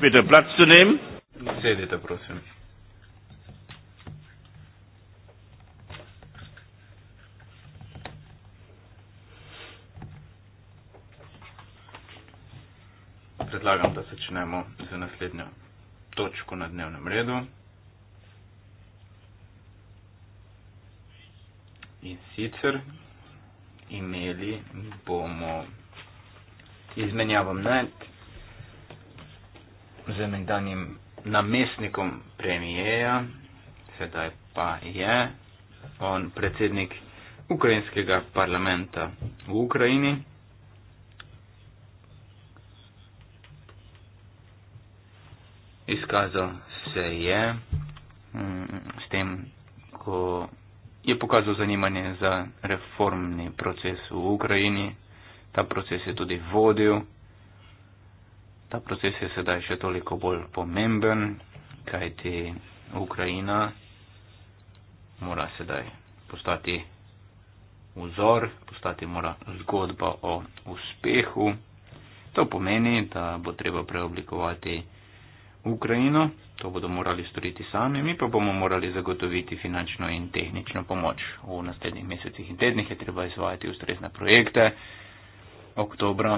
bitte Platz zu nehmen. Sedete, prosim. Predlagam, da začnemo z naslednjo točko na dnevnem redu. In sicer imeli bomo izmenjavo mnenj z nekdanjim namestnikom premijeja, sedaj pa je on predsednik ukrajinskega parlamenta v Ukrajini. Izkazal se je mm, s tem, ko je pokazal zanimanje za reformni proces v Ukrajini. Ta proces je tudi vodil. Ta proces je sedaj še toliko bolj pomemben, kajti Ukrajina mora sedaj postati vzor, postati mora zgodba o uspehu. To pomeni, da bo treba preoblikovati Ukrajino, to bodo morali storiti sami, mi pa bomo morali zagotoviti finančno in tehnično pomoč. V naslednjih mesecih in tednih je treba izvajati ustrezne projekte. Oktobra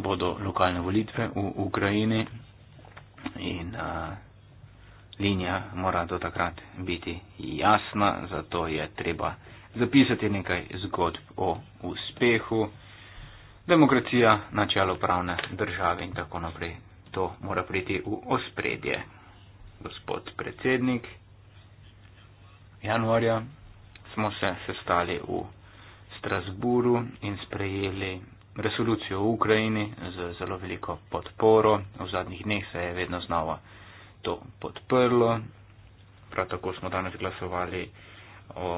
bodo lokalne volitve v Ukrajini in linija mora do takrat biti jasna, zato je treba zapisati nekaj zgodb o uspehu, demokracija, načelo pravne države in tako naprej. To mora priti v ospredje. Gospod predsednik, januarja smo se sestali v Strasburu in sprejeli resolucijo v Ukrajini z zelo veliko podporo. V zadnjih dneh se je vedno znova to podprlo. Prav tako smo danes glasovali o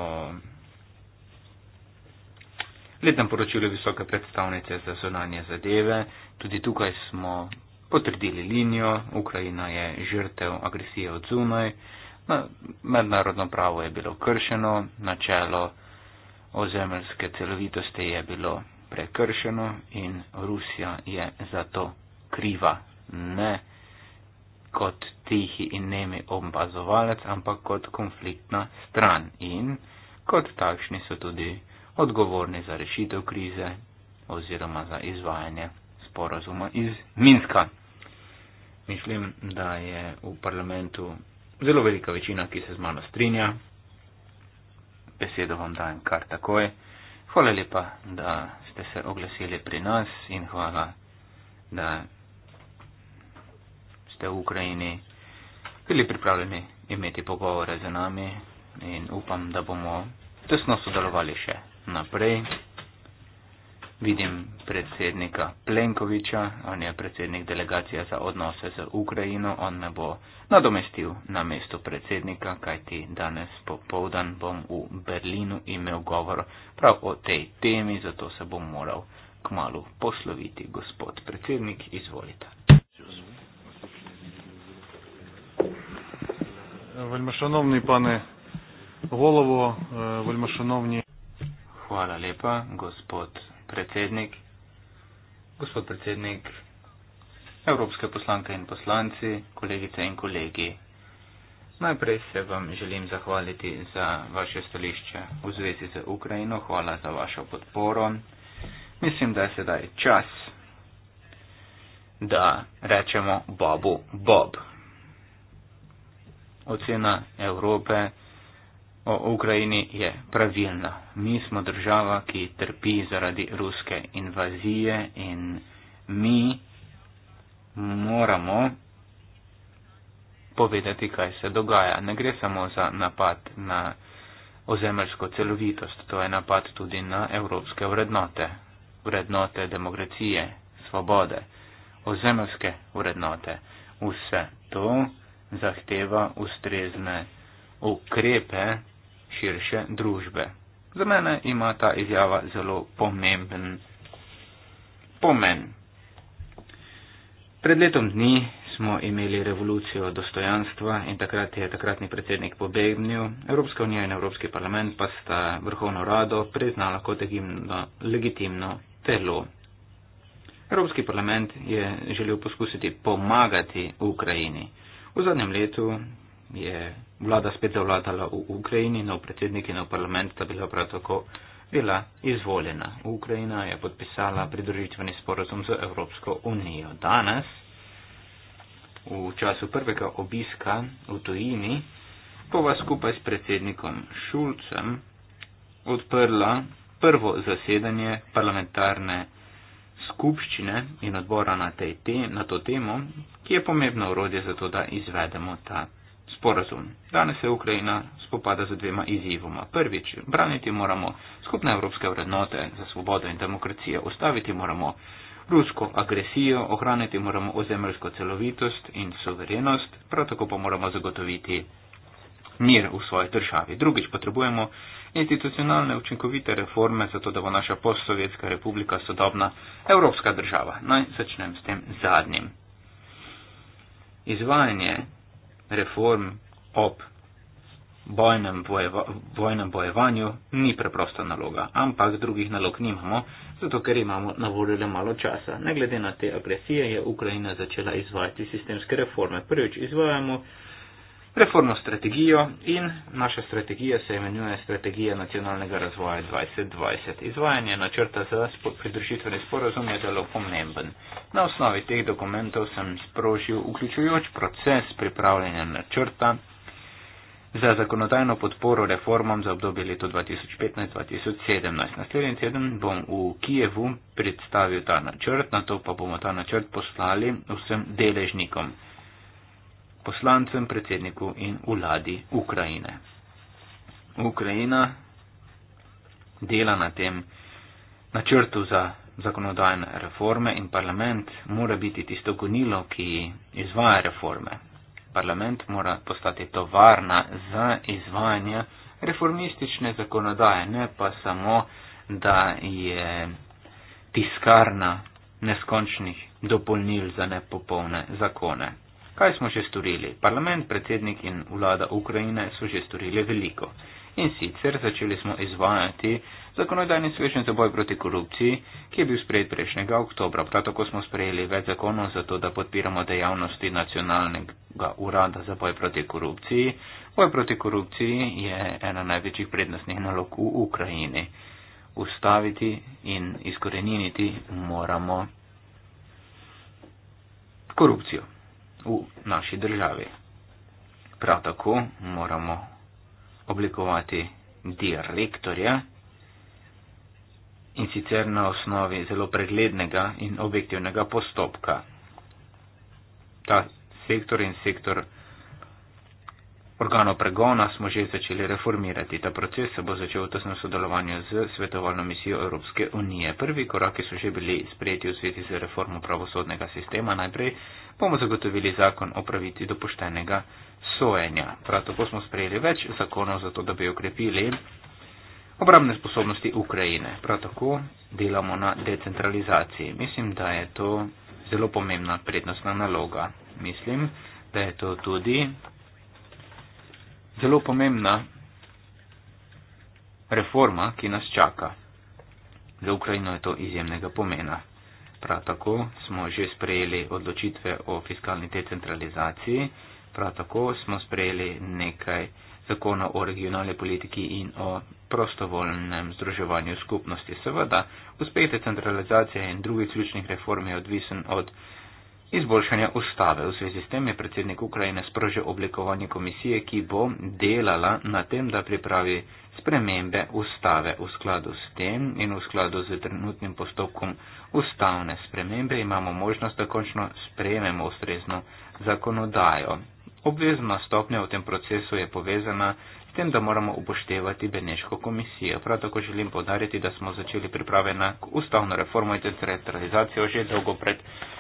letnem poročilu visoke predstavnice za zonanje zadeve. Tudi tukaj smo potrdili linijo. Ukrajina je žrtev agresije od zunaj. Mednarodno pravo je bilo kršeno, načelo ozemeljske celovitosti je bilo prekršeno in Rusija je za to kriva. Ne kot tihi in nemi obazovalec, ampak kot konfliktna stran in kot takšni so tudi odgovorni za rešitev krize oziroma za izvajanje sporazuma iz Minska. Mislim, da je v parlamentu zelo velika večina, ki se z mano strinja. Besedo vam dajem kar takoj. Hvala lepa, da ste se oglasili pri nas in hvala, da ste v Ukrajini bili pripravljeni imeti pogovore z nami in upam, da bomo tesno sodelovali še naprej. Vidim predsednika Plenkoviča, on je predsednik delegacije za odnose z Ukrajino, on me bo nadomestil na mestu predsednika, kajti danes popovdan bom v Berlinu imel govor prav o tej temi, zato se bom moral kmalo posloviti. Gospod predsednik, izvolite. Veljmašanovni pane Volovo, eh, veljmašanovni. Hvala lepa, gospod predsednik, gospod predsednik, evropske poslanke in poslanci, kolegice in kolegi. Najprej se vam želim zahvaliti za vaše stališče v zvezi z Ukrajino. Hvala za vašo podporo. Mislim, da je sedaj čas, da rečemo Bobu Bob. Ocena Evrope o Ukrajini je pravilna. Mi smo država, ki trpi zaradi ruske invazije in mi moramo povedati, kaj se dogaja. Ne gre samo za napad na ozemeljsko celovitost, to je napad tudi na evropske vrednote, vrednote demokracije, svobode, ozemeljske vrednote. Vse to zahteva ustrezne ukrepe širše družbe. Za mene ima ta izjava zelo pomemben pomen. Pred letom dni smo imeli revolucijo dostojanstva in takrat je takratni predsednik pobegnil. Evropska unija in Evropski parlament pa sta vrhovno rado priznala kot legimno, legitimno telo. Evropski parlament je želel poskusiti pomagati Ukrajini. V zadnjem letu je vlada spet zavladala v Ukrajini, nov predsednik in nov parlament sta bila prav tako bila izvoljena. Ukrajina je podpisala pridružitveni sporozum z Evropsko unijo. Danes, v času prvega obiska v tujini, bova skupaj s predsednikom Šulcem odprla prvo zasedanje parlamentarne skupščine in odbora na, tej te, na to temo, ki je pomembno urodje za to, da izvedemo ta sporazum. Danes se Ukrajina spopada z dvema izzivoma. Prvič, braniti moramo skupne evropske vrednote za svobodo in demokracijo, ustaviti moramo rusko agresijo, ohraniti moramo ozemeljsko celovitost in soverenost, prav tako pa moramo zagotoviti mir v svoji državi. Drugič, potrebujemo institucionalne učinkovite reforme, zato da bo naša postsovjetska republika sodobna evropska država. Naj začnem s tem zadnjim. Izvajanje reform ob bojnem, bojeva, vojnem bojevanju ni preprosta naloga, ampak drugih nalog nimamo, zato ker imamo na voljo le malo časa. Ne glede na te agresije je Ukrajina začela izvajati sistemske reforme. Prvič izvajamo reformno strategijo in naša strategija se imenuje Strategija nacionalnega razvoja 2020. Izvajanje načrta za pridružitveni sporozum je zelo pomemben. Na osnovi teh dokumentov sem sprožil vključujoč proces pripravljanja načrta za zakonodajno podporo reformam za obdobje leto 2015-2017. Naslednji teden bom v Kijevu predstavil ta načrt, na to pa bomo ta načrt poslali vsem deležnikom poslancem, predsedniku in vladi Ukrajine. Ukrajina dela na tem načrtu za zakonodajne reforme in parlament mora biti tisto gonilo, ki izvaja reforme. Parlament mora postati tovarna za izvajanje reformistične zakonodaje, ne pa samo, da je tiskarna neskončnih dopolnil za nepopolne zakone. Kaj smo že storili? Parlament, predsednik in vlada Ukrajine so že storili veliko. In sicer začeli smo izvajati zakonodajni svečen za boj proti korupciji, ki je bil sprejet prejšnjega oktobra. Prav tako smo sprejeli več zakonov za to, da podpiramo dejavnosti nacionalnega urada za boj proti korupciji. Boj proti korupciji je ena največjih prednostnih nalog v Ukrajini. Ustaviti in izkoreniniti moramo korupcijo v naši državi. Prav tako moramo oblikovati direktorja in sicer na osnovi zelo preglednega in objektivnega postopka. Ta sektor in sektor organov pregona smo že začeli reformirati. Ta proces se bo začel v tesnem sodelovanju z svetovalno misijo Evropske unije. Prvi koraki so že bili sprejeti v zvezi z reformo pravosodnega sistema. Najprej bomo zagotovili zakon o pravici do poštenega sojenja. Prav tako smo sprejeli več zakonov za to, da bi okrepili obramne sposobnosti Ukrajine. Prav tako delamo na decentralizaciji. Mislim, da je to zelo pomembna prednostna naloga. Mislim, da je to tudi zelo pomembna reforma, ki nas čaka. Za Ukrajino je to izjemnega pomena. Prav tako smo že sprejeli odločitve o fiskalni decentralizaciji, prav tako smo sprejeli nekaj zakona o regionalni politiki in o prostovoljnem združevanju skupnosti. Seveda, uspeh decentralizacije in drugih ključnih reform je odvisen od Izboljšanje ustave v svezi s tem je predsednik Ukrajine sprožil oblikovanje komisije, ki bo delala na tem, da pripravi spremembe ustave v skladu s tem in v skladu z trenutnim postopkom ustavne spremembe imamo možnost, da končno sprejmemo ustrezno zakonodajo. Obvezna stopnja v tem procesu je povezana s tem, da moramo upoštevati Beneško komisijo. Prav tako želim povdariti, da smo začeli priprave na ustavno reformo in decentralizacijo že dolgo pred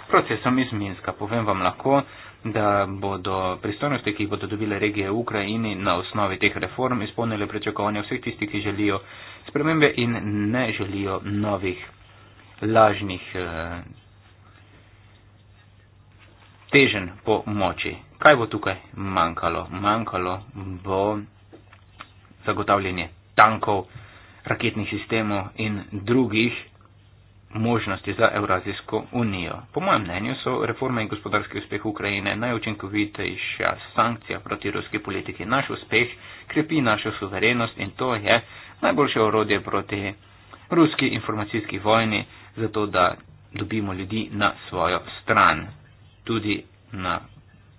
procesom iz Minska. Povem vam lahko, da bodo pristojnosti, ki jih bodo dobile regije v Ukrajini na osnovi teh reform, izpolnili prečakovanja vseh tistih, ki želijo spremembe in ne želijo novih lažnih eh, težen po moči. Kaj bo tukaj manjkalo? Manjkalo bo zagotavljanje tankov, raketnih sistemov in drugih možnosti za Evrazijsko unijo. Po mojem mnenju so reforme in gospodarski uspeh Ukrajine najučinkovitejša sankcija proti ruski politiki. Naš uspeh krepi našo suverenost in to je najboljše orodje proti ruski informacijski vojni, zato da dobimo ljudi na svojo stran, tudi na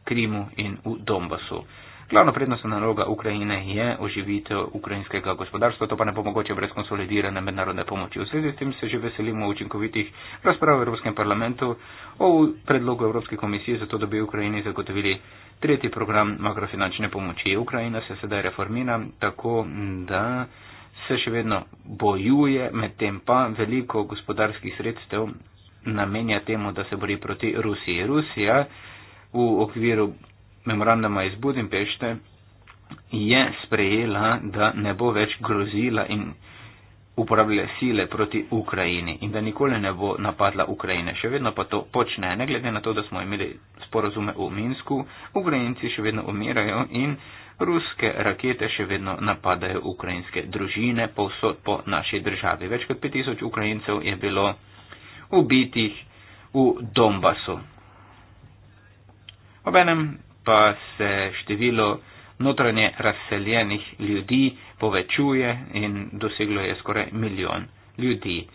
Krimu in v Donbasu. Glavna prednostna naloga Ukrajine je oživitev ukrajinskega gospodarstva, to pa ne bo mogoče brez konsolidirane mednarodne pomoči. V zvezi s tem se že veselimo učinkovitih razprav v Evropskem parlamentu o predlogu Evropske komisije za to, da bi Ukrajini zagotovili tretji program makrofinančne pomoči. Ukrajina se sedaj reformira tako, da se še vedno bojuje, medtem pa veliko gospodarskih sredstev namenja temu, da se bori proti Rusiji. Rusija v okviru memoranduma iz Budimpešte je sprejela, da ne bo več grozila in uporabljala sile proti Ukrajini in da nikoli ne bo napadla Ukrajine. Še vedno pa to počne, ne glede na to, da smo imeli sporozume v Minsku, Ukrajinci še vedno umirajo in ruske rakete še vedno napadajo ukrajinske družine povsod po naši državi. Več kot 5000 Ukrajincev je bilo ubitih v Donbasu. Obenem pa se število notranje razseljenih ljudi povečuje in doseglo je skoraj milijon ljudi.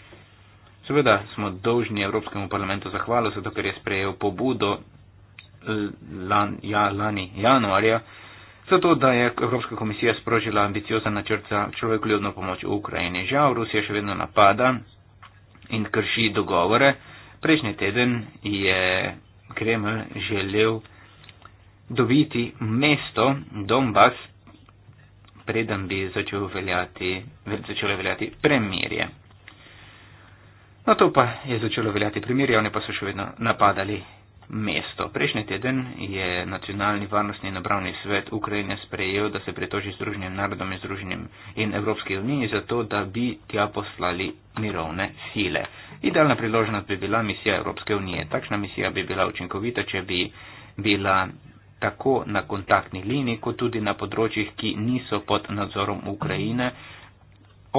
Seveda smo dolžni Evropskemu parlamentu zahvalo, zato ker je sprejel pobudo eh, lan, ja, lani januarja, zato da je Evropska komisija sprožila ambiciozen načrt za človekoljubno pomoč v Ukrajini. Žal, Rusija še vedno napada in krši dogovore. Prejšnji teden je Kreml želel dobiti mesto Donbass, preden bi začel veljati, začelo veljati premirje. Na to pa je začelo veljati premirje, oni pa so še vedno napadali mesto. Prejšnji teden je Nacionalni varnostni in obravni svet Ukrajine sprejel, da se pretoži Združenim narodom in Združenim in Evropski uniji za to, da bi tja poslali mirovne sile. Idealna priložnost bi bila misija Evropske unije. Takšna misija bi bila učinkovita, če bi bila tako na kontaktni liniji, kot tudi na področjih, ki niso pod nadzorom Ukrajine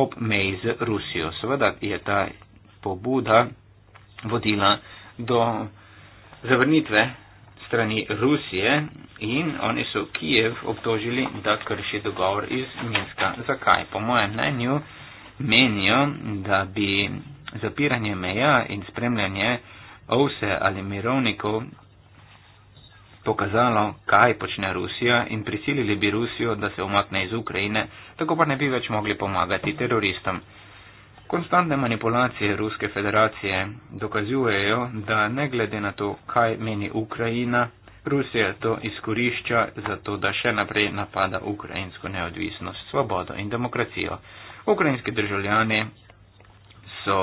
ob meji z Rusijo. Seveda je ta pobuda vodila do zavrnitve strani Rusije in oni so Kijev obtožili, da krši dogovor iz Minska. Zakaj? Po mojem mnenju menijo, da bi zapiranje meja in spremljanje ovse ali mirovnikov pokazalo, kaj počne Rusija in prisilili bi Rusijo, da se umakne iz Ukrajine, tako pa ne bi več mogli pomagati teroristom. Konstantne manipulacije Ruske federacije dokazujejo, da ne glede na to, kaj meni Ukrajina, Rusija to izkorišča za to, da še naprej napada ukrajinsko neodvisnost, svobodo in demokracijo. Ukrajinski državljani so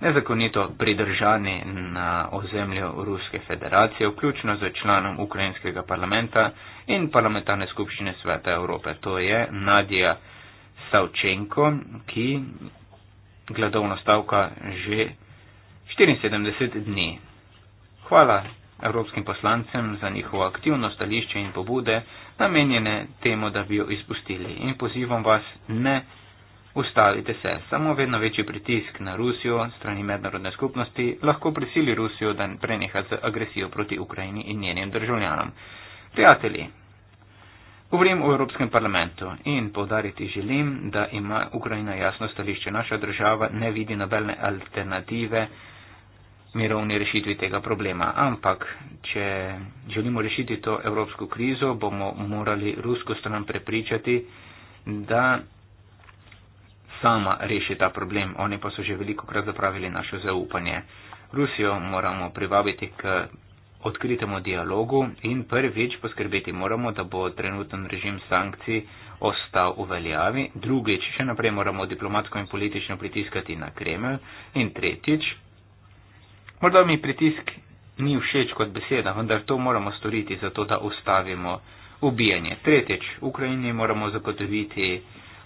nezakonito pridržani na ozemlju Ruske federacije, vključno z članom ukrajinskega parlamenta in parlamentarne skupščine Sveta Evrope. To je Nadija Savčenko, ki gladovno stavka že 74 dni. Hvala evropskim poslancem za njihovo aktivno stališče in pobude, namenjene temu, da bi jo izpustili. In pozivam vas ne. Ustavite se, samo vedno večji pritisk na Rusijo strani mednarodne skupnosti lahko prisili Rusijo, da preneha z agresijo proti Ukrajini in njenim državljanom. Prijatelji, govorim o Evropskem parlamentu in povdariti želim, da ima Ukrajina jasno stališče. Naša država ne vidi nobene alternative mirovni rešitvi tega problema. Ampak, če želimo rešiti to evropsko krizo, bomo morali rusko stran prepričati, da sama reši ta problem. Oni pa so že veliko krat zapravili naše zaupanje. Rusijo moramo privabiti k odkritemu dialogu in prvič poskrbeti moramo, da bo trenuten režim sankcij ostal v veljavi. Drugič, še naprej moramo diplomatsko in politično pritiskati na Kremelj. In tretjič, morda mi pritisk ni všeč kot beseda, vendar to moramo storiti, zato da ustavimo ubijanje. Tretjič, Ukrajini moramo zagotoviti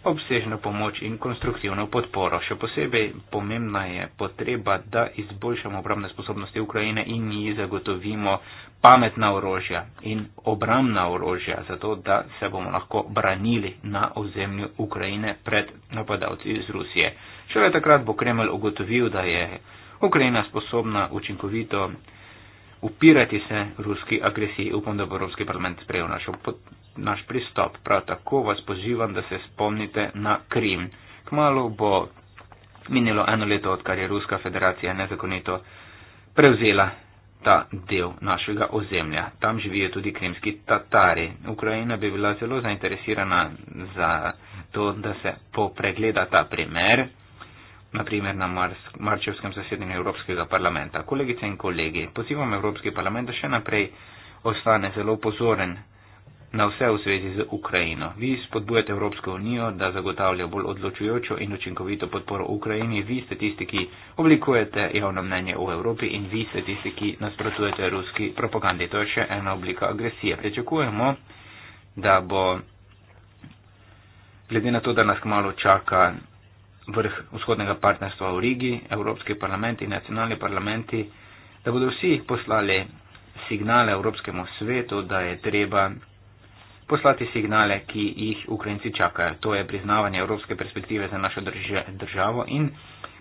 obsežno pomoč in konstruktivno podporo. Še posebej pomembna je potreba, da izboljšamo obramne sposobnosti Ukrajine in ji zagotovimo pametna orožja in obramna orožja, zato da se bomo lahko branili na ozemlju Ukrajine pred napadalci iz Rusije. Šele takrat bo Kremelj ugotovil, da je Ukrajina sposobna učinkovito upirati se ruski agresiji. Upam, da bo Evropski parlament sprejel našo naš pristop. Prav tako vas pozivam, da se spomnite na Krim. Kmalo bo minilo eno leto, odkar je Ruska federacija nezakonito prevzela ta del našega ozemlja. Tam živijo tudi krimski tatari. Ukrajina bi bila zelo zainteresirana za to, da se popregleda ta primer, naprimer na marčevskem zasedanju Evropskega parlamenta. Kolegice in kolegi, pozivam Evropski parlament, da še naprej ostane zelo pozoren na vse v zvezi z Ukrajino. Vi spodbujate Evropsko unijo, da zagotavlja bolj odločujočo in učinkovito podporo Ukrajini. Vi ste tisti, ki oblikujete javno mnenje v Evropi in vi ste tisti, ki nasprotujete ruski propagandi. To je še ena oblika agresije. Prečakujemo, da bo glede na to, da nas kmalo čaka vrh vzhodnega partnerstva v Rigi, Evropski parlament in nacionalni parlamenti, da bodo vsi poslali signale Evropskemu svetu, da je treba poslati signale, ki jih Ukrajinci čakajo. To je priznavanje evropske perspektive za našo državo in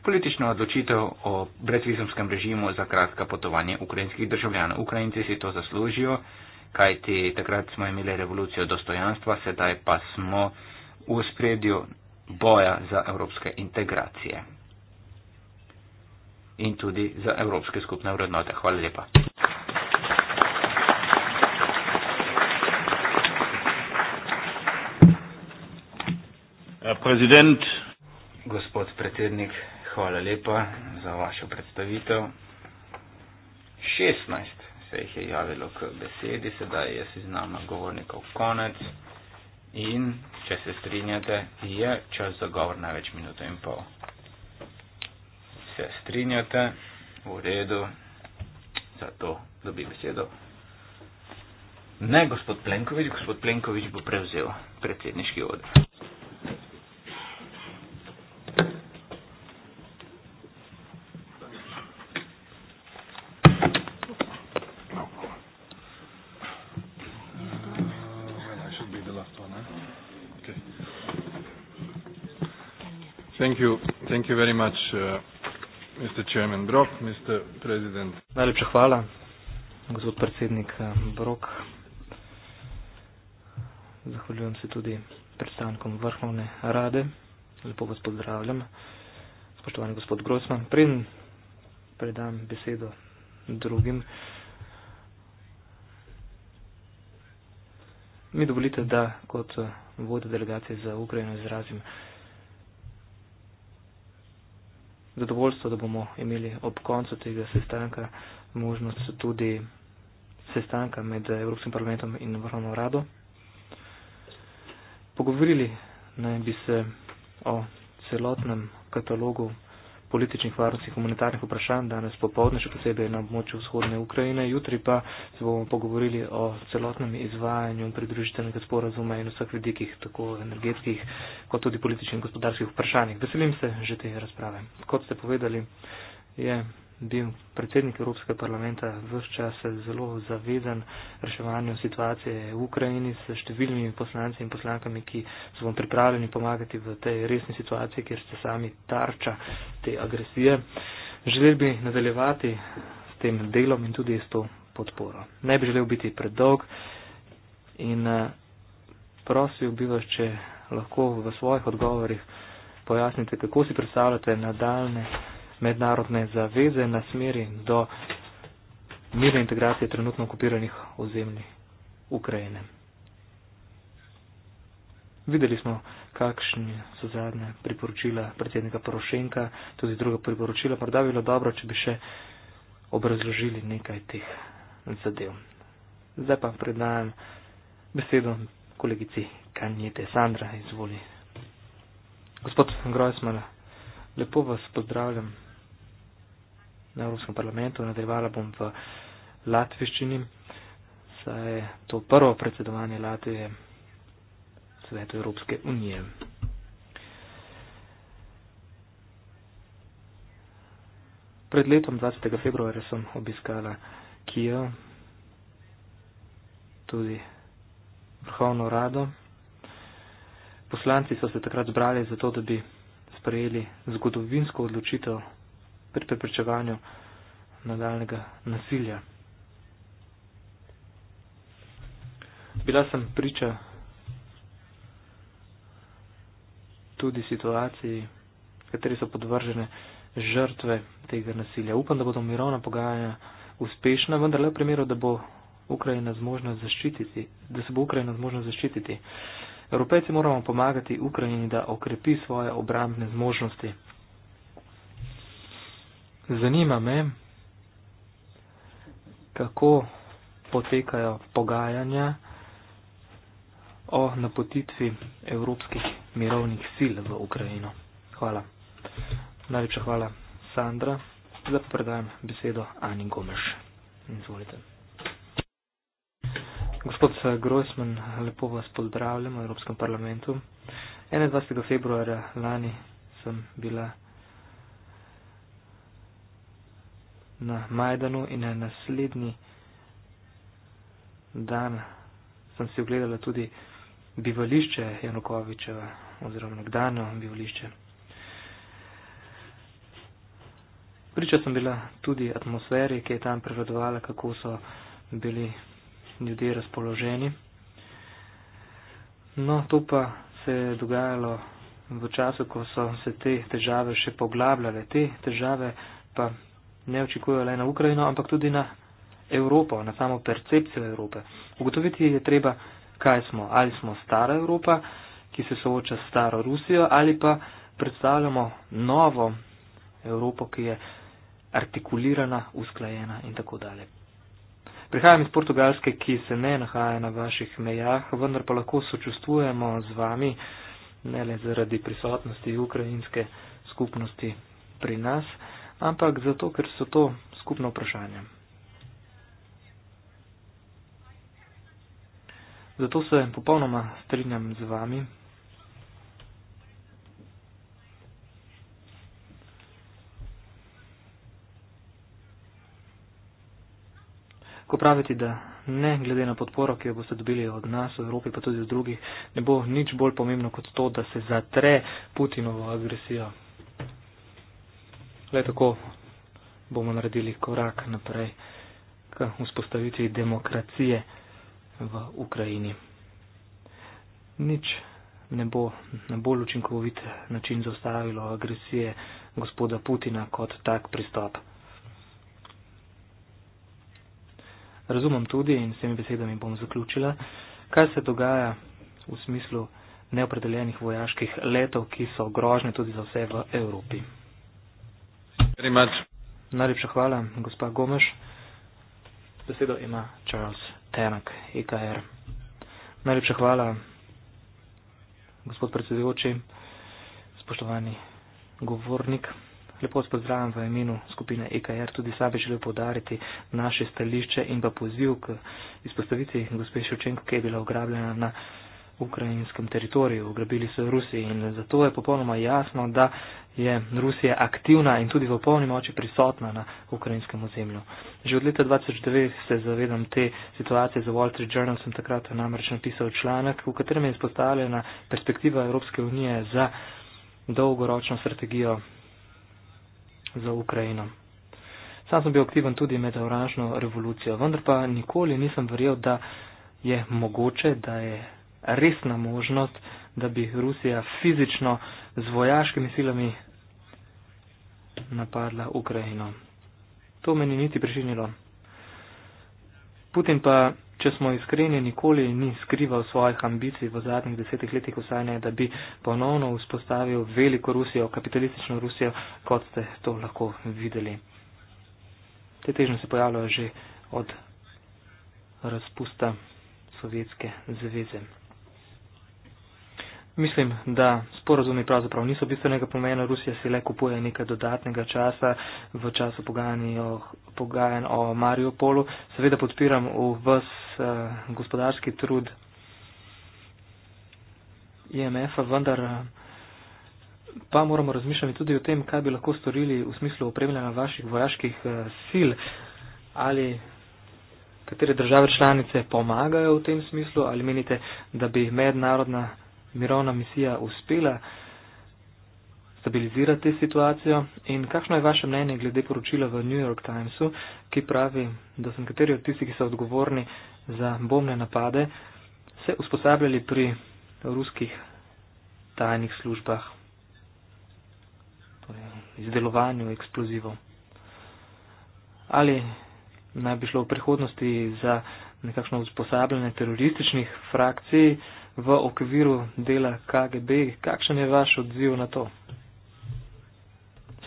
politično odločitev o brezvizumskem režimu za kratka potovanje ukrajinskih državljanov. Ukrajinci si to zaslužijo, kajti takrat smo imeli revolucijo dostojanstva, sedaj pa smo v spredju boja za evropske integracije in tudi za evropske skupne vrednote. Hvala lepa. Eh, Prezident. Gospod predsednik, hvala lepa za vašo predstavitev. 16 se jih je javilo k besedi, sedaj je seznam govornikov konec in, če se strinjate, je čas za govor največ minuto in pol. Se strinjate, v redu, zato dobi besedo. Ne, gospod Plenković, gospod Plenković bo prevzel predsedniški odr. much, uh, Mr. Chairman Brock, Mr. President. Najlepša hvala, gospod predsednik eh, Brock. Zahvaljujem se tudi predstavnikom Vrhovne rade. Lepo vas pozdravljam. Spoštovani gospod Grossman, preden predam besedo drugim, mi dovolite, da kot eh, vodja delegacije za Ukrajino izrazim zadovoljstvo, da bomo imeli ob koncu tega sestanka možnost tudi sestanka med Evropskim parlamentom in Vrhovno rado. Pogovorili naj bi se o celotnem katalogu političnih, varnostnih, humanitarnih vprašanj danes popovdne, še posebej na območju vzhodne Ukrajine. Jutri pa se bomo pogovorili o celotnem izvajanju pridružitevnega sporazuma in vseh vidikih, tako energetskih, kot tudi političnih in gospodarskih vprašanjih. Veselim se že te razprave. Kot ste povedali, je. Yeah bil predsednik Evropskega parlamenta vse čas zelo zavezan reševanju situacije v Ukrajini s številnimi poslanci in poslankami, ki so vam pripravljeni pomagati v tej resni situaciji, kjer ste sami tarča te agresije. Želel bi nadaljevati s tem delom in tudi s to podporo. Ne bi želel biti predolg in eh, prosil bi vas, če lahko v svojih odgovorih pojasnite, kako si predstavljate nadaljne mednarodne zaveze na smeri do mirne integracije trenutno okupiranih ozemlji Ukrajine. Videli smo, kakšni so zadnje priporočila predsednika Porošenka, tudi druga priporočila, morda bilo dobro, če bi še obrazložili nekaj teh zadev. Zdaj pa predajam besedo kolegici Kanjete Sandra, izvoli. Gospod Grojsman, lepo vas pozdravljam na Evropskem parlamentu, nadaljevala bom v latviščini, saj je to prvo predsedovanje Latvije svetu Evropske unije. Pred letom 20. februarja sem obiskala Kijo, tudi vrhovno rado. Poslanci so se takrat zbrali zato, da bi sprejeli zgodovinsko odločitev pri preprečevanju nadaljnega nasilja. Bila sem priča tudi situaciji, kateri so podvržene žrtve tega nasilja. Upam, da bodo mirovna pogajanja uspešna, vendar le v primeru, da bo Ukrajina zmožna zaščititi, da se bo Ukrajina zmožna zaščititi. Evropejci moramo pomagati Ukrajini, da okrepi svoje obrambne zmožnosti. Zanima me, kako potekajo pogajanja o napotitvi evropskih mirovnih sil v Ukrajino. Hvala. Najlepša hvala, Sandra. Zdaj pa predajam besedo Ani Gomeš. Izvolite. Gospod Grossman, lepo vas pozdravljam v Evropskem parlamentu. 21. februarja lani sem bila. na Majdanu in na naslednji dan sem si ogledala tudi bivališče Janukovičeva oziroma nekdano bivališče. Priča sem bila tudi atmosferi, ki je tam prevladovala, kako so bili ljudje razpoloženi. No, to pa se je dogajalo v času, ko so se te težave še poglabljale. Te težave pa ne očekujejo le na Ukrajino, ampak tudi na Evropo, na samo percepcijo Evrope. Ugotoviti je treba, kaj smo. Ali smo stara Evropa, ki se sooča s staro Rusijo, ali pa predstavljamo novo Evropo, ki je artikulirana, usklajena in tako dalje. Prihajam iz Portugalske, ki se ne nahaja na vaših mejah, vendar pa lahko sočustvujemo z vami, ne le zaradi prisotnosti ukrajinske skupnosti pri nas ampak zato, ker so to skupno vprašanje. Zato se popolnoma strinjam z vami. Ko pravite, da ne glede na podporo, ki jo boste dobili od nas v Evropi, pa tudi od drugih, ne bo nič bolj pomembno kot to, da se zatre Putinovo agresijo Le tako bomo naredili korak naprej k vzpostavitvi demokracije v Ukrajini. Nič ne bo na bolj učinkovit način zaustavilo agresije gospoda Putina kot tak pristop. Razumem tudi in s temi besedami bom zaključila, kaj se dogaja v smislu neopredeljenih vojaških letov, ki so grožne tudi za vse v Evropi very much. Najlepša hvala, gospa Gomeš. Besedo ima Charles Tenak, IKR. E Najlepša hvala, gospod predsedujoči, spoštovani govornik. Lepo vas pozdravljam v imenu skupine EKR, tudi sam bi želel podariti naše stališče in pa poziv k izpostavitvi gospe Ševčenko, ki je bila ograbljena na ukrajinskem teritoriju. Ograbili so Rusi in zato je popolnoma jasno, da je Rusija aktivna in tudi v polni moči prisotna na ukrajinskem ozemlju. Že od leta 2009 se zavedam te situacije. Za Wall Street Journal sem takrat namreč napisal članek, v katerem je izpostavljena perspektiva Evropske unije za dolgoročno strategijo za Ukrajino. Sam sem bil aktiven tudi med oranžno revolucijo, vendar pa nikoli nisem verjel, da je mogoče, da je resna možnost, da bi Rusija fizično z vojaškimi silami napadla Ukrajino. To meni niti prišinilo. Putin pa, če smo iskreni, nikoli ni skrival svojih ambicij v zadnjih desetih letih vsaj ne, da bi ponovno vzpostavil veliko Rusijo, kapitalistično Rusijo, kot ste to lahko videli. Te težnje se pojavljajo že od razpusta Sovjetske zveze. Mislim, da sporozumi pravzaprav niso bistvenega pomena. Rusija si le kupuje nekaj dodatnega časa v času pogajanj o Mariupolu. Seveda podpiram vs uh, eh, gospodarski trud IMF-a, vendar eh, pa moramo razmišljati tudi o tem, kaj bi lahko storili v smislu opremljanja vaših vojaških uh, sil ali katere države članice pomagajo v tem smislu ali menite, da bi mednarodna mirovna misija uspela stabilizirati situacijo in kakšno je vaše mnenje glede poročila v New York Timesu, ki pravi, da so nekateri od tistih, ki so odgovorni za bombne napade, se usposabljali pri ruskih tajnih službah, torej izdelovanju eksplozivov. Ali naj bi šlo v prihodnosti za nekakšno usposabljanje terorističnih frakcij, v okviru dela KGB. Kakšen je vaš odziv na to?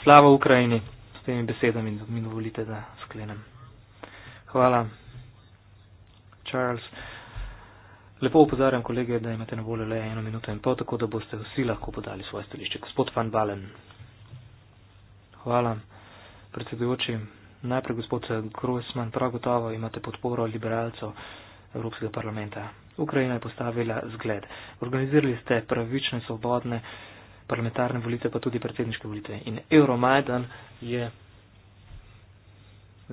Slava Ukrajini s temi besedami, da mi dovolite, da sklenem. Hvala, Charles. Lepo upozarjam kolege, da imate na voljo le eno minuto in pol, tako da boste vsi lahko podali svoje stališče. Gospod Van Balen. Hvala, predsedujoči. Najprej gospod Grossman, prav gotovo imate podporo liberalcev. Evropskega parlamenta. Ukrajina je postavila zgled. Organizirali ste pravične, svobodne parlamentarne volitve, pa tudi predsedniške volitve. In Euromajdan je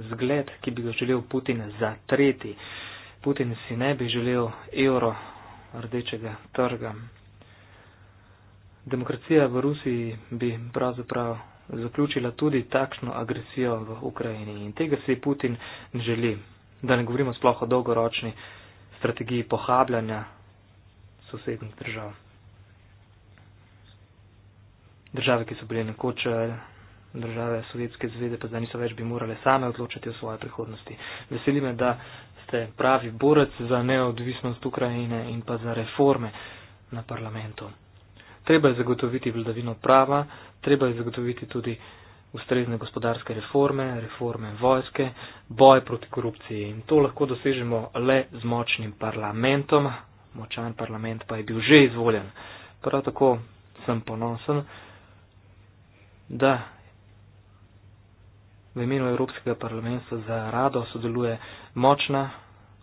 zgled, ki bi ga želel Putin zatreti. Putin si ne bi želel evro rdečega trga. Demokracija v Rusiji bi pravzaprav zaključila tudi takšno agresijo v Ukrajini in tega si Putin želi da ne govorimo sploh o dolgoročni strategiji pohabljanja sosednjih držav. Države, ki so bile nekoč eh, države Sovjetske zveze, pa zdaj niso več bi morale same odločiti o svoje prihodnosti. Veseli me, da ste pravi borec za neodvisnost Ukrajine in pa za reforme na parlamentu. Treba je zagotoviti vladavino prava, treba je zagotoviti tudi ustrezne gospodarske reforme, reforme vojske, boj proti korupciji. In to lahko dosežemo le z močnim parlamentom. Močan parlament pa je bil že izvoljen. Prav tako sem ponosen, da v imenu Evropskega parlamenta za rado sodeluje močna,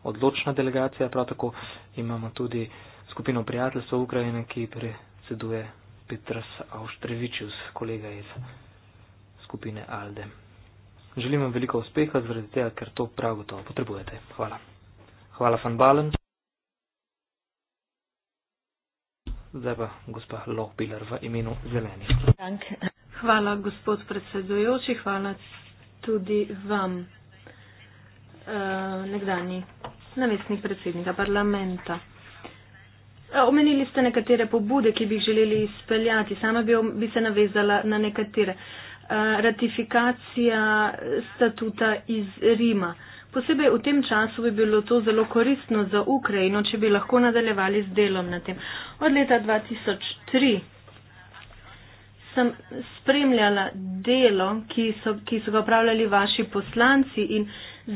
odločna delegacija. Prav tako imamo tudi skupino prijateljstva Ukrajine, ki predseduje Petras Avštrevičus, kolega iz skupine Alde. Želim vam veliko uspeha zaradi tega, ker to prav gotovo potrebujete. Hvala. Hvala, Van Balen. Zdaj pa gospa Lohbiler v imenu Zelenih. Hvala, gospod predsedujoči, hvala tudi vam, eh, nekdani namestnik predsednika parlamenta. Eh, omenili ste nekatere pobude, ki bi jih želeli izpeljati. Sama bi se navezala na nekatere. Eh, ratifikacija statuta iz Rima. Posebej v tem času bi bilo to zelo koristno za Ukrajino, če bi lahko nadaljevali z delom na tem. Od leta 2003 sem spremljala delo, ki so, ki so ga upravljali vaši poslanci in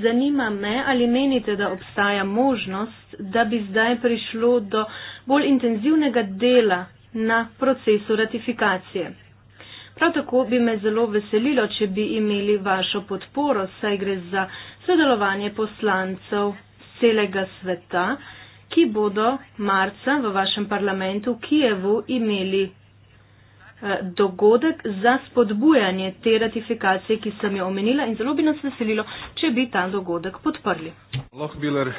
zanima me, ali menite, da obstaja možnost, da bi zdaj prišlo do bolj intenzivnega dela na procesu ratifikacije. Prav tako bi me zelo veselilo, če bi imeli vašo podporo, saj gre za sodelovanje poslancev celega sveta, ki bodo marca v vašem parlamentu v Kijevu imeli eh, dogodek za spodbujanje te ratifikacije, ki sem jo omenila in zelo bi nas veselilo, če bi ta dogodek podprli. Lohbiler.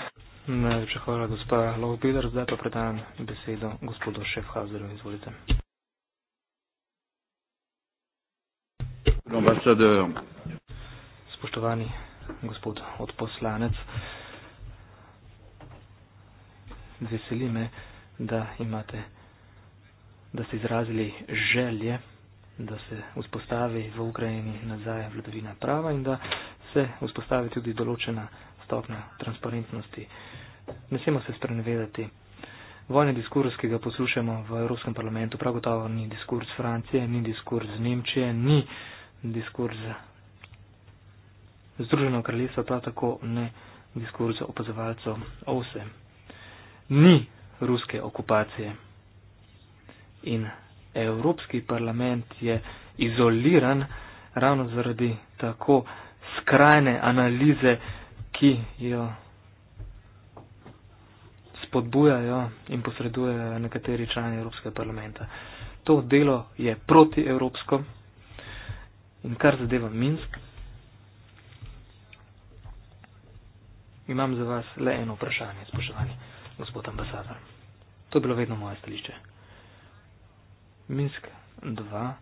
Najlepša hvala, gospod Lohbiler. Zdaj pa predajam besedo gospodu Šefhazeru. Izvolite. Ambasador. Spoštovani gospod odposlanec, veseli me, da imate, da ste izrazili želje, da se vzpostavi v Ukrajini nazaj vladavina prava in da se vzpostavi tudi določena stopnja transparentnosti. Ne smemo se sprenevedati. Vojni diskurs, ki ga poslušamo v Evropskem parlamentu, prav gotovo ni diskurs Francije, ni diskurs Nemčije, ni diskurs Združenega kraljestva, prav tako ne diskurs opazovalcev OSE. Ni ruske okupacije. In Evropski parlament je izoliran ravno zaradi tako skrajne analize, ki jo spodbujajo in posredujejo nekateri člani Evropskega parlamenta. To delo je protievropsko in kar zadeva Minsk. Imam za vas le eno vprašanje, spoštovani gospod ambasador. To je bilo vedno moje stališče. Minsk 2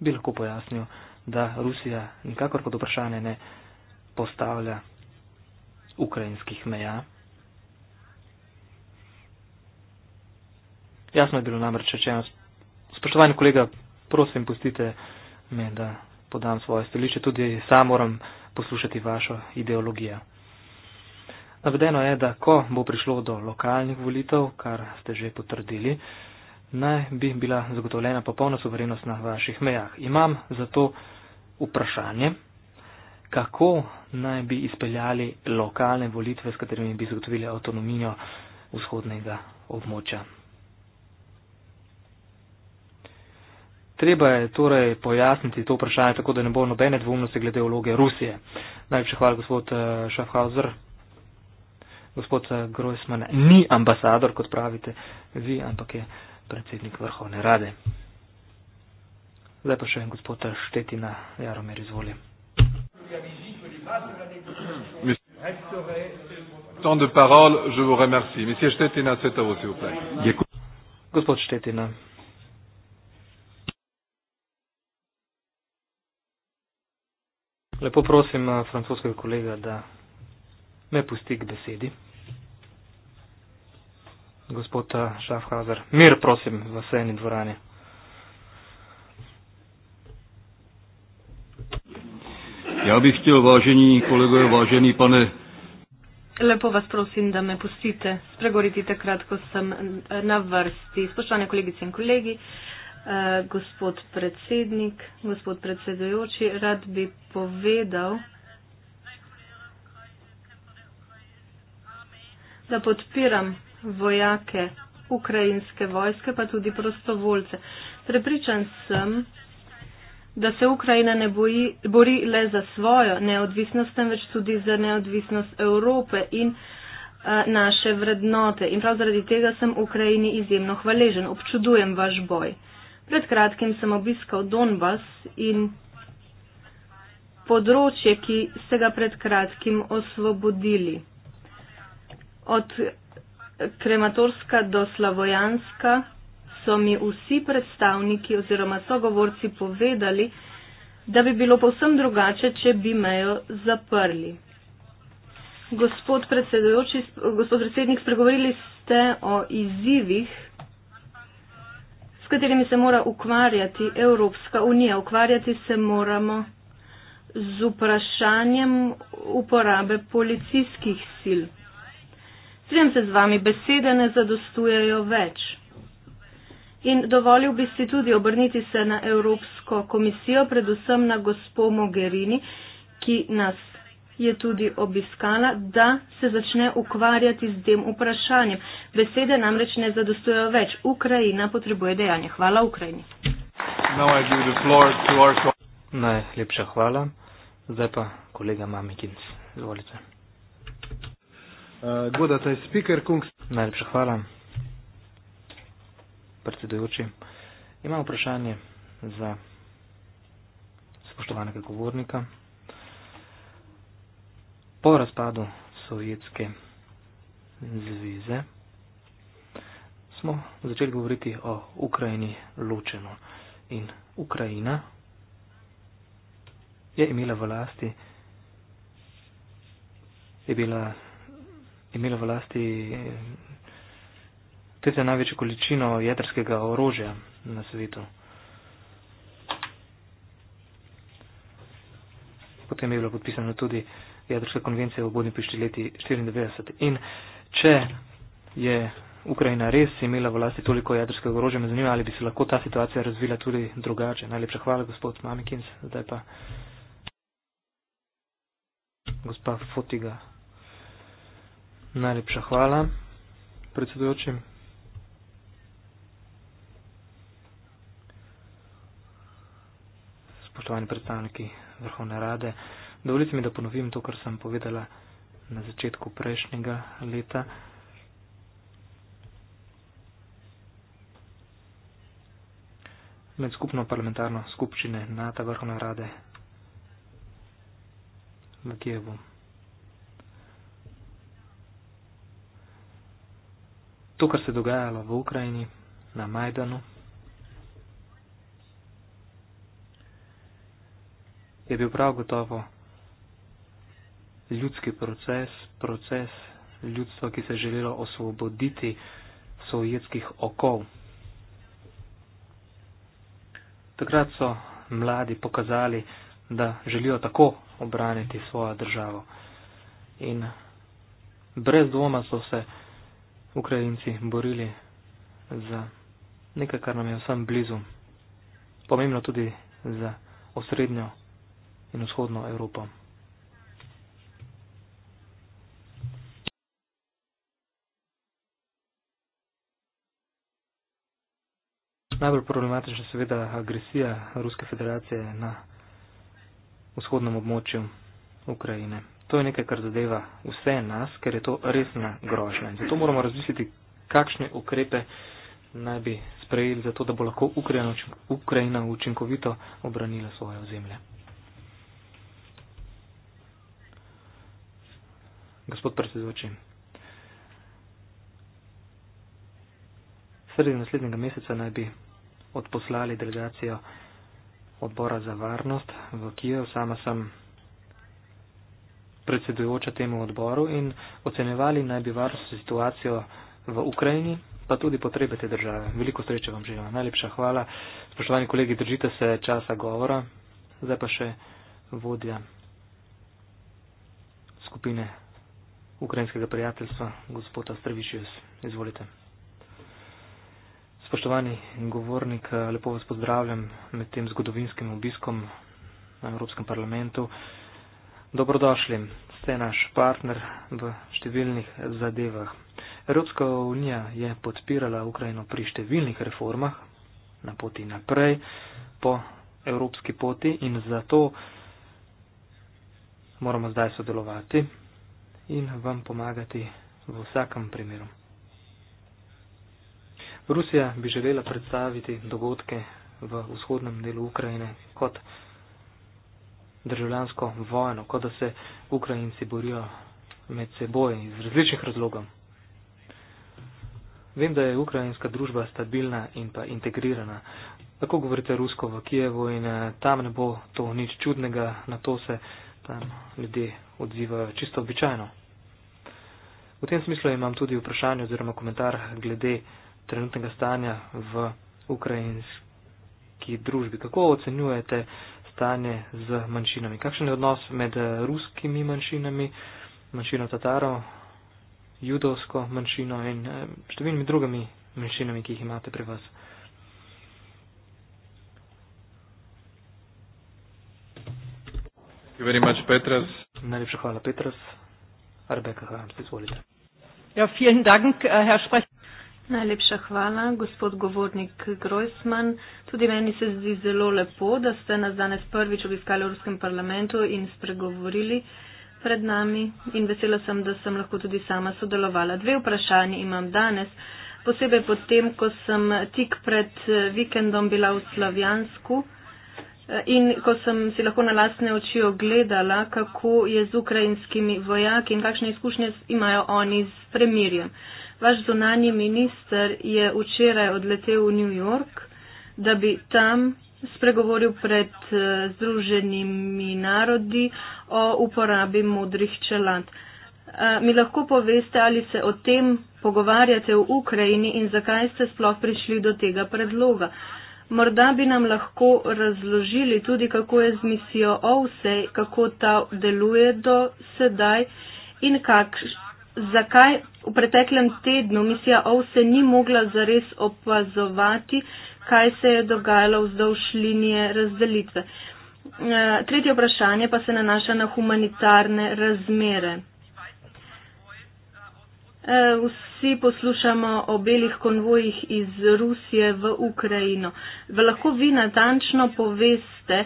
bi lahko pojasnil, da Rusija nikakor kot vprašanje ne postavlja ukrajinskih meja. Jasno je bilo namreč rečeno, spoštovani kolega, prosim, pustite me, da podam svoje stališče, tudi sam moram poslušati vašo ideologijo. Navedeno je, da ko bo prišlo do lokalnih volitev, kar ste že potrdili, naj bi bila zagotovljena popolna soverenost na vaših mejah. Imam zato vprašanje, kako naj bi izpeljali lokalne volitve, s katerimi bi zagotovili avtonomijo vzhodnega območja. Treba je torej pojasniti to vprašanje, tako da ne bo nobene dvomnosti glede vloge Rusije. Najlepša hvala, gospod eh, Schaffhauser. Gospod eh, Grossman ni ambasador, kot pravite vi, ampak je predsednik Vrhovne rade. Zdaj pa še en gospod eh, Štetina Jaromir, izvolim. Tant de paroles, je vous remercie. Monsieur Stettina, c'est à vous, s'il vous plaît. Gospod Stettina. Lepo prosim eh, francoskega kolega, da me pusti k besedi. Gospod Schaffhauser, eh, mir prosim v sejni dvorani. Já bych chtěl, vážení kolegové, vážený pane. Lepo vás prosím, da me pustite spregovoriti takrat, ko sem na vrsti. Spoštovane kolegice in kolegi, eh, gospod predsednik, gospod predsedujoči, rad bi povedal, da podpiram vojake ukrajinske vojske, pa tudi prostovoljce. Prepričan sem, da se Ukrajina ne boji, bori le za svojo neodvisnost, temveč tudi za neodvisnost Evrope in a, eh, naše vrednote. In prav zaradi tega sem Ukrajini izjemno hvaležen, občudujem vaš boj. Pred kratkim sem obiskal Donbas in področje, ki ste ga pred kratkim osvobodili. Od krematorska do slavojanska so mi vsi predstavniki oziroma sogovorci povedali, da bi bilo povsem drugače, če bi mejo zaprli. Gospod, gospod predsednik, spregovorili ste o izzivih, s katerimi se mora ukvarjati Evropska unija. Ukvarjati se moramo z vprašanjem uporabe policijskih sil. Strem se z vami, besede ne zadostujejo več in dovolil bi si tudi obrniti se na Evropsko komisijo, predvsem na gospo Mogherini, ki nas je tudi obiskala, da se začne ukvarjati s tem vprašanjem. Besede namreč ne zadostujejo več. Ukrajina potrebuje dejanje. Hvala Ukrajini. Najlepša hvala. Zdaj pa kolega Mamikins. Izvolite. Uh, Najlepša hvala predsedujoči. Imam vprašanje za spoštovanega govornika. Po razpadu Sovjetske zveze smo začeli govoriti o Ukrajini ločeno. In Ukrajina je imela v lasti, je bila, imela v lasti tretja največja količina jedrskega orožja na svetu. Potem je bila podpisana tudi jedrska konvencija v Budimpešti leti 1994. In če je Ukrajina res imela v lasti toliko jedrskega orožja, me zanima, ali bi se lahko ta situacija razvila tudi drugače. Najlepša hvala, gospod Mamikins. Zdaj pa gospa Fotiga. Najlepša hvala predsedujočim. spoštovani predstavniki Vrhovne rade. Dovolite mi, da ponovim to, kar sem povedala na začetku prejšnjega leta. Med skupno parlamentarno skupščine NATO Vrhovne rade v Kijevu. To, kar se je dogajalo v Ukrajini, na Majdanu, je bil prav gotovo ljudski proces, proces ljudstva, ki se je želelo osvoboditi sovjetskih okov. Takrat so mladi pokazali, da želijo tako obraniti svojo državo. In brez dvoma so se Ukrajinci borili za nekaj, kar nam je vsem blizu. Pomembno tudi za osrednjo in vzhodno Evropo. Najbolj problematična seveda agresija Ruske federacije na vzhodnem območju Ukrajine. To je nekaj, kar zadeva vse nas, ker je to resna grožnja. Zato moramo razmisliti, kakšne ukrepe naj bi sprejeli za to, da bo lahko Ukrajina učinkovito obranila svoje ozemlje. gospod predsedujoči. Sredi naslednjega meseca naj bi odposlali delegacijo odbora za varnost v Kijev. Sama sem predsedujoča temu odboru in ocenjevali naj bi varnost situacijo v Ukrajini, pa tudi potrebe te države. Veliko sreče vam želim. Najlepša hvala. Spoštovani kolegi, držite se časa govora. Zdaj pa še vodja skupine ukrajinskega prijateljstva, gospoda Strvičius. Izvolite. Spoštovani govornik, lepo vas pozdravljam med tem zgodovinskim obiskom na Evropskem parlamentu. Dobrodošli, ste naš partner v številnih zadevah. Evropska unija je podpirala Ukrajino pri številnih reformah na poti naprej, po evropski poti in zato moramo zdaj sodelovati in vam pomagati v vsakem primeru. Rusija bi želela predstaviti dogodke v vzhodnem delu Ukrajine kot državljansko vojno, kot da se Ukrajinci borijo med seboj iz različnih razlogov. Vem, da je ukrajinska družba stabilna in pa integrirana. Tako govorite rusko v Kijevu in eh, tam ne bo to nič čudnega, na to se tam ljudje odzivajo čisto običajno. V tem smislu imam tudi vprašanje oziroma komentar glede trenutnega stanja v ukrajinski družbi. Kako ocenjujete stanje z manjšinami? Kakšen je odnos med ruskimi manjšinami, manjšino Tatarov, judovsko manjšino in eh, številnimi drugimi manjšinami, ki jih imate pri vas? Thank you very much, Petras. Najlepša hvala, Petras. Rebeka Hrams, izvolite. Ja, vielen Dank, äh, Herr Sprecher. Najlepša hvala, gospod govornik Grojsman. Tudi meni se zdi zelo lepo, da ste nas danes prvič obiskali v Evropskem parlamentu in spregovorili pred nami in vesela sem, da sem lahko tudi sama sodelovala. Dve vprašanje imam danes, posebej potem, ko sem tik pred vikendom bila v Slavjansku. In ko sem si lahko na lastne oči ogledala, kako je z ukrajinskimi vojaki in kakšne izkušnje imajo oni z premirjem. Vaš zunani minister je včeraj odletel v New York, da bi tam spregovoril pred eh, Združenimi narodi o uporabi modrih čelad. Eh, mi lahko poveste, ali se o tem pogovarjate v Ukrajini in zakaj ste sploh prišli do tega predloga? Morda bi nam lahko razložili tudi, kako je z misijo OVSEJ, kako ta deluje do sedaj in kak, zakaj v preteklem tednu misija OVSEJ ni mogla zares opazovati, kaj se je dogajalo vzdolž linije razdelitve. Eh, tretje vprašanje pa se nanaša na humanitarne razmere. Eh, vsi poslušamo o belih konvojih iz Rusije v Ukrajino. V lahko vi natančno poveste,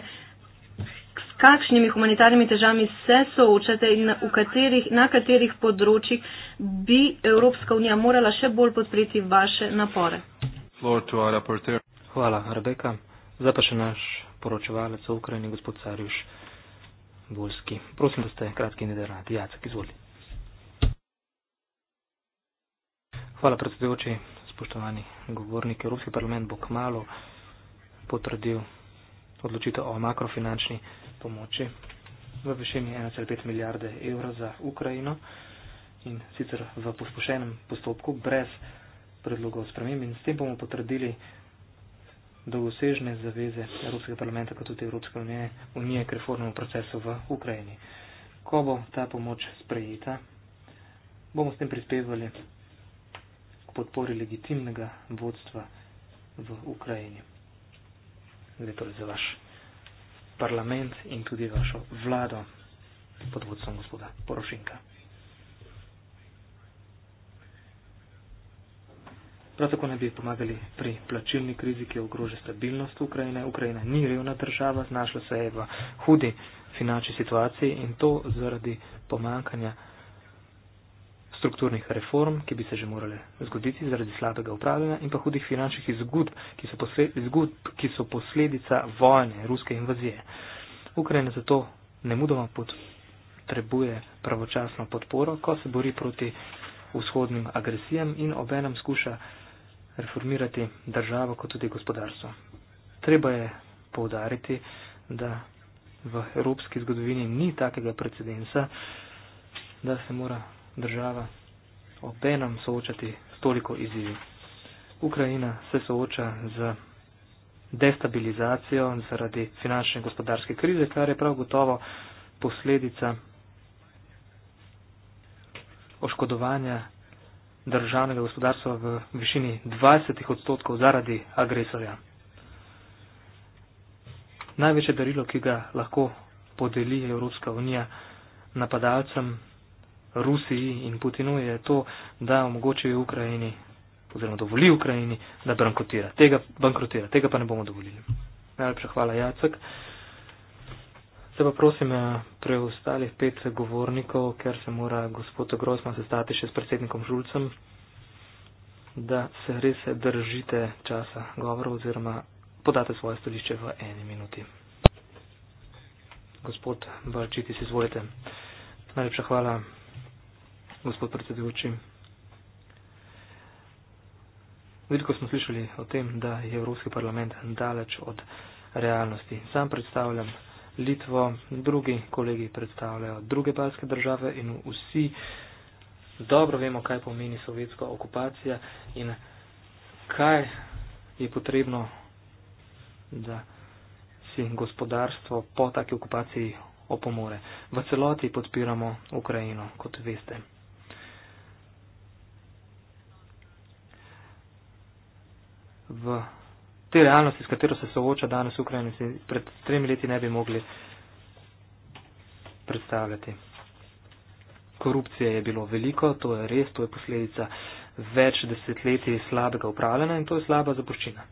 s kakšnimi humanitarnimi težami se soočate in na katerih, na katerih področjih bi Evropska unija morala še bolj podpreti vaše napore. Hvala, Rebeka. Zdaj pa še naš poročevalec v Ukrajini, gospod Sarjuš Bolski. Prosim, da ste kratki in da radi. Jacek, izvolite. Hvala, predsedujoči. Spoštovani govorniki, Evropski parlament bo kmalo potrdil odločitev o makrofinančni pomoči v višini 1,5 milijarde evra za Ukrajino in sicer v pospošenem postopku brez predlogov sprememb in s tem bomo potrdili dolgosežne zaveze Evropskega parlamenta kot tudi Evropske unije, unije k reformnemu procesu v Ukrajini. Ko bo ta pomoč sprejeta, bomo s tem prispevali podpori legitimnega vodstva v Ukrajini. Gre torej za vaš parlament in tudi vašo vlado pod vodstvom gospoda Porošenka. Prav tako ne bi pomagali pri plačilni krizi, ki ogroža stabilnost Ukrajine. Ukrajina ni revna država, znašla se je v hudi finančni situaciji in to zaradi pomankanja strukturnih reform, ki bi se že morale zgoditi zaradi slabega upravljanja in pa hudih finančnih izgub, ki so, posled, izgub, ki so posledica vojne, ruske invazije. Ukrajina zato ne mudoma potrebuje pravočasno podporo, ko se bori proti vzhodnim agresijam in obenem skuša reformirati državo kot tudi gospodarstvo. Treba je poudariti, da v evropski zgodovini ni takega precedensa, da se mora država, obenem soočati s toliko izzivi. Ukrajina se sooča z destabilizacijo zaradi finančne in gospodarske krize, kar je prav gotovo posledica oškodovanja državnega gospodarstva v višini 20 odstotkov zaradi agresorja. Največje darilo, ki ga lahko podeli Evropska unija napadalcem Rusiji in Putinu je to, da omogočijo Ukrajini, oziroma dovoli Ukrajini, da bankrotira. Tega, bankrotira. Tega pa ne bomo dovolili. Najlepša hvala, Jacek. Se pa prosim eh, preostalih pet govornikov, ker se mora gospod Grossman sestati še s predsednikom Žulcem, da se res držite časa govora oziroma podate svoje stolišče v eni minuti. Gospod Barčiti, izvolite. Najlepša hvala gospod predsedujoči. Veliko smo slišali o tem, da je Evropski parlament daleč od realnosti. Sam predstavljam Litvo, drugi kolegi predstavljajo druge balske države in vsi dobro vemo, kaj pomeni sovjetska okupacija in kaj je potrebno, da si gospodarstvo po taki okupaciji opomore. V celoti podpiramo Ukrajino, kot veste. v te realnosti, s katero se sooča danes Ukrajina, si pred tremi leti ne bi mogli predstavljati. Korupcije je bilo veliko, to je res, to je posledica več desetletij slabega upravljanja in to je slaba zapuščina.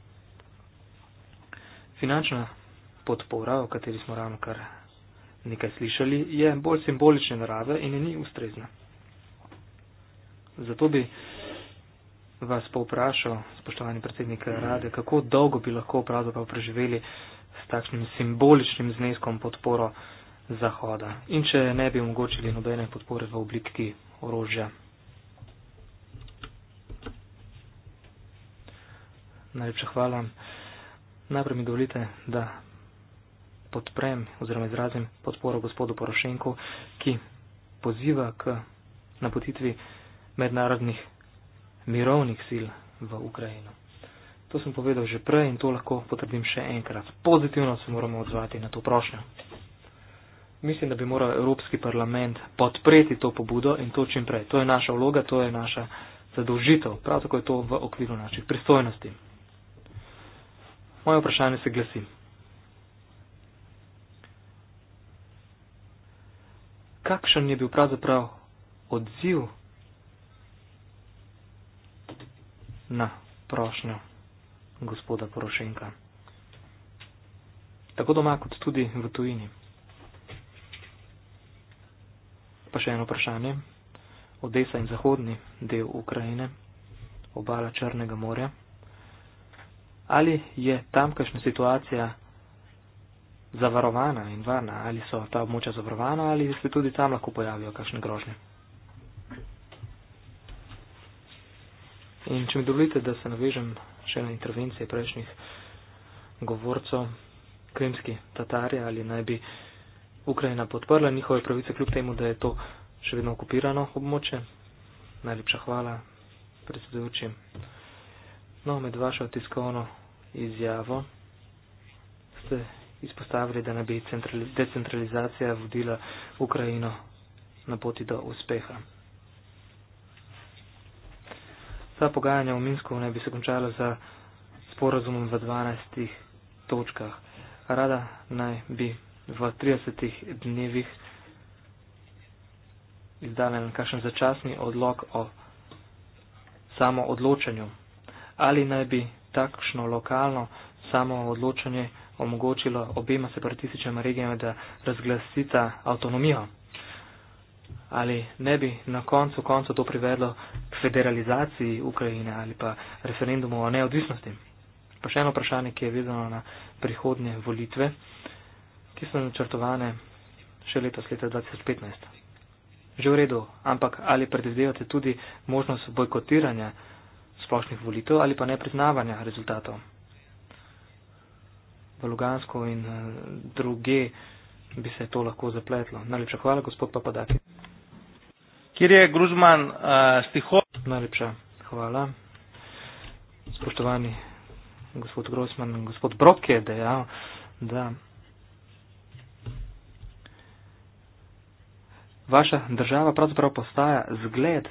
Finančna podpora, o kateri smo ravno kar nekaj slišali, je bolj simbolične narave in ni ustrezna. Zato bi vas pa vprašal, spoštovani predsednik Rade, kako dolgo bi lahko pravzaprav preživeli s takšnim simboličnim zneskom podporo Zahoda in če ne bi omogočili nobene podpore v obliki orožja. Najlepša hvala. Najprej mi dovolite, da podprem oziroma izrazim podporo gospodu Porošenku, ki poziva k napotitvi mednarodnih mirovnih sil v Ukrajino. To sem povedal že prej in to lahko potrdim še enkrat. Pozitivno se moramo odzvati na to prošnjo. Mislim, da bi moral Evropski parlament podpreti to pobudo in to čim prej. To je naša vloga, to je naša zadolžitev. Prav tako je to v okviru naših pristojnosti. Moje vprašanje se glasi. Kakšen je bil pravzaprav odziv na prošnjo gospoda Porošenka. Tako doma, kot tudi v tujini. Pa še eno vprašanje. Odesa in zahodni del Ukrajine, obala Črnega morja. Ali je tamkajšnja situacija zavarovana in varna, ali so ta območja zavarovana, ali se tudi tam lahko pojavijo kakšne grožnje? In če mi dovolite, da se navežem še na intervencije prejšnjih govorcev, krimski Tatarje, ali naj bi Ukrajina podprla njihove pravice, kljub temu, da je to še vedno okupirano območje. Najlepša hvala, predsedujoči. No, med vašo tiskovno izjavo ste izpostavili, da naj bi decentralizacija vodila Ukrajino na poti do uspeha. Ta pogajanja v Minsku naj bi se končala za sporazumom v 12 točkah. Rada naj bi v 30 dnevih izdala nekakšen začasni odlog o samo odločanju. Ali naj bi takšno lokalno samo odločanje omogočilo obema separatističnima regijama, da razglasita avtonomijo ali ne bi na koncu konca to privedlo k federalizaciji Ukrajine ali pa referendumu o neodvisnosti. Pa še eno vprašanje, ki je vezano na prihodnje volitve, ki so načrtovane še letos, leta 2015. Že v redu, ampak ali predvidevate tudi možnost bojkotiranja splošnih volitev ali pa nepriznavanja rezultatov? V Lugansko in eh, druge bi se to lahko zapletlo. Najlepša hvala, gospod Papadaki. Kjer je Gružman uh, eh, stiho? Najlepša hvala. Spoštovani gospod Grosman, gospod Brok je dejal, da vaša država pravzaprav postaja zgled.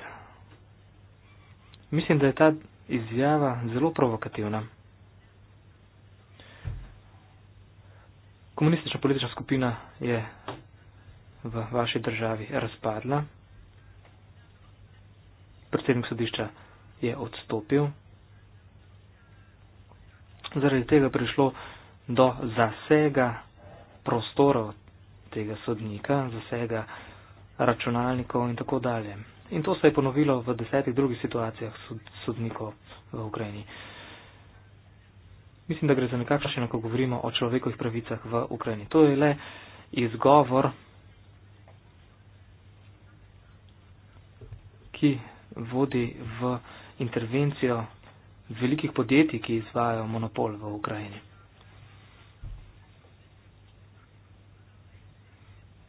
Mislim, da je ta izjava zelo provokativna. Komunistična politična skupina je v vaši državi razpadla. Predsednik sodišča je odstopil. Zaradi tega prišlo do zasega prostorov tega sodnika, zasega računalnikov in tako dalje. In to se je ponovilo v desetih drugih situacijah sodnikov v Ukrajini. Mislim, da gre za nekakšen, ko govorimo o človekovih pravicah v Ukrajini. To je le izgovor, ki vodi v intervencijo velikih podjetij, ki izvajajo monopol v Ukrajini.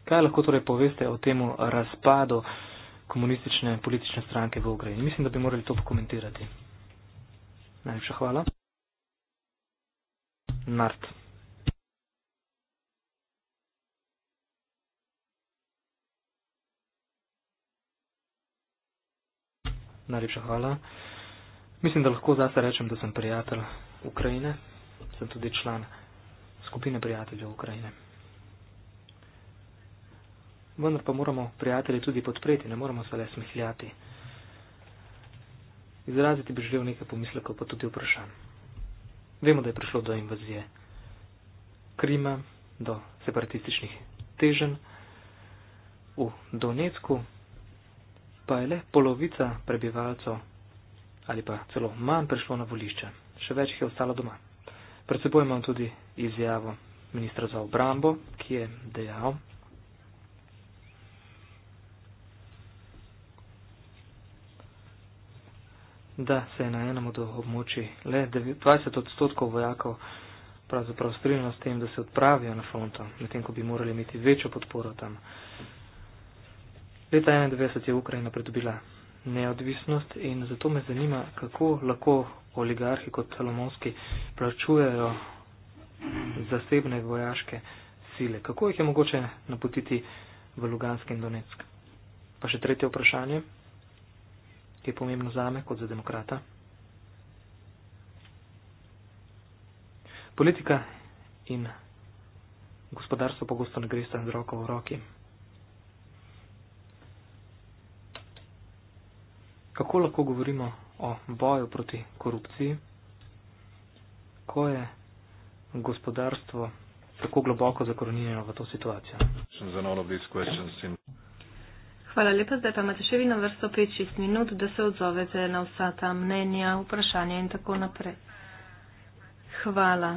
Kaj lahko torej poveste o temu razpadu komunistične politične stranke v Ukrajini? Mislim, da bi morali to pokomentirati. Najlepša hvala nart. Najlepša hvala. Mislim, da lahko zase rečem, da sem prijatelj Ukrajine. Sem tudi član skupine prijateljev Ukrajine. Vendar pa moramo prijatelje tudi podpreti, ne moramo se le smihljati. Izraziti bi želel nekaj pomislekov, pa tudi vprašanj. Vemo, da je prišlo do invazije Krima, do separatističnih teženj. V Donetsku pa je le polovica prebivalcev ali pa celo manj prišlo na volišče. Še več jih je ostalo doma. Pred seboj imam tudi izjavo ministra za obrambo, ki je dejal, da se je na enem od območij le 20 odstotkov vojakov pravzaprav strinjalo s tem, da se odpravijo na fronto, medtem ko bi morali imeti večjo podporo tam. Leta 91 je Ukrajina pridobila neodvisnost in zato me zanima, kako lahko oligarhi kot Salomonski plačujejo zasebne vojaške sile. Kako jih je mogoče napotiti v Luganski in Donetsk? Pa še tretje vprašanje ki je pomembno za me kot za demokrata. Politika in gospodarstvo pogosto ne gresta z roko v roki. Kako lahko govorimo o boju proti korupciji, ko je gospodarstvo tako globoko zakorenjeno v to situacijo? Hvala lepa, zdaj pa imate še vi na vrsto 5-6 minut, da se odzovete na vsa ta mnenja, vprašanja in tako naprej. Hvala,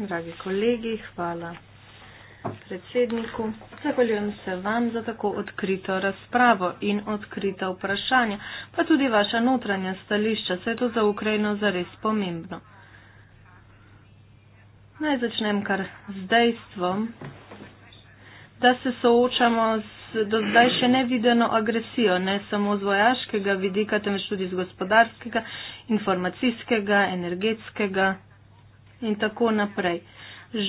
dragi kolegi, hvala predsedniku. Zahvaljujem se vam za tako odkrito razpravo in odkrita vprašanja, pa tudi vaša notranja stališča, se je to za Ukrajino zares pomembno. Naj začnem kar z dejstvom, da se soočamo z do zdaj še nevideno agresijo, ne samo z vojaškega vidika, temveč tudi z gospodarskega, informacijskega, energetskega in tako naprej.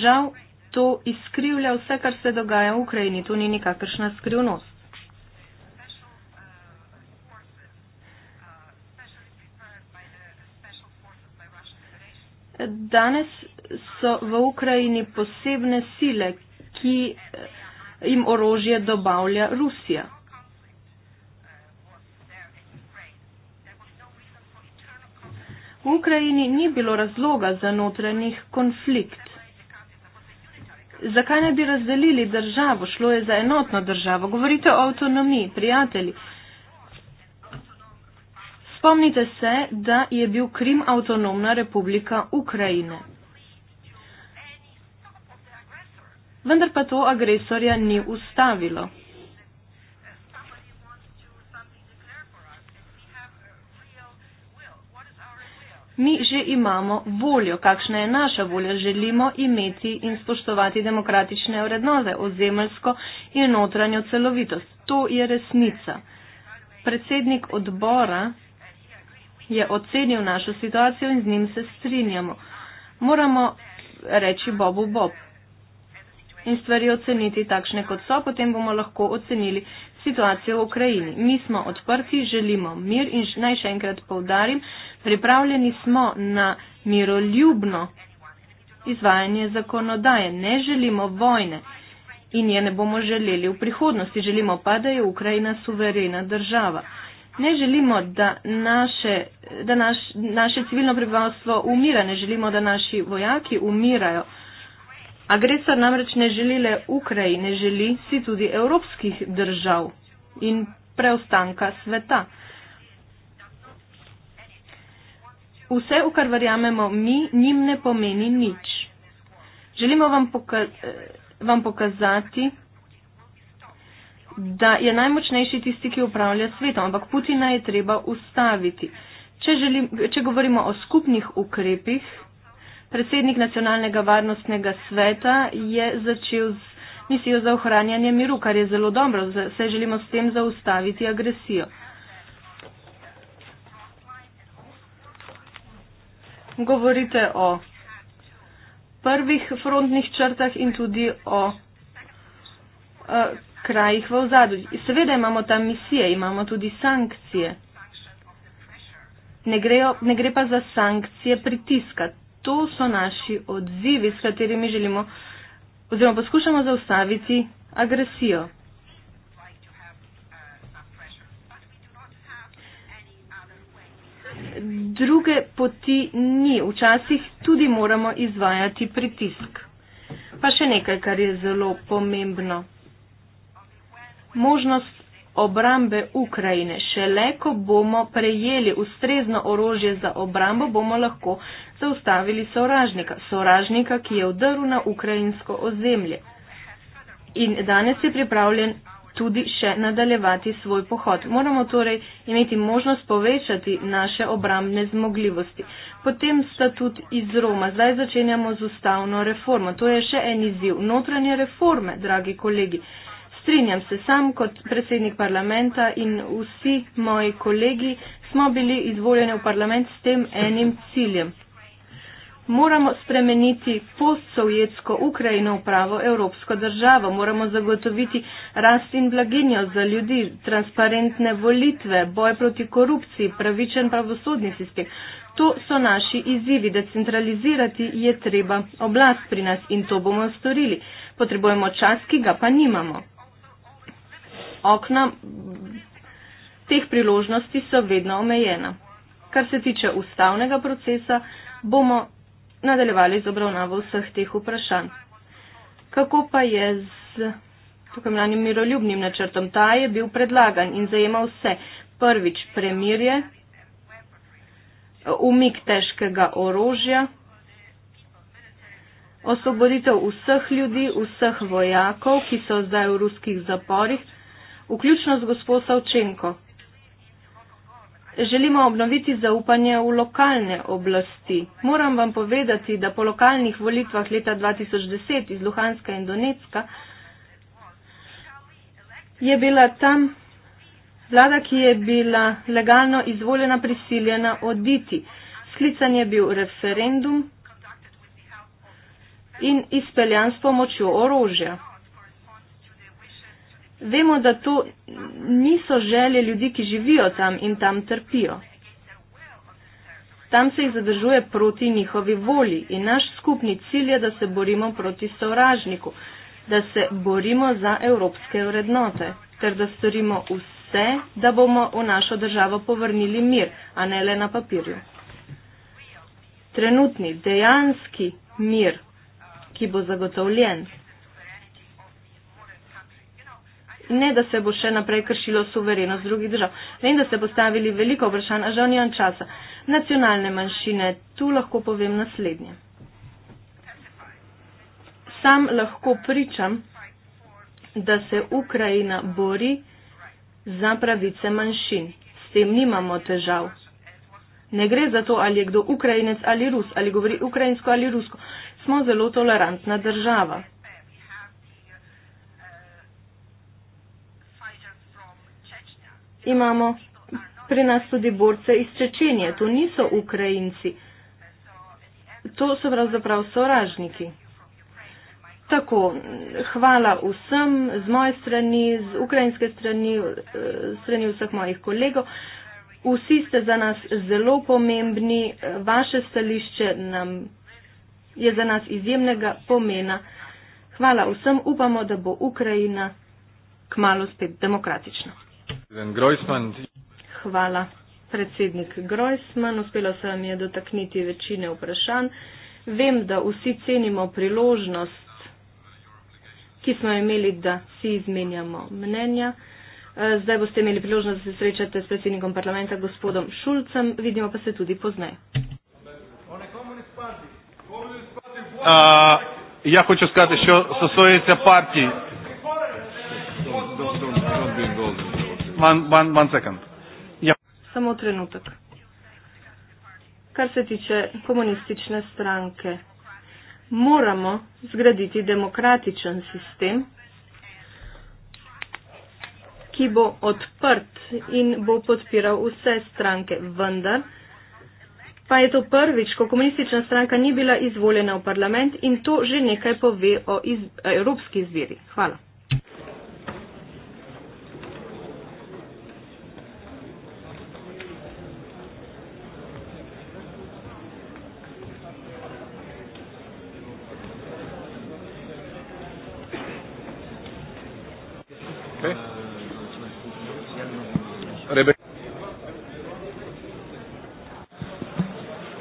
Žal to izkrivlja vse, kar se dogaja v Ukrajini, to ni nikakršna skrivnost. Danes so v Ukrajini posebne sile, ki jim orožje dobavlja Rusija. V Ukrajini ni bilo razloga za notranjih konflikt. Zakaj ne bi razdelili državo? Šlo je za enotno državo. Govorite o avtonomiji, prijatelji. Spomnite se, da je bil Krim avtonomna republika Ukrajine. vendar pa to agresorja ni ustavilo. Mi že imamo voljo, kakšna je naša volja. Želimo imeti in spoštovati demokratične vrednote, ozemeljsko in notranjo celovitost. To je resnica. Predsednik odbora je ocenil našo situacijo in z njim se strinjamo. Moramo reči Bobu Bob in stvari oceniti takšne, kot so, potem bomo lahko ocenili situacijo v Ukrajini. Mi smo odprti, želimo mir in naj še enkrat povdarim, pripravljeni smo na miroljubno izvajanje zakonodaje. Ne želimo vojne in je ne bomo želeli v prihodnosti. Želimo pa, da je Ukrajina suverena država. Ne želimo, da, naše, da naš, naše civilno prebivalstvo umira, ne želimo, da naši vojaki umirajo. Agresor namreč ne želi le Ukrajine, želi si tudi evropskih držav in preostanka sveta. Vse, v kar verjamemo mi, njim ne pomeni nič. Želimo vam, poka vam pokazati, da je najmočnejši tisti, ki upravlja svetom, ampak Putina je treba ustaviti. Če, želim, če govorimo o skupnih ukrepih, Predsednik nacionalnega varnostnega sveta je začel z misijo za ohranjanje miru, kar je zelo dobro, saj želimo s tem zaustaviti agresijo. Govorite o prvih frontnih črtah in tudi o uh, krajih v ozadju. Seveda imamo tam misije, imamo tudi sankcije. Ne, grejo, ne gre pa za sankcije pritiska to so naši odzivi, s katerimi želimo oziroma poskušamo zaustaviti agresijo. Druge poti ni, včasih tudi moramo izvajati pritisk. Pa še nekaj, kar je zelo pomembno. Možnost obrambe Ukrajine. Šele, ko bomo prejeli ustrezno orožje za obrambo, bomo lahko ste ustavili sovražnika, sovražnika, ki je vdrl na ukrajinsko ozemlje. In danes je pripravljen tudi še nadaljevati svoj pohod. Moramo torej imeti možnost povečati naše obrambne zmogljivosti. Potem statut iz Roma. Zdaj začenjamo z ustavno reformo. To je še en izziv. Notranje reforme, dragi kolegi. Strinjam se sam kot predsednik parlamenta in vsi moji kolegi smo bili izvoljeni v parlament s tem enim ciljem moramo spremeniti postsovjetsko Ukrajino v pravo evropsko državo, moramo zagotoviti rast in blaginjo za ljudi, transparentne volitve, boj proti korupciji, pravičen pravosodni sistem. To so naši izzivi. Decentralizirati je treba oblast pri nas in to bomo storili. Potrebujemo čas, ki ga pa nimamo. Okna teh priložnosti so vedno omejena. Kar se tiče ustavnega procesa, bomo nadaljevali z obravnavo vseh teh vprašanj. Kako pa je z tako imenovanim miroljubnim načrtom? Ta je bil predlagan in zajema vse. Prvič premirje, umik težkega orožja, osvoboditev vseh ljudi, vseh vojakov, ki so zdaj v ruskih zaporih, vključno z gospod Savčenko. Želimo obnoviti zaupanje v lokalne oblasti. Moram vam povedati, da po lokalnih volitvah leta 2010 iz Luhanska in Donetska je bila tam vlada, ki je bila legalno izvoljena, prisiljena oditi. Sklican je bil referendum in izpeljan s pomočjo orožja. Vemo, da to niso želje ljudi, ki živijo tam in tam trpijo. Tam se jih zadržuje proti njihovi volji in naš skupni cilj je, da se borimo proti sovražniku, da se borimo za evropske vrednote ter da storimo vse, da bomo v našo državo povrnili mir, a ne le na papirju. Trenutni, dejanski mir, ki bo zagotovljen, ne da se bo še naprej kršilo suverenost drugih držav. Vem, da ste postavili veliko vprašanj, a žal nimam časa. Nacionalne manjšine, tu lahko povem naslednje. Sam lahko pričam, da se Ukrajina bori za pravice manjšin. S tem nimamo težav. Ne gre za to, ali je kdo ukrajinec ali rus, ali govori ukrajinsko ali rusko. Smo zelo tolerantna država. imamo pri nas tudi borce iz Čečenije. To niso Ukrajinci. To so pravzaprav sovražniki. Tako, hvala vsem z moje strani, z ukrajinske strani, eh, strani vseh mojih kolegov. Vsi ste za nas zelo pomembni, vaše stališče nam je za nas izjemnega pomena. Hvala vsem, upamo, da bo Ukrajina kmalo spet demokratična. Hvala, predsednik Grojsman. Uspelo se vam je dotakniti večine vprašanj. Vem, da vsi cenimo priložnost, ki smo imeli, da si izmenjamo mnenja. Eh, zdaj boste imeli priložnost, da se srečate s predsednikom parlamenta, gospodom Šulcem. Vidimo pa se tudi pozneje. Uh, ja, hočem skrati še so svojice partij. Do, do, do one, one, one second. Yeah. Ja. Samo trenutek. Kar se tiče komunistične stranke, moramo zgraditi demokratičen sistem, ki bo odprt in bo podpiral vse stranke, vendar pa je to prvič, ko komunistična stranka ni bila izvoljena v parlament in to že nekaj pove o iz, evropski izbiri. Hvala.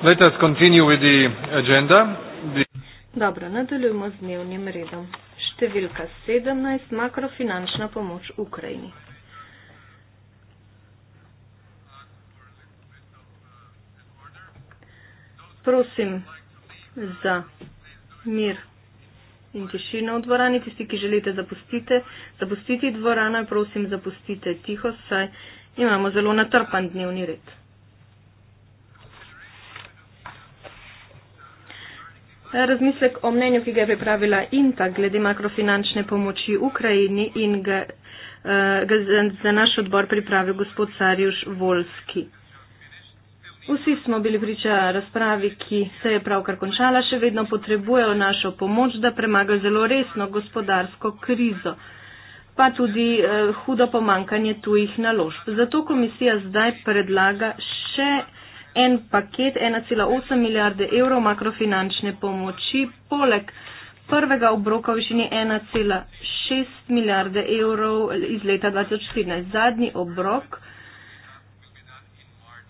Let us continue with the agenda. The Dobro, nadaljujemo z dnevnim redom. Številka 17, makrofinančna pomoč Ukrajini. Prosim za mir in tišino v dvorani. Tisti, ki želite zapustite, zapustiti dvorano, prosim zapustite tiho, saj imamo zelo natrpan dnevni red. Razmislek o mnenju, ki ga je pripravila INTA glede makrofinančne pomoči Ukrajini in ga, eh, ga za naš odbor pripravil gospod Sarjuš Volski. Vsi smo bili priča razpravi, ki se je pravkar končala, še vedno potrebujejo našo pomoč, da premagajo zelo resno gospodarsko krizo, pa tudi eh, hudo pomankanje tujih naložb. Zato komisija zdaj predlaga še en paket 1,8 milijarde evrov makrofinančne pomoči, poleg prvega obroka v višini 1,6 milijarde evrov iz leta 2014. Zadnji obrok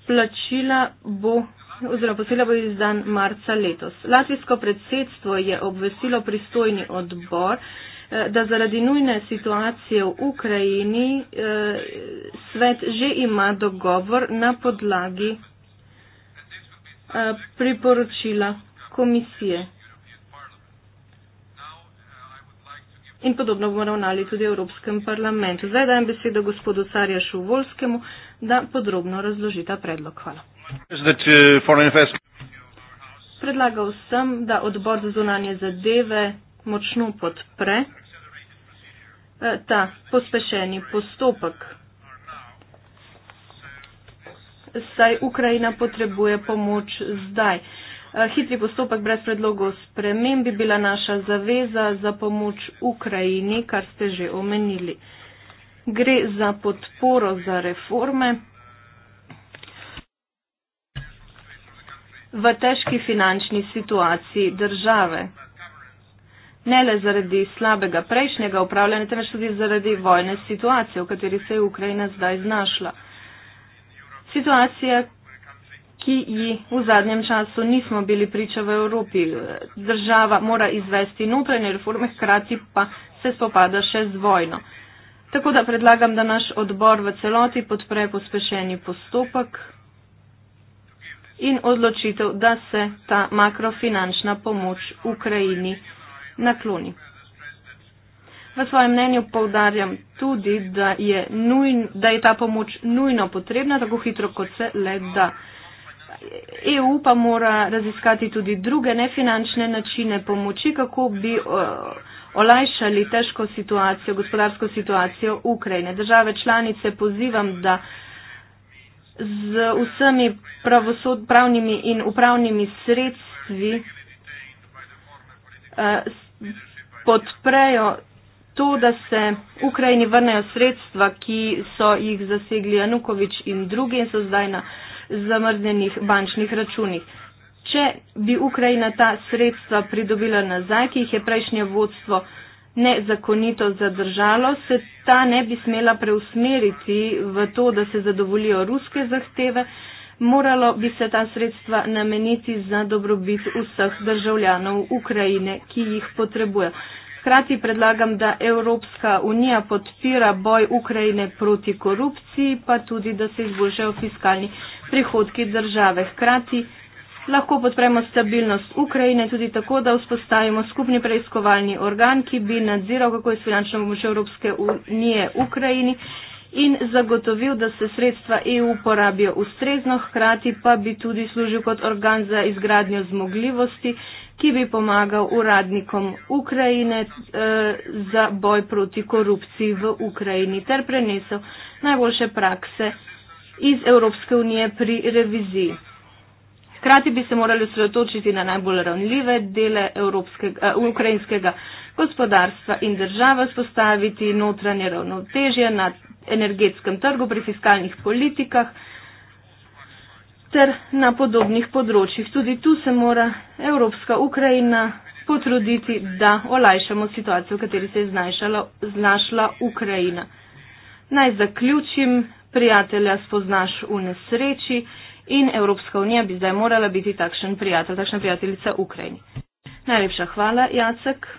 plačila bo oziroma posilja bo izdan marca letos. Latvijsko predsedstvo je obvestilo pristojni odbor, eh, da zaradi nujne situacije v Ukrajini eh, svet že ima dogovor na podlagi priporočila komisije. In podobno bomo ravnali tudi v Evropskem parlamentu. Zdaj dajem besedo gospodu Carjašu Volskemu, da podrobno razloži ta predlog. Hvala. Uh, Predlagal sem, da odbor za zunanje zadeve močno podpre eh, ta pospešeni postopek saj Ukrajina potrebuje pomoč zdaj. Eh, hitri postopek brez predlogov spremem bi bila naša zaveza za pomoč Ukrajini, kar ste že omenili. Gre za podporo za reforme v težki finančni situaciji države. Ne le zaradi slabega prejšnjega upravljanja, temveč tudi zaradi vojne situacije, v kateri se je Ukrajina zdaj znašla situacija, ki ji v zadnjem času nismo bili priča v Evropi. Država mora izvesti notranje reforme, hkrati pa se spopada še z vojno. Tako da predlagam, da naš odbor v celoti podpre pospešeni postopek in odločitev, da se ta makrofinančna pomoč Ukrajini nakloni. V svojem mnenju povdarjam tudi, da je, nujn, da je ta pomoč nujno potrebna, tako hitro kot se le da. EU pa mora raziskati tudi druge nefinančne načine pomoči, kako bi olajšali težko situacijo, gospodarsko situacijo Ukrajine. Države članice pozivam, da z vsemi pravnimi in upravnimi sredstvi eh, podprejo to, da se Ukrajini vrnejo sredstva, ki so jih zasegli Janukovič in drugi in so zdaj na zamrznjenih bančnih računih. Če bi Ukrajina ta sredstva pridobila nazaj, ki jih je prejšnje vodstvo nezakonito zadržalo, se ta ne bi smela preusmeriti v to, da se zadovoljijo ruske zahteve, moralo bi se ta sredstva nameniti za dobrobit vseh državljanov Ukrajine, ki jih potrebujejo. Hkrati predlagam, da Evropska unija podpira boj Ukrajine proti korupciji, pa tudi, da se izboljšajo fiskalni prihodki države. Hkrati lahko podpremo stabilnost Ukrajine tudi tako, da vzpostavimo skupni preiskovalni organ, ki bi nadziral, kako je s finančno pomočjo Evropske unije Ukrajini in zagotovil, da se sredstva EU porabijo ustrezno, hkrati pa bi tudi služil kot organ za izgradnjo zmogljivosti ki bi pomagal uradnikom Ukrajine eh, za boj proti korupciji v Ukrajini ter prenesel najboljše prakse iz Evropske unije pri reviziji. Hkrati bi se morali osredotočiti na najbolj ranljive dele eh, ukrajinskega gospodarstva in države, spostaviti notranje ravnotežje na energetskem trgu pri fiskalnih politikah, ter na podobnih področjih. Tudi tu se mora Evropska Ukrajina potruditi, da olajšamo situacijo, v kateri se je znašala, znašla Ukrajina. Naj zaključim, prijatelja spoznaš v nesreči in Evropska unija bi zdaj morala biti takšen prijatelj, takšna prijateljica Ukrajini. Najlepša hvala, Jacek.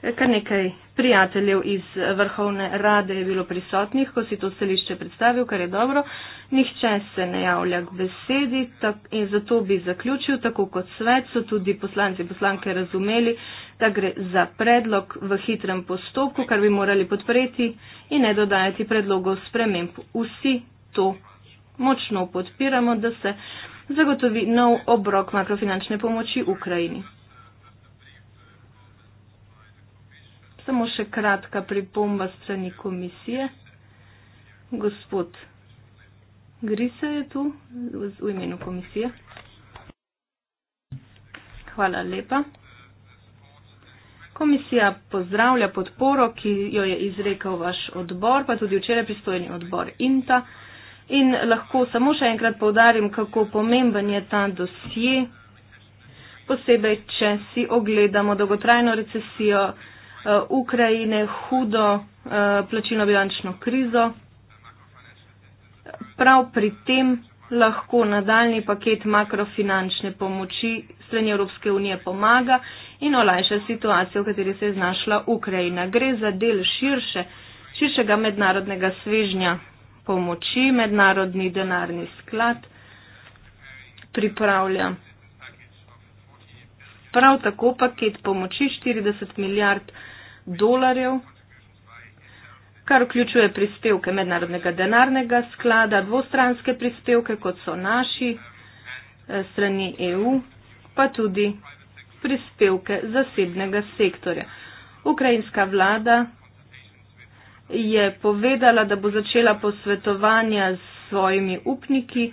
Kar nekaj prijateljev iz Vrhovne rade je bilo prisotnih, ko si to stališče predstavil, kar je dobro. Nihče se ne javlja k besedi tak, in zato bi zaključil, tako kot svet so tudi poslanci poslanke razumeli, da gre za predlog v hitrem postopku, kar bi morali podpreti in ne dodajati predlogov sprememb. Vsi to močno podpiramo, da se zagotovi nov obrok makrofinančne pomoči Ukrajini. samo še kratka pripomba strani komisije. Gospod Grise je tu v imenu komisije. Hvala lepa. Komisija pozdravlja podporo, ki jo je izrekel vaš odbor, pa tudi včeraj pristojni odbor INTA. In lahko samo še enkrat povdarim, kako pomemben je ta dosje, posebej, če si ogledamo dolgotrajno recesijo, Eh, Ukrajine, hudo eh, plačilno-bilančno krizo. Prav pri tem lahko nadaljni paket makrofinančne pomoči strani Evropske unije pomaga in olajša situacijo, v kateri se je znašla Ukrajina. Gre za del širše, širšega mednarodnega svežnja pomoči, mednarodni denarni sklad pripravlja prav tako paket pomoči 40 milijard dolarjev, kar vključuje prispevke mednarodnega denarnega sklada, dvostranske prispevke, kot so naši eh, strani EU, pa tudi prispevke zasebnega sektorja. Ukrajinska vlada je povedala, da bo začela posvetovanja s svojimi upniki,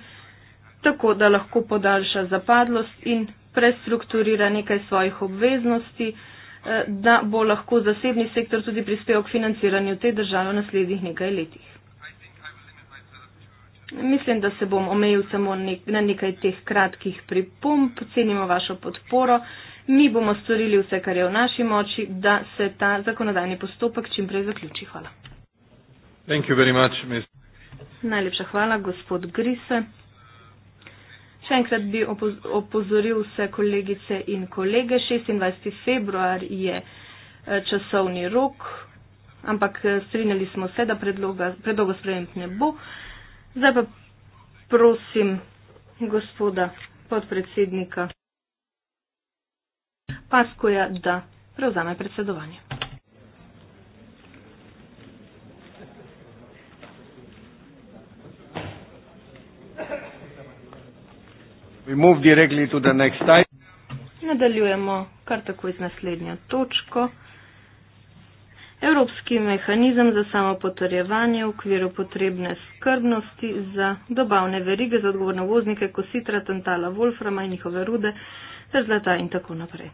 tako da lahko podaljša zapadlost in prestrukturira nekaj svojih obveznosti, eh, da bo lahko zasebni sektor tudi prispeval k financiranju te države v naslednjih nekaj letih. Mislim, da se bom omejil samo na nekaj teh kratkih pripomb. Cenimo vašo podporo. Mi bomo storili vse, kar je v naši moči, da se ta zakonodajni postopek čim prej zaključi. Hvala. Much, Najlepša hvala, gospod Grise. Še enkrat bi opozoril vse kolegice in kolege. 26. februar je eh, časovni rok, ampak eh, strinjali smo se, da predloga sprememb ne bo. Zdaj pa prosim gospoda podpredsednika Paskoja, da prevzame predsedovanje. Nadaljujemo kar tako iz naslednjo točko. Evropski mehanizem za samopotrjevanje v okviru potrebne skrbnosti za dobavne verige za odgovorno voznike kositra, tantala, wolframa in njihove rude, ter zlata in tako naprej.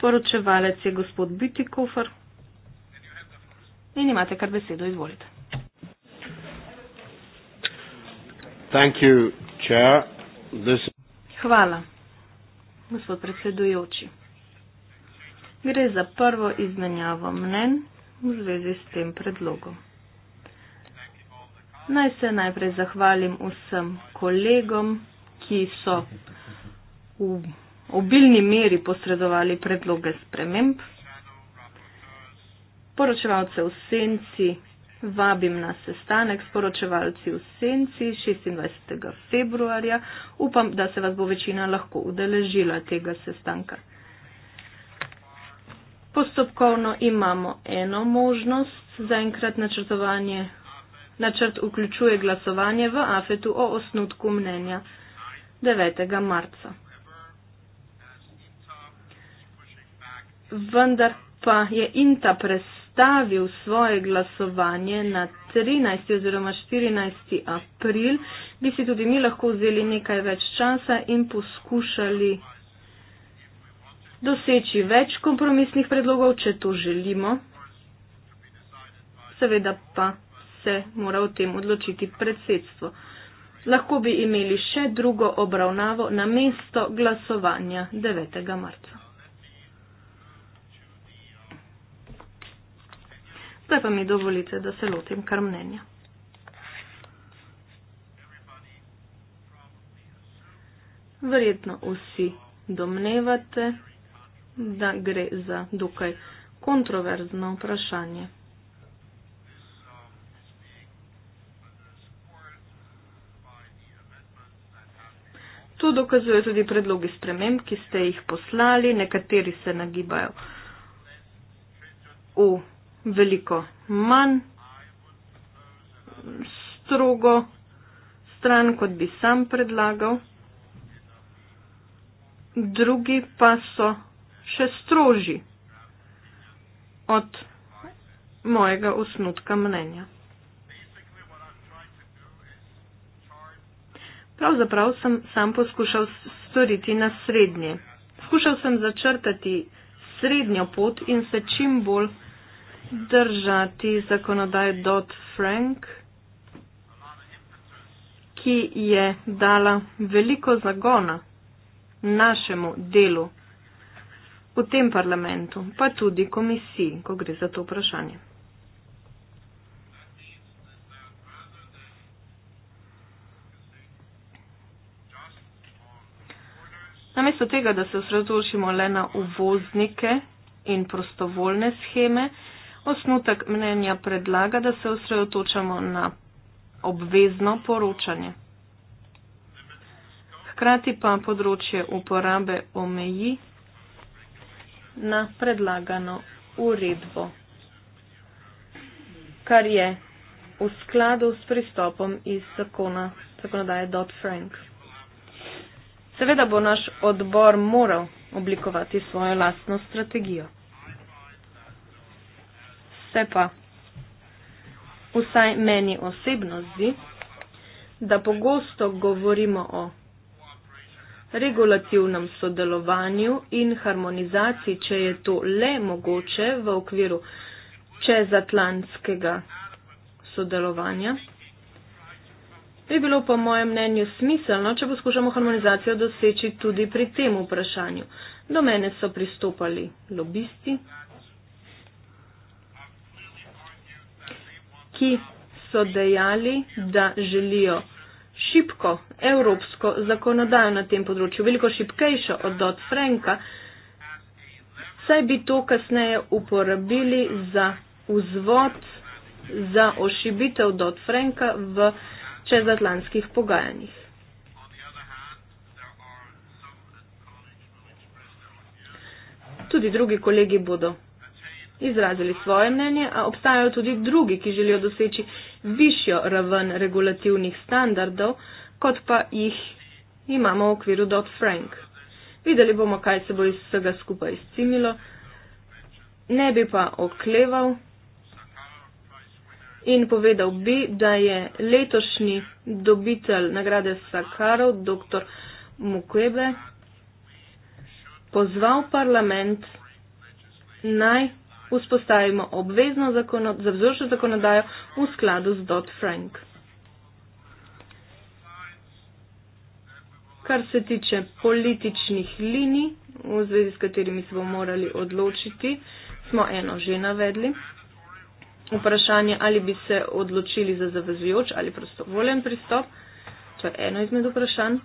Poročevalec je gospod Bitikofer. In imate kar besedo, izvolite. Thank you, Hvala, gospod predsedujoči. Gre za prvo izmenjavo mnen v zvezi s tem predlogom. Naj se najprej zahvalim vsem kolegom, ki so v obilni meri posredovali predloge sprememb. Poročevalce v senci, Vabim na sestanek s poročevalci v Senci 26. februarja. Upam, da se vas bo večina lahko udeležila tega sestanka. Postopkovno imamo eno možnost za enkrat načrtovanje. Načrt vključuje glasovanje v AFET-u o osnutku mnenja 9. marca. Vendar pa je INTA pres prestavil svoje glasovanje na 13. oziroma 14. april, bi si tudi mi lahko vzeli nekaj več časa in poskušali doseči več kompromisnih predlogov, če to želimo. Seveda pa se mora o tem odločiti predsedstvo. Lahko bi imeli še drugo obravnavo na mesto glasovanja 9. marca. Zdaj pa mi dovolite, da se lotim kar mnenja. Verjetno vsi domnevate, da gre za dokaj kontroverzno vprašanje. To dokazuje tudi predlogi sprememb, ki ste jih poslali, nekateri se nagibajo v veliko manj strogo stran, kot bi sam predlagal. Drugi pa so še stroži od mojega osnutka mnenja. Pravzaprav sem sam poskušal storiti na srednje. Skušal sem začrtati srednjo pot in se čim bolj držati zakonodaj Dodd-Frank, ki je dala veliko zagona našemu delu v tem parlamentu, pa tudi komisiji, ko gre za to vprašanje. Namesto tega, da se osredotočimo le na uvoznike in prostovoljne scheme, Osnutek mnenja predlaga, da se osredotočamo na obvezno poročanje. Hkrati pa področje uporabe omeji na predlagano uredbo, kar je v skladu s pristopom iz zakona zakonodaje Dodd-Frank. Seveda bo naš odbor moral oblikovati svojo lastno strategijo. Se pa, vsaj meni osebno zdi, da pogosto govorimo o regulativnem sodelovanju in harmonizaciji, če je to le mogoče v okviru čezatlantskega sodelovanja. Bi bilo po mojem mnenju smiselno, če poskušamo harmonizacijo doseči tudi pri tem vprašanju. Do mene so pristopali lobisti, ki so dejali, da želijo šipko evropsko zakonodajo na tem področju, veliko šipkejšo od Dodd Franka, saj bi to kasneje uporabili za vzvod za ošibitev Dodd Franka v čezatlantskih pogajanjih. Tudi drugi kolegi bodo izrazili svoje mnenje, a obstajajo tudi drugi, ki želijo doseči višjo raven regulativnih standardov, kot pa jih imamo v okviru Dodd-Frank. Videli bomo, kaj se bo iz vsega skupaj izcimilo. Ne bi pa okleval in povedal bi, da je letošnji dobitelj nagrade Sakarov, dr. Mukwebe, pozval parlament naj vzpostavimo obvezno zakonodajo, zakonodajo v skladu z Dodd-Frank. Kar se tiče političnih linij, v zvezi s katerimi se bomo morali odločiti, smo eno že navedli. Vprašanje, ali bi se odločili za zavezujoč ali prostovoljen pristop, to je eno izmed vprašanj.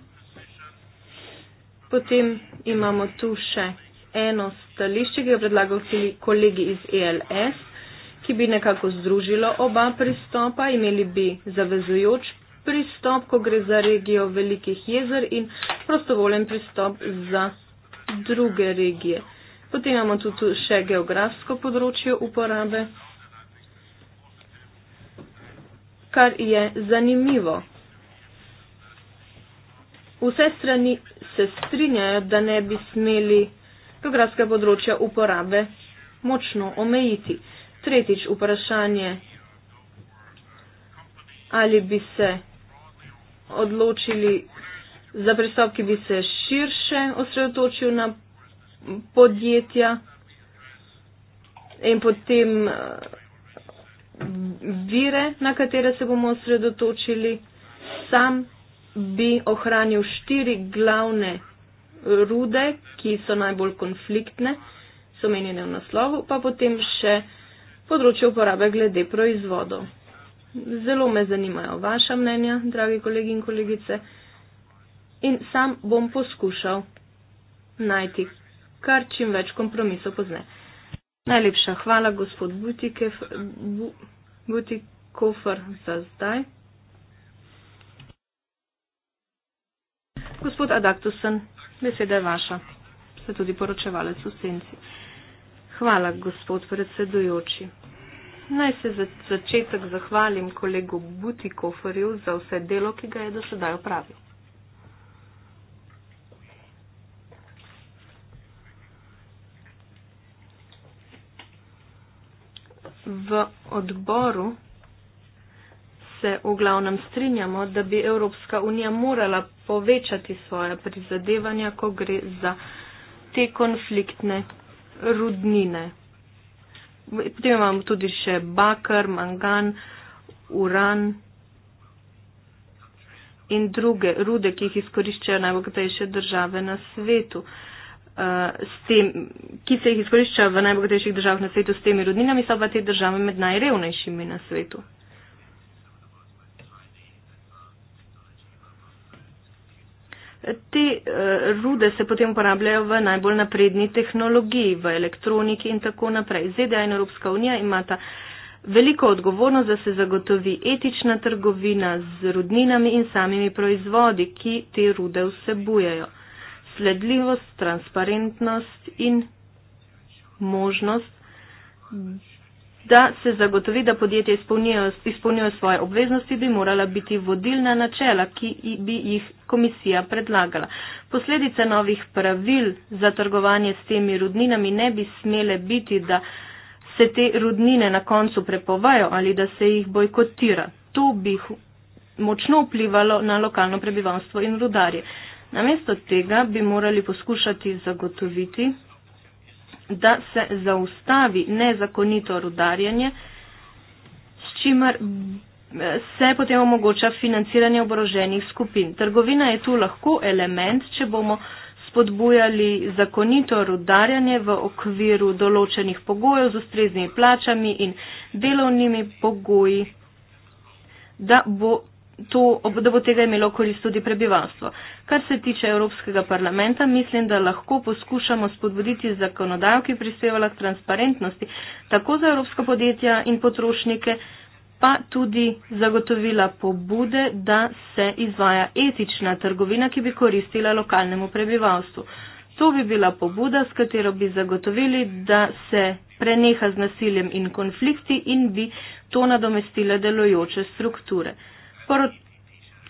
Potem imamo tu še eno stališče, ki ga predlagal kolegi iz ELS, ki bi nekako združilo oba pristopa, imeli bi zavezujoč pristop, ko gre za regijo velikih jezer in prostovoljen pristop za druge regije. Potem imamo tudi še geografsko področje uporabe, kar je zanimivo. Vse strani se strinjajo, da ne bi smeli geografska področja uporabe močno omejiti. Tretjič vprašanje, ali bi se odločili za pristop, ki bi se širše osredotočil na podjetja in potem eh, vire, na katere se bomo osredotočili. Sam bi ohranil štiri glavne rude, ki so najbolj konfliktne, so menjene v naslovu, pa potem še področje uporabe glede proizvodov. Zelo me zanimajo vaša mnenja, dragi kolegi in kolegice, in sam bom poskušal najti kar čim več kompromisov pozne. Najlepša hvala, gospod Butikef, Butikofer, za zdaj. Gospod Adaktusen. Beseda je vaša. Se tudi poročevalec v senci. Hvala, gospod predsedujoči. Naj se za začetek zahvalim kolegu Butikoferju za vse delo, ki ga je do sedaj opravil. V odboru se v glavnem strinjamo, da bi Evropska unija morala povečati svoje prizadevanja, ko gre za te konfliktne rudnine. Potem imamo tudi še bakar, mangan, uran in druge rude, ki jih izkoriščajo najbogatejše države na svetu. Uh, s tem, ki se jih izkorišča v najbogatejših državah na svetu s temi rodninami, so pa te države med najrevnejšimi na svetu. Te uh, rude se potem uporabljajo v najbolj napredni tehnologiji, v elektroniki in tako naprej. ZDA in Evropska unija imata veliko odgovornost, da se zagotovi etična trgovina z rudninami in samimi proizvodi, ki te rude vsebujejo. Sledljivost, transparentnost in možnost da se zagotovi, da podjetja izpolnjujejo svoje obveznosti, bi morala biti vodilna načela, ki bi jih komisija predlagala. Posledice novih pravil za trgovanje s temi rudninami ne bi smele biti, da se te rudnine na koncu prepovajo ali da se jih bojkotira. To bi močno vplivalo na lokalno prebivalstvo in rudarje. Namesto tega bi morali poskušati zagotoviti, da se zaustavi nezakonito rudarjenje, s čimer eh, se potem omogoča financiranje oboroženih skupin. Trgovina je tu lahko element, če bomo spodbujali zakonito rudarjanje v okviru določenih pogojev z ustreznimi plačami in delovnimi pogoji, da bo to, da bo tega imelo korist tudi prebivalstvo. Kar se tiče Evropskega parlamenta, mislim, da lahko poskušamo spodbuditi zakonodajo, ki prispevala k transparentnosti tako za evropska podjetja in potrošnike, pa tudi zagotovila pobude, da se izvaja etična trgovina, ki bi koristila lokalnemu prebivalstvu. To bi bila pobuda, s katero bi zagotovili, da se preneha z nasiljem in konflikti in bi to nadomestile delojoče strukture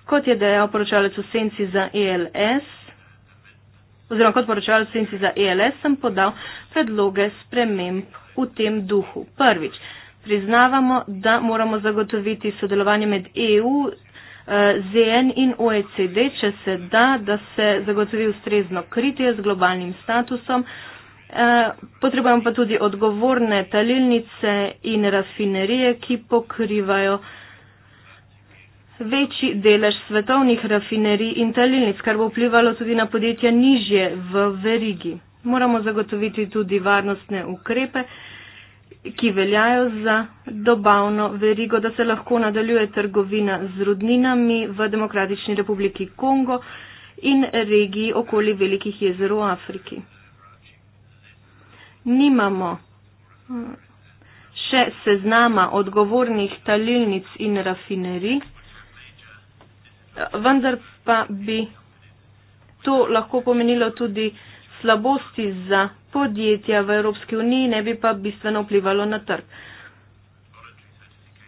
kot je dejal poročalec v senci za ELS, oziroma kot poročalec v senci za ELS, sem podal predloge sprememb v tem duhu. Prvič, priznavamo, da moramo zagotoviti sodelovanje med EU, eh, ZN in OECD, če se da, da se zagotovi ustrezno kritje z globalnim statusom. Eh, potrebujemo pa tudi odgovorne talilnice in rafinerije, ki pokrivajo večji delež svetovnih rafinerij in talilnic, kar bo vplivalo tudi na podjetja nižje v verigi. Moramo zagotoviti tudi varnostne ukrepe, ki veljajo za dobavno verigo, da se lahko nadaljuje trgovina z rudninami v Demokratični republiki Kongo in regiji okoli velikih jezer v Afriki. Nimamo hm, še seznama odgovornih talilnic in rafinerij vendar pa bi to lahko pomenilo tudi slabosti za podjetja v Evropski uniji, ne bi pa bistveno vplivalo na trg.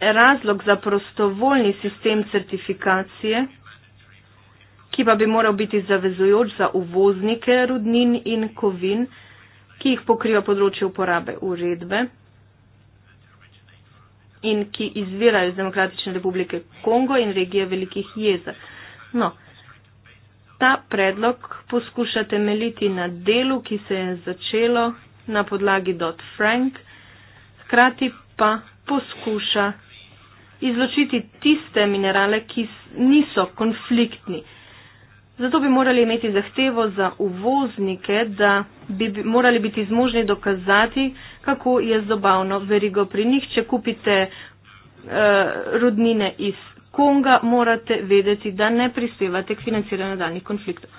Razlog za prostovoljni sistem certifikacije, ki pa bi moral biti zavezujoč za uvoznike rudnin in kovin, ki jih pokriva področje uporabe uredbe, in ki izvirajo iz Demokratične republike Kongo in regije velikih jezer. No, ta predlog poskuša temeljiti na delu, ki se je začelo na podlagi Dot Frank, hkrati pa poskuša izločiti tiste minerale, ki niso konfliktni. Zato bi morali imeti zahtevo za uvoznike, da bi morali biti zmožni dokazati, kako je zobavno verigo pri njih. Če kupite uh, rodnine iz Konga, morate vedeti, da ne prispevate k financiranju daljnih konfliktov.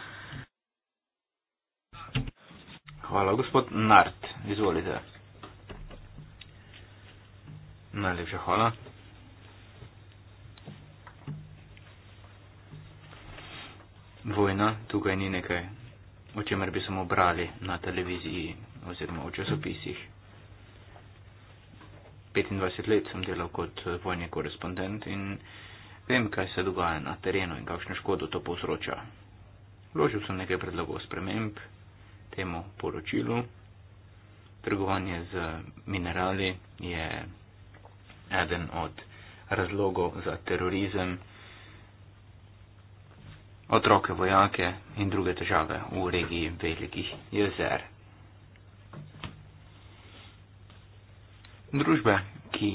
Hvala, gospod Nart. Izvolite. Najlepša hvala. vojna, tukaj ni nekaj, o čemer bi samo brali na televiziji oziroma v časopisih. 25 let sem delal kot eh, vojni korespondent in vem, kaj se dogaja na terenu in kakšno škodo to povzroča. Vložil sem nekaj predlogov sprememb temu poročilu. Trgovanje z minerali je eden od razlogov za terorizem otroke, vojake in druge težave v regiji velikih jezer. Družbe, ki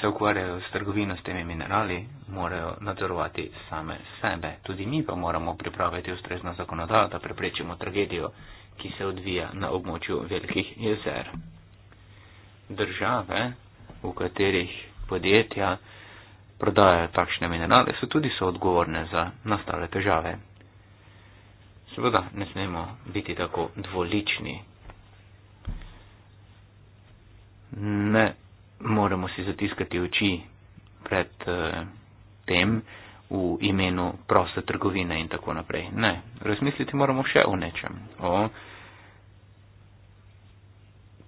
se ukvarjajo s trgovino s temi minerali, morajo nadzorovati same sebe. Tudi mi pa moramo pripraviti ustrezno zakonodajo, da preprečimo tragedijo, ki se odvija na območju velikih jezer. Države, v katerih podjetja, prodajajo takšne minerale, so tudi so odgovorne za nastale težave. Seveda ne smemo biti tako dvolični. Ne moremo si zatiskati oči pred eh, tem v imenu proste trgovine in tako naprej. Ne, razmisliti moramo še o nečem, o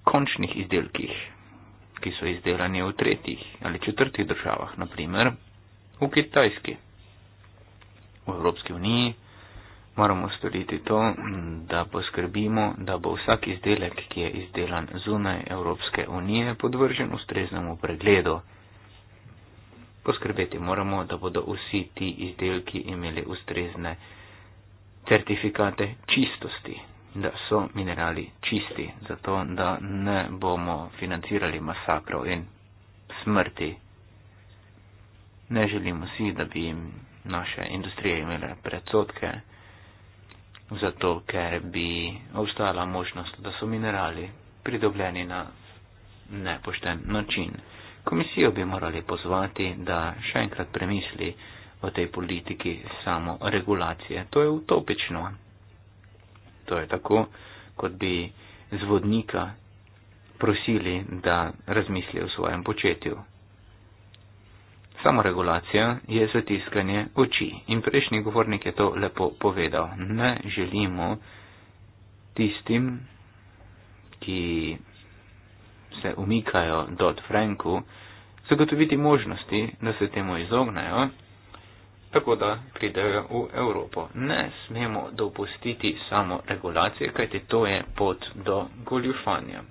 končnih izdelkih, ki so izdelani v tretjih ali četrtih državah, naprimer v Kitajski. V Evropski uniji moramo storiti to, da poskrbimo, da bo vsak izdelek, ki je izdelan zunaj Evropske unije, podvržen ustreznemu pregledu. Poskrbeti moramo, da bodo vsi ti izdelki imeli ustrezne certifikate čistosti, da so minerali čisti, zato da ne bomo financirali masakrov in smrti. Ne želimo si, da bi naše industrije imele predsotke, zato ker bi obstajala možnost, da so minerali pridobljeni na nepošten način. Komisijo bi morali pozvati, da še enkrat premisli o tej politiki samo regulacije. To je utopično. To je tako, kot bi zvodnika prosili, da razmisli o svojem početju. Samoregulacija je zatiskanje oči in prejšnji govornik je to lepo povedal. Ne želimo tistim, ki se umikajo Dodd-Franku, zagotoviti možnosti, da se temu izognajo tako da pridejo v Evropo. Ne smemo dopustiti samo regulacije, kajti to je pot do goljufanja.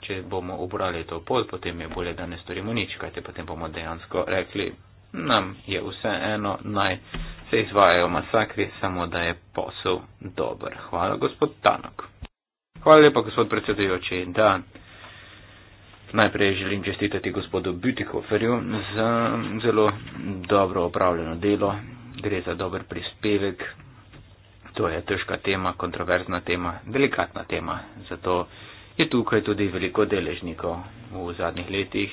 Če bomo obrali to pot, potem je bolje, da ne storimo nič, kajte potem bomo dejansko rekli, nam je vse eno, naj se izvajajo masakri, samo da je posel dober. Hvala, gospod Tanok. Hvala lepa, gospod predsedujoči. Da. Najprej želim čestitati gospodu Bütikoferju za zelo dobro opravljeno delo. Gre za dober prispevek. To je težka tema, kontroverzna tema, delikatna tema. Zato je tukaj tudi veliko deležnikov v zadnjih letih.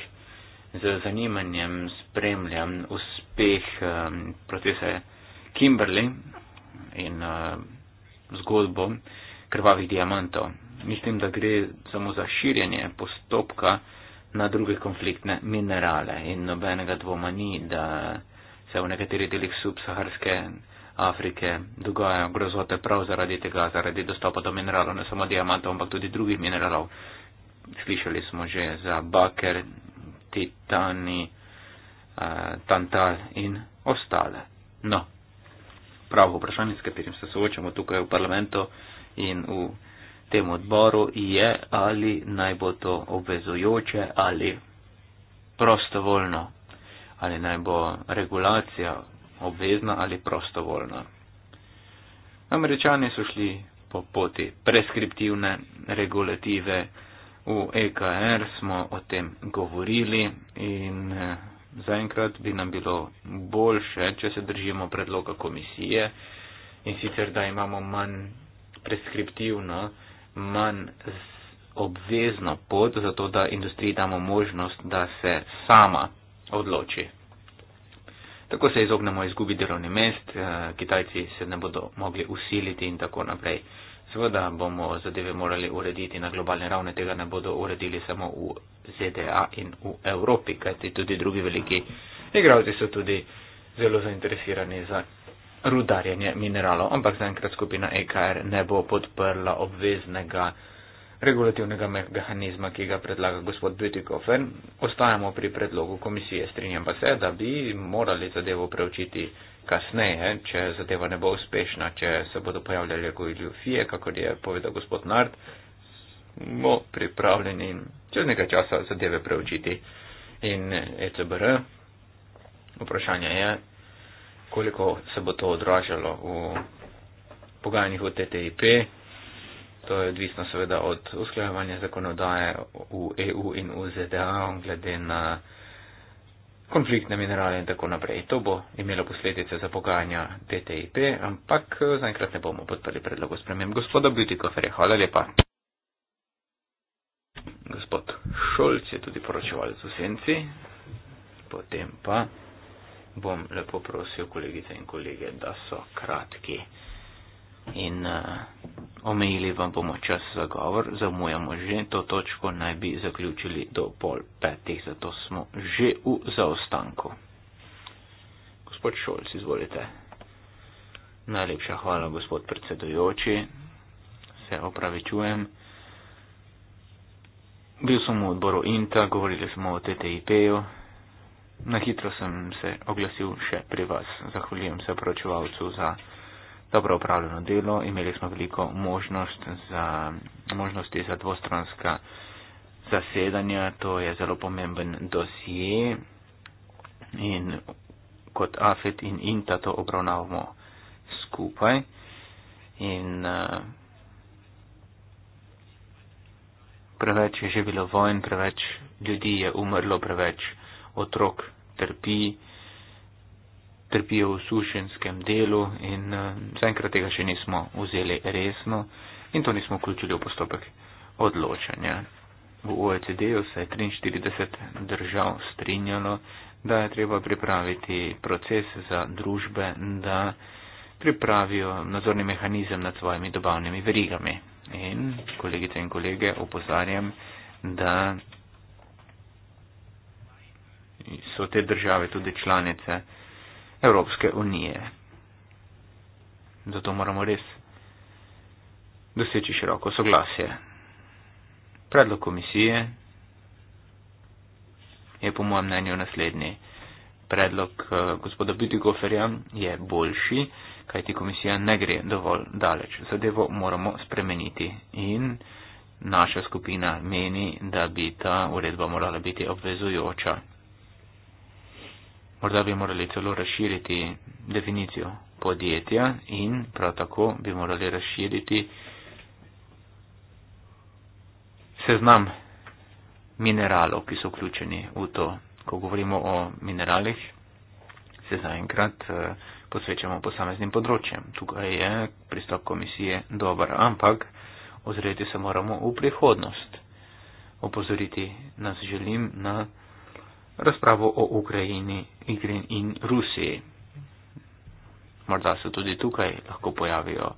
Z zanimanjem spremljam uspeh um, procesa Kimberley in uh, zgodbo krvavih diamantov mislim, da gre samo za širjenje postopka na druge konfliktne minerale in nobenega dvoma ni, da se v nekaterih delih subsaharske Afrike dogajajo grozote prav zaradi tega, zaradi dostopa do mineralov, ne samo diamantov, ampak tudi drugih mineralov. Slišali smo že za baker, titani, eh, tantal in ostale. No, pravo vprašanje, s katerim se soočamo tukaj v parlamentu in v tem odboru je ali naj bo to obvezujoče ali prostovoljno, ali naj bo regulacija obvezna ali prostovoljna. Američani so šli po poti preskriptivne regulative, v EKR smo o tem govorili in eh, zaenkrat bi nam bilo boljše, če se držimo predloga komisije in sicer, da imamo manj preskriptivno, manj obvezno pot, zato da industriji damo možnost, da se sama odloči. Tako se izognemo izgubi delovni mest, eh, Kitajci se ne bodo mogli usiliti in tako naprej. Seveda bomo zadeve morali urediti na globalni ravni, tega ne bodo uredili samo v ZDA in v Evropi, kajti tudi drugi veliki igralci so tudi zelo zainteresirani za rudarjenje mineralov, ampak zaenkrat skupina EKR ne bo podprla obveznega regulativnega mehanizma, ki ga predlaga gospod Bütikofen. Ostajamo pri predlogu komisije, strinjam pa se, da bi morali zadevo preučiti kasneje, če zadeva ne bo uspešna, če se bodo pojavljali goljufije, kakor je povedal gospod Nard, smo pripravljeni čez nekaj časa zadeve preučiti. In ECBR, vprašanje je, koliko se bo to odražalo v pogajanjih v TTIP. To je odvisno seveda od usklajevanja zakonodaje v EU in v ZDA, glede na konfliktne minerale in tako naprej. To bo imelo posledice za pogajanja TTIP, ampak eh, zaenkrat ne bomo podprli predlogu sprememb. Gospoda Bütikofer, hvala lepa. Gospod Šolc je tudi poročevalec v senci, potem pa bom lepo prosil kolegice in kolege, da so kratki. In uh, omejili vam bomo čas za govor, zamujamo že, to točko naj bi zaključili do pol petih, zato smo že v zaostanku. Gospod Šolc, izvolite. Najlepša hvala, gospod predsedujoči, se opravičujem. Bil sem v odboru INTA, govorili smo o TTIP-ju. Na hitro sem se oglasil še pri vas. Zahvaljujem se opročevalcu za dobro upravljeno delo. Imeli smo veliko možnost za, možnosti za dvostranska zasedanja. To je zelo pomemben dosje in kot AFET in INTA to obravnavamo skupaj. In, uh, preveč je že bilo vojn, preveč ljudi je umrlo, preveč otrok trpi, trpijo v sušenskem delu in eh, zaenkrat tega še nismo vzeli resno in to nismo vključili v postopek odločanja. V OECD-u se je 43 držav strinjalo, da je treba pripraviti proces za družbe, da pripravijo nadzorni mehanizem nad svojimi dobavnimi verigami. In kolegice in kolege, opozarjam, da so te države tudi članice Evropske unije. Zato moramo res doseči široko soglasje. Predlog komisije je po mojem mnenju naslednji. Predlog eh, gospoda Bidigoferja je boljši, kajti komisija ne gre dovolj daleč. Zadevo moramo spremeniti in naša skupina meni, da bi ta uredba morala biti obvezujoča. Morda bi morali celo razširiti definicijo podjetja in prav tako bi morali razširiti seznam mineralov, ki so vključeni v to. Ko govorimo o mineralih, se zaenkrat eh, posvečamo posameznim področjem. Tukaj je pristop komisije dober, ampak ozreti se moramo v prihodnost. Opozoriti nas želim na razpravo o Ukrajini, Igri in Rusiji. Morda se tudi tukaj lahko pojavijo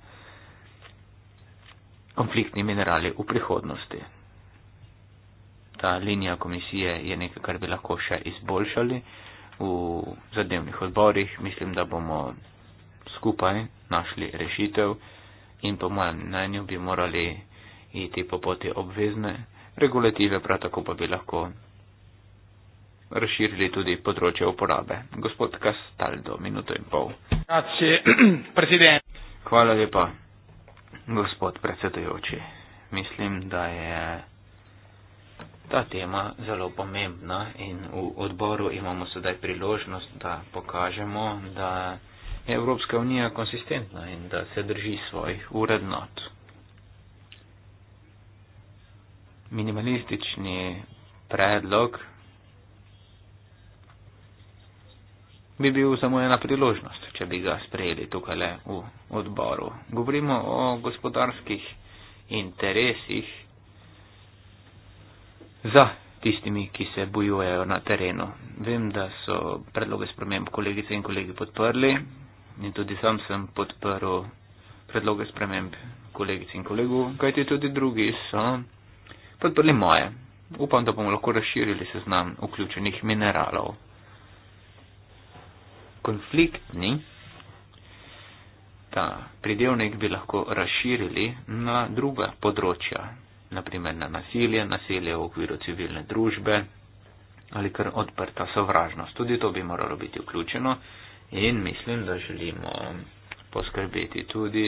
konfliktni minerali v prihodnosti. Ta linija komisije je nekaj, kar bi lahko še izboljšali v zadevnih odborih. Mislim, da bomo skupaj našli rešitev in po mojem mnenju bi morali iti po poti obvezne regulative, prav tako pa bi lahko razširili tudi področje uporabe. Gospod Kastaldo, minuto in pol. Hvala lepa, gospod predsedujoči. Mislim, da je ta tema zelo pomembna in v odboru imamo sedaj priložnost, da pokažemo, da je Evropska unija konsistentna in da se drži svojih urednot. Minimalistični predlog bi bil samo ena priložnost, če bi ga sprejeli tukaj le v odboru. Govorimo o gospodarskih interesih za tistimi, ki se bojujejo na terenu. Vem, da so predloge sprememb kolegice in kolegi podprli in tudi sam sem podprl predloge sprememb kolegice in kolegu, kajti tudi drugi so podprli moje. Upam, da bomo lahko razširili seznam vključenih mineralov konfliktni, ta pridevnik bi lahko razširili na druga področja, naprimer na nasilje, nasilje v okviru civilne družbe ali kar odprta sovražnost. Tudi to bi moralo biti vključeno in mislim, da želimo poskrbeti tudi,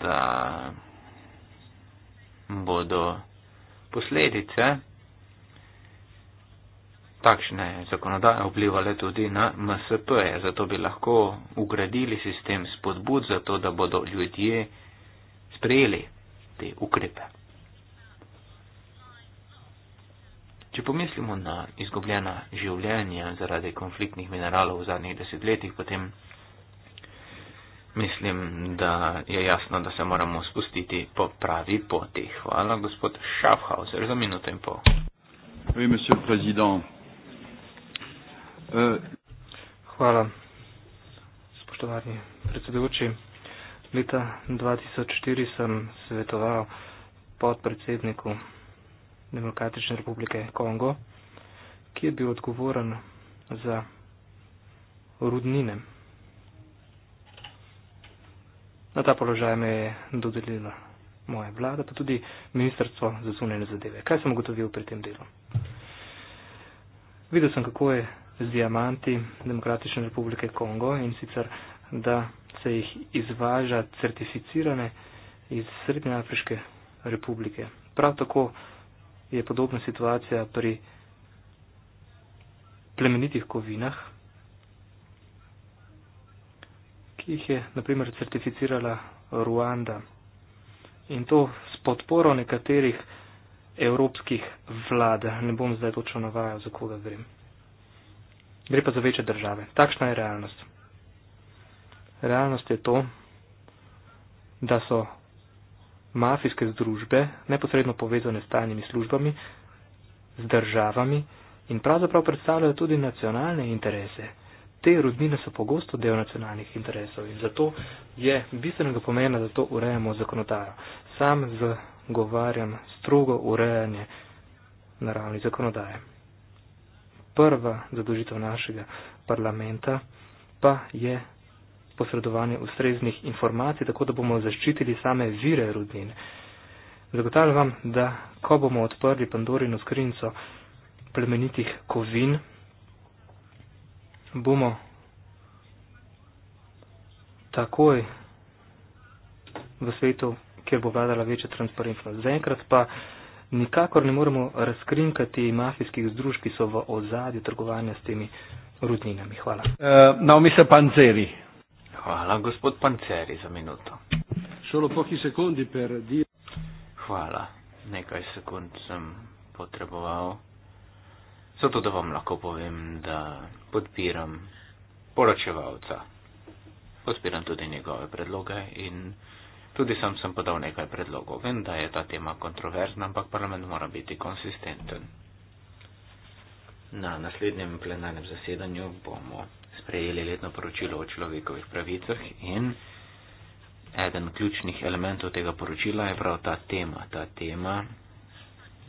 da bodo posledice takšne zakonodaje vplivale tudi na MSP-je, zato bi lahko ugradili sistem spodbud za to, da bodo ljudje sprejeli te ukrepe. Če pomislimo na izgubljena življenja zaradi konfliktnih mineralov v zadnjih desetletjih, potem mislim, da je jasno, da se moramo spustiti po pravi poti. Hvala, gospod Schaffhauser, za minuto in pol. Oui, monsieur le Président. Hvala, spoštovani predsedujoči. Leta 2004 sem svetoval podpredsedniku Demokratične republike Kongo, ki je bil odgovoren za rudnine. Na ta položaj me je dodelila moja vlada, pa tudi Ministrstvo za zunanje zadeve. Kaj sem ugotovil pri tem delu? Videl sem, kako je z diamanti Demokratične republike Kongo in sicer, da se jih izvaža certificirane iz Srednje Afriške republike. Prav tako je podobna situacija pri plemenitih kovinah, ki jih je naprimer certificirala Ruanda. In to s podporo nekaterih evropskih vlad. Ne bom zdaj točno navajal, za koga vem gre pa za večje države. Takšna je realnost. Realnost je to, da so mafijske združbe neposredno povezane s tajnimi službami, z državami in pravzaprav predstavljajo tudi nacionalne interese. Te rodnine so pogosto del nacionalnih interesov in zato je bistvenega pomena, da to urejamo zakonodajo. Sam zagovarjam strogo urejanje naravnih zakonodaje prva zadožitev našega parlamenta pa je posredovanje ustreznih informacij, tako da bomo zaščitili same vire rudnine. Zagotavljam vam, da ko bomo odprli Pandorino skrinjico plemenitih kovin, bomo takoj v svetu, kjer bo vladala večja transparentnost. Zaenkrat pa nikakor ne moremo razkrinkati mafijskih združb, ki so v ozadju trgovanja s temi rudninami. Hvala. Uh, eh, Naomi se panceri. Hvala, gospod panceri, za minuto. Šolo pohi sekundi per di. Hvala, nekaj sekund sem potreboval. Zato, da vam lahko povem, da podpiram poročevalca. Podpiram tudi njegove predloge in Tudi sam sem podal nekaj predlogov. Vem, da je ta tema kontroverzna, ampak parlament mora biti konsistenten. Na naslednjem plenarnem zasedanju bomo sprejeli letno poročilo o človekovih pravicah in eden ključnih elementov tega poročila je prav ta tema. Ta tema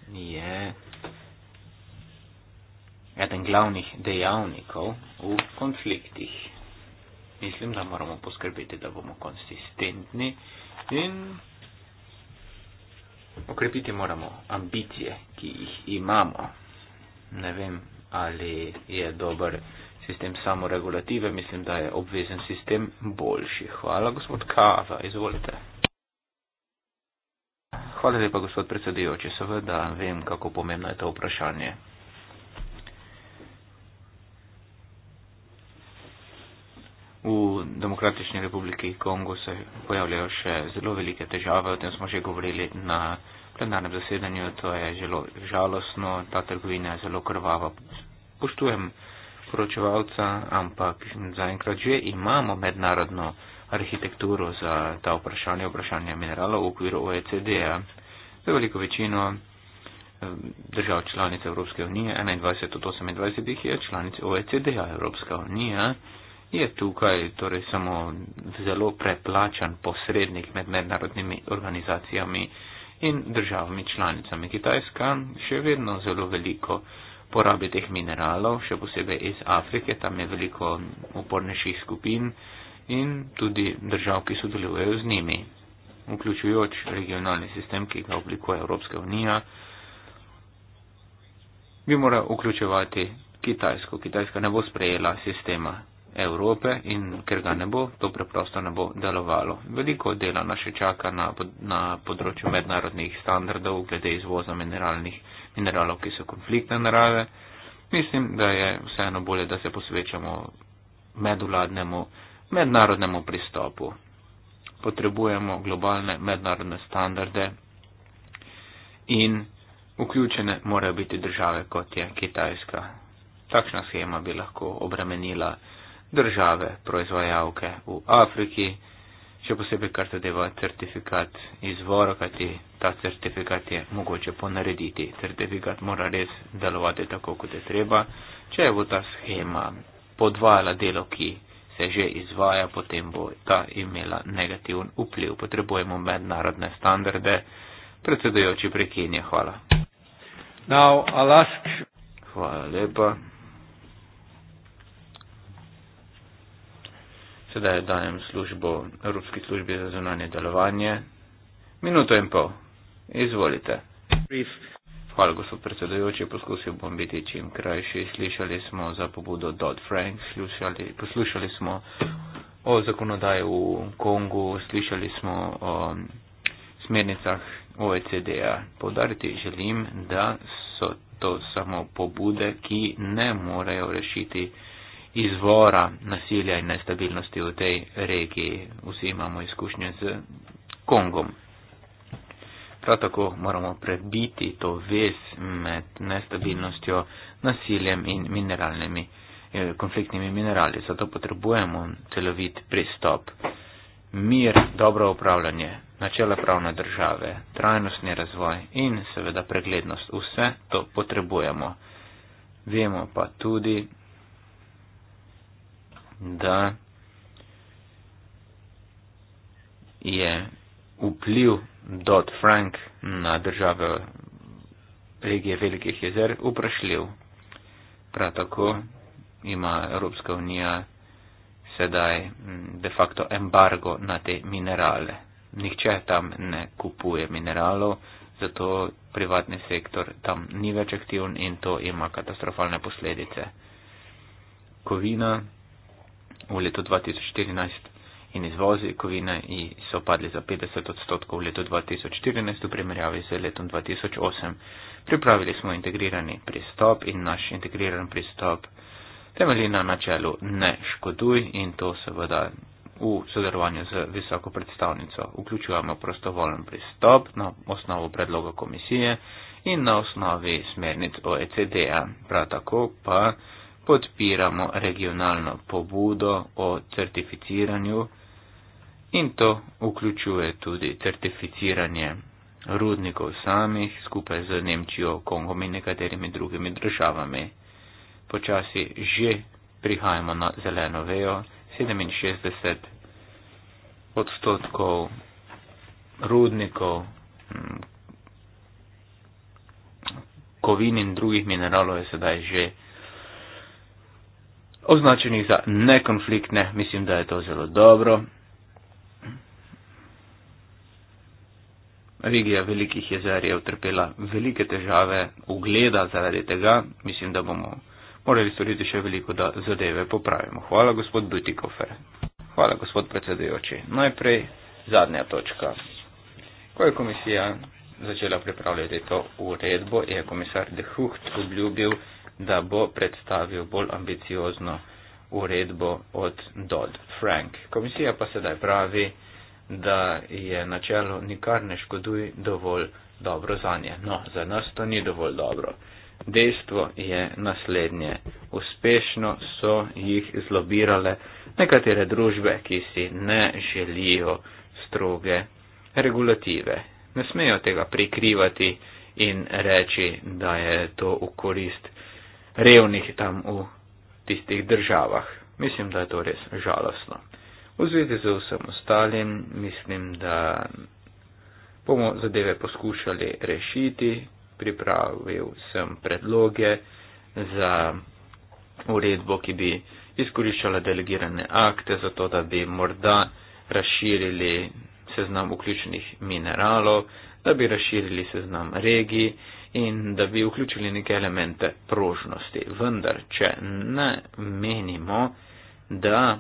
je eden glavnih dejavnikov v konfliktih. Mislim, da moramo poskrbeti, da bomo konsistentni. In okrepiti moramo ambicije, ki jih imamo. Ne vem, ali je dober sistem samoregulative, mislim, da je obvezen sistem boljši. Hvala, gospod Kaza, izvolite. Hvala lepa, gospod predsedujoči. Seveda vem, kako pomembno je to vprašanje. V Demokratični republiki Kongo se pojavljajo še zelo velike težave, o tem smo že govorili na plenarnem zasedanju, to je zelo žalostno, ta trgovina je zelo krvava. Poštujem poročevalca, ampak zaenkrat že imamo mednarodno arhitekturo za ta vprašanja, vprašanja mineralov v okviru OECD-a. Za veliko večino eh, držav članic Evropske unije, 21 od 28 jih je članic OECD-a Evropska unija je tukaj torej samo zelo preplačan posrednik med mednarodnimi organizacijami in državami članicami. Kitajska še vedno zelo veliko porabi teh mineralov, še posebej iz Afrike, tam je veliko upornejših skupin in tudi držav, ki sodelujejo z njimi, vključujoč regionalni sistem, ki ga oblikuje Evropska unija, bi moral vključevati Kitajsko. Kitajska ne bo sprejela sistema Evrope in ker ga ne bo, to preprosto ne bo delovalo. Veliko dela nas še čaka na, na področju mednarodnih standardov glede izvoza mineralnih mineralov, ki so konfliktne narave. Mislim, da je vseeno bolje, da se posvečamo medvladnemu mednarodnemu pristopu. Potrebujemo globalne mednarodne standarde in vključene morajo biti države, kot je Kitajska. Takšna schema bi lahko obremenila države proizvajalke v Afriki, še posebej kar zadeva certifikat izvora, kajti ta certifikat je mogoče ponarediti. Certifikat mora res delovati tako, kot je treba. Če bo ta schema podvajala delo, ki se že izvaja, potem bo ta imela negativen vpliv. Potrebujemo mednarodne standarde. Predsedujoči prekinje, hvala. Now, I'll ask... Hvala lepa. Sedaj dajem službo Evropski službi za zunanje delovanje. Minuto in pol. Izvolite. Brief. Hvala, gospod predsedujoči. Poskusil bom biti čim krajši. Slišali smo za pobudo Dodd-Frank, poslušali smo o zakonodaji v Kongu, slišali smo o smernicah OECD-a. Povdariti želim, da so to samo pobude, ki ne morejo rešiti izvora nasilja in nestabilnosti v tej regiji. Vsi imamo izkušnje z Kongom. Prav tako moramo prebiti to vez med nestabilnostjo, nasiljem in mineralnimi, eh, konfliktnimi minerali. Zato potrebujemo celovit pristop. Mir, dobro upravljanje, načela pravne države, trajnostni razvoj in seveda preglednost. Vse to potrebujemo. Vemo pa tudi, da je vpliv Dodd Frank na države regije Velikih jezer vprašljiv. Prav tako ima Evropska unija sedaj mm, de facto embargo na te minerale. Nihče tam ne kupuje mineralov, zato privatni sektor tam ni več aktiven in to ima katastrofalne posledice. Kovina v letu 2014 in izvozi kovine so padli za 50 odstotkov v letu 2014 v primerjavi z letom 2008. Pripravili smo integrirani pristop in naš integriran pristop temelji na načelu ne škoduj in to seveda v sodelovanju z visoko predstavnico. Vključujemo prostovoljen pristop na osnovo predloga komisije in na osnovi smernic OECD-a. E. Prav tako pa podpiramo regionalno pobudo o certificiranju in to vključuje tudi certificiranje rudnikov samih skupaj z Nemčijo, Kongom in nekaterimi drugimi državami. Počasi že prihajamo na zeleno vejo, 67 odstotkov rudnikov, hm, kovin in drugih mineralov je sedaj že označenih za nekonfliktne, mislim, da je to zelo dobro. Regija velikih jezer je utrpela velike težave ugleda zaradi tega. Mislim, da bomo morali storiti še veliko, da zadeve popravimo. Hvala, gospod Butikofer. Hvala, gospod predsedujoči. Najprej zadnja točka. Ko je komisija začela pripravljati to uredbo, je komisar De Hucht obljubil, da bo predstavil bolj ambiciozno uredbo od Dodd Frank. Komisija pa sedaj pravi, da je načelo nikar ne škoduj dovolj dobro za nje. No, za nas to ni dovolj dobro. Dejstvo je naslednje. Uspešno so jih zlobirale nekatere družbe, ki si ne želijo stroge regulative. Ne smejo tega prikrivati in reči, da je to v korist revnih tam v tistih državah. Mislim, da je to res žalostno. V zvezi z vsem ostalim mislim, da bomo zadeve poskušali rešiti. Pripravil sem predloge za uredbo, ki bi izkoriščala delegirane akte, zato da bi morda razširili seznam vključnih mineralov, da bi razširili seznam regij in da bi vključili neke elemente prožnosti. Vendar, če ne menimo, da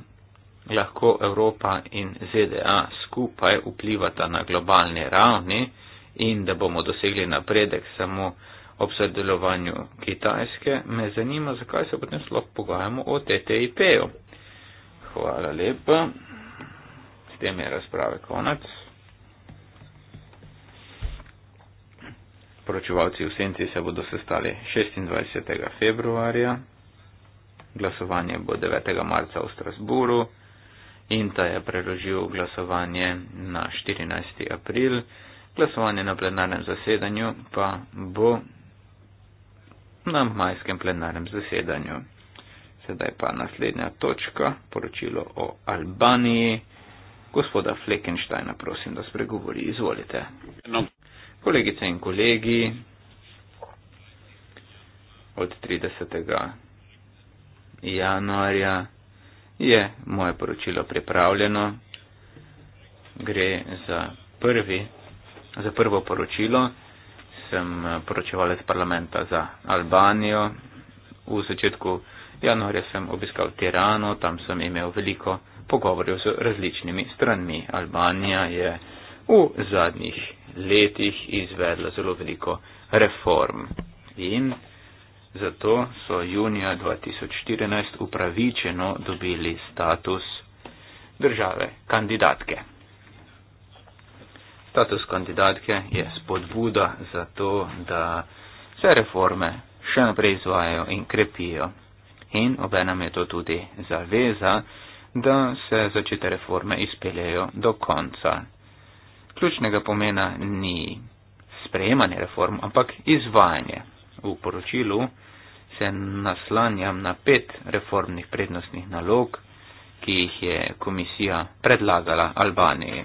lahko Evropa in ZDA skupaj vplivata na globalni ravni in da bomo dosegli napredek samo ob sodelovanju Kitajske, me zanima, zakaj se potem sploh pogajamo o TTIP-ju. Hvala lepa. S tem je razprave konec. poročevalci v senci se bodo sestali 26. februarja, glasovanje bo 9. marca v Strasburu, Inta je preložil glasovanje na 14. april, glasovanje na plenarnem zasedanju pa bo na majskem plenarnem zasedanju. Sedaj pa naslednja točka, poročilo o Albaniji. Gospoda Fleckensteina prosim, da spregovori, izvolite. No kolegice in kolegi od 30. januarja je moje poročilo pripravljeno. Gre za, prvi, za prvo poročilo. Sem eh, poročevalec parlamenta za Albanijo. V začetku januarja sem obiskal Tirano, tam sem imel veliko pogovorjev z različnimi stranmi. Albanija je v zadnjih letih izvedla zelo veliko reform. In zato so junija 2014 upravičeno dobili status države kandidatke. Status kandidatke je spodbuda za to, da se reforme še naprej izvajajo in krepijo. In obenem je to tudi zaveza, da se začete reforme izpeljejo do konca ključnega pomena ni sprejemanje reform, ampak izvajanje. V poročilu se naslanjam na pet reformnih prednostnih nalog, ki jih je komisija predlagala Albaniji.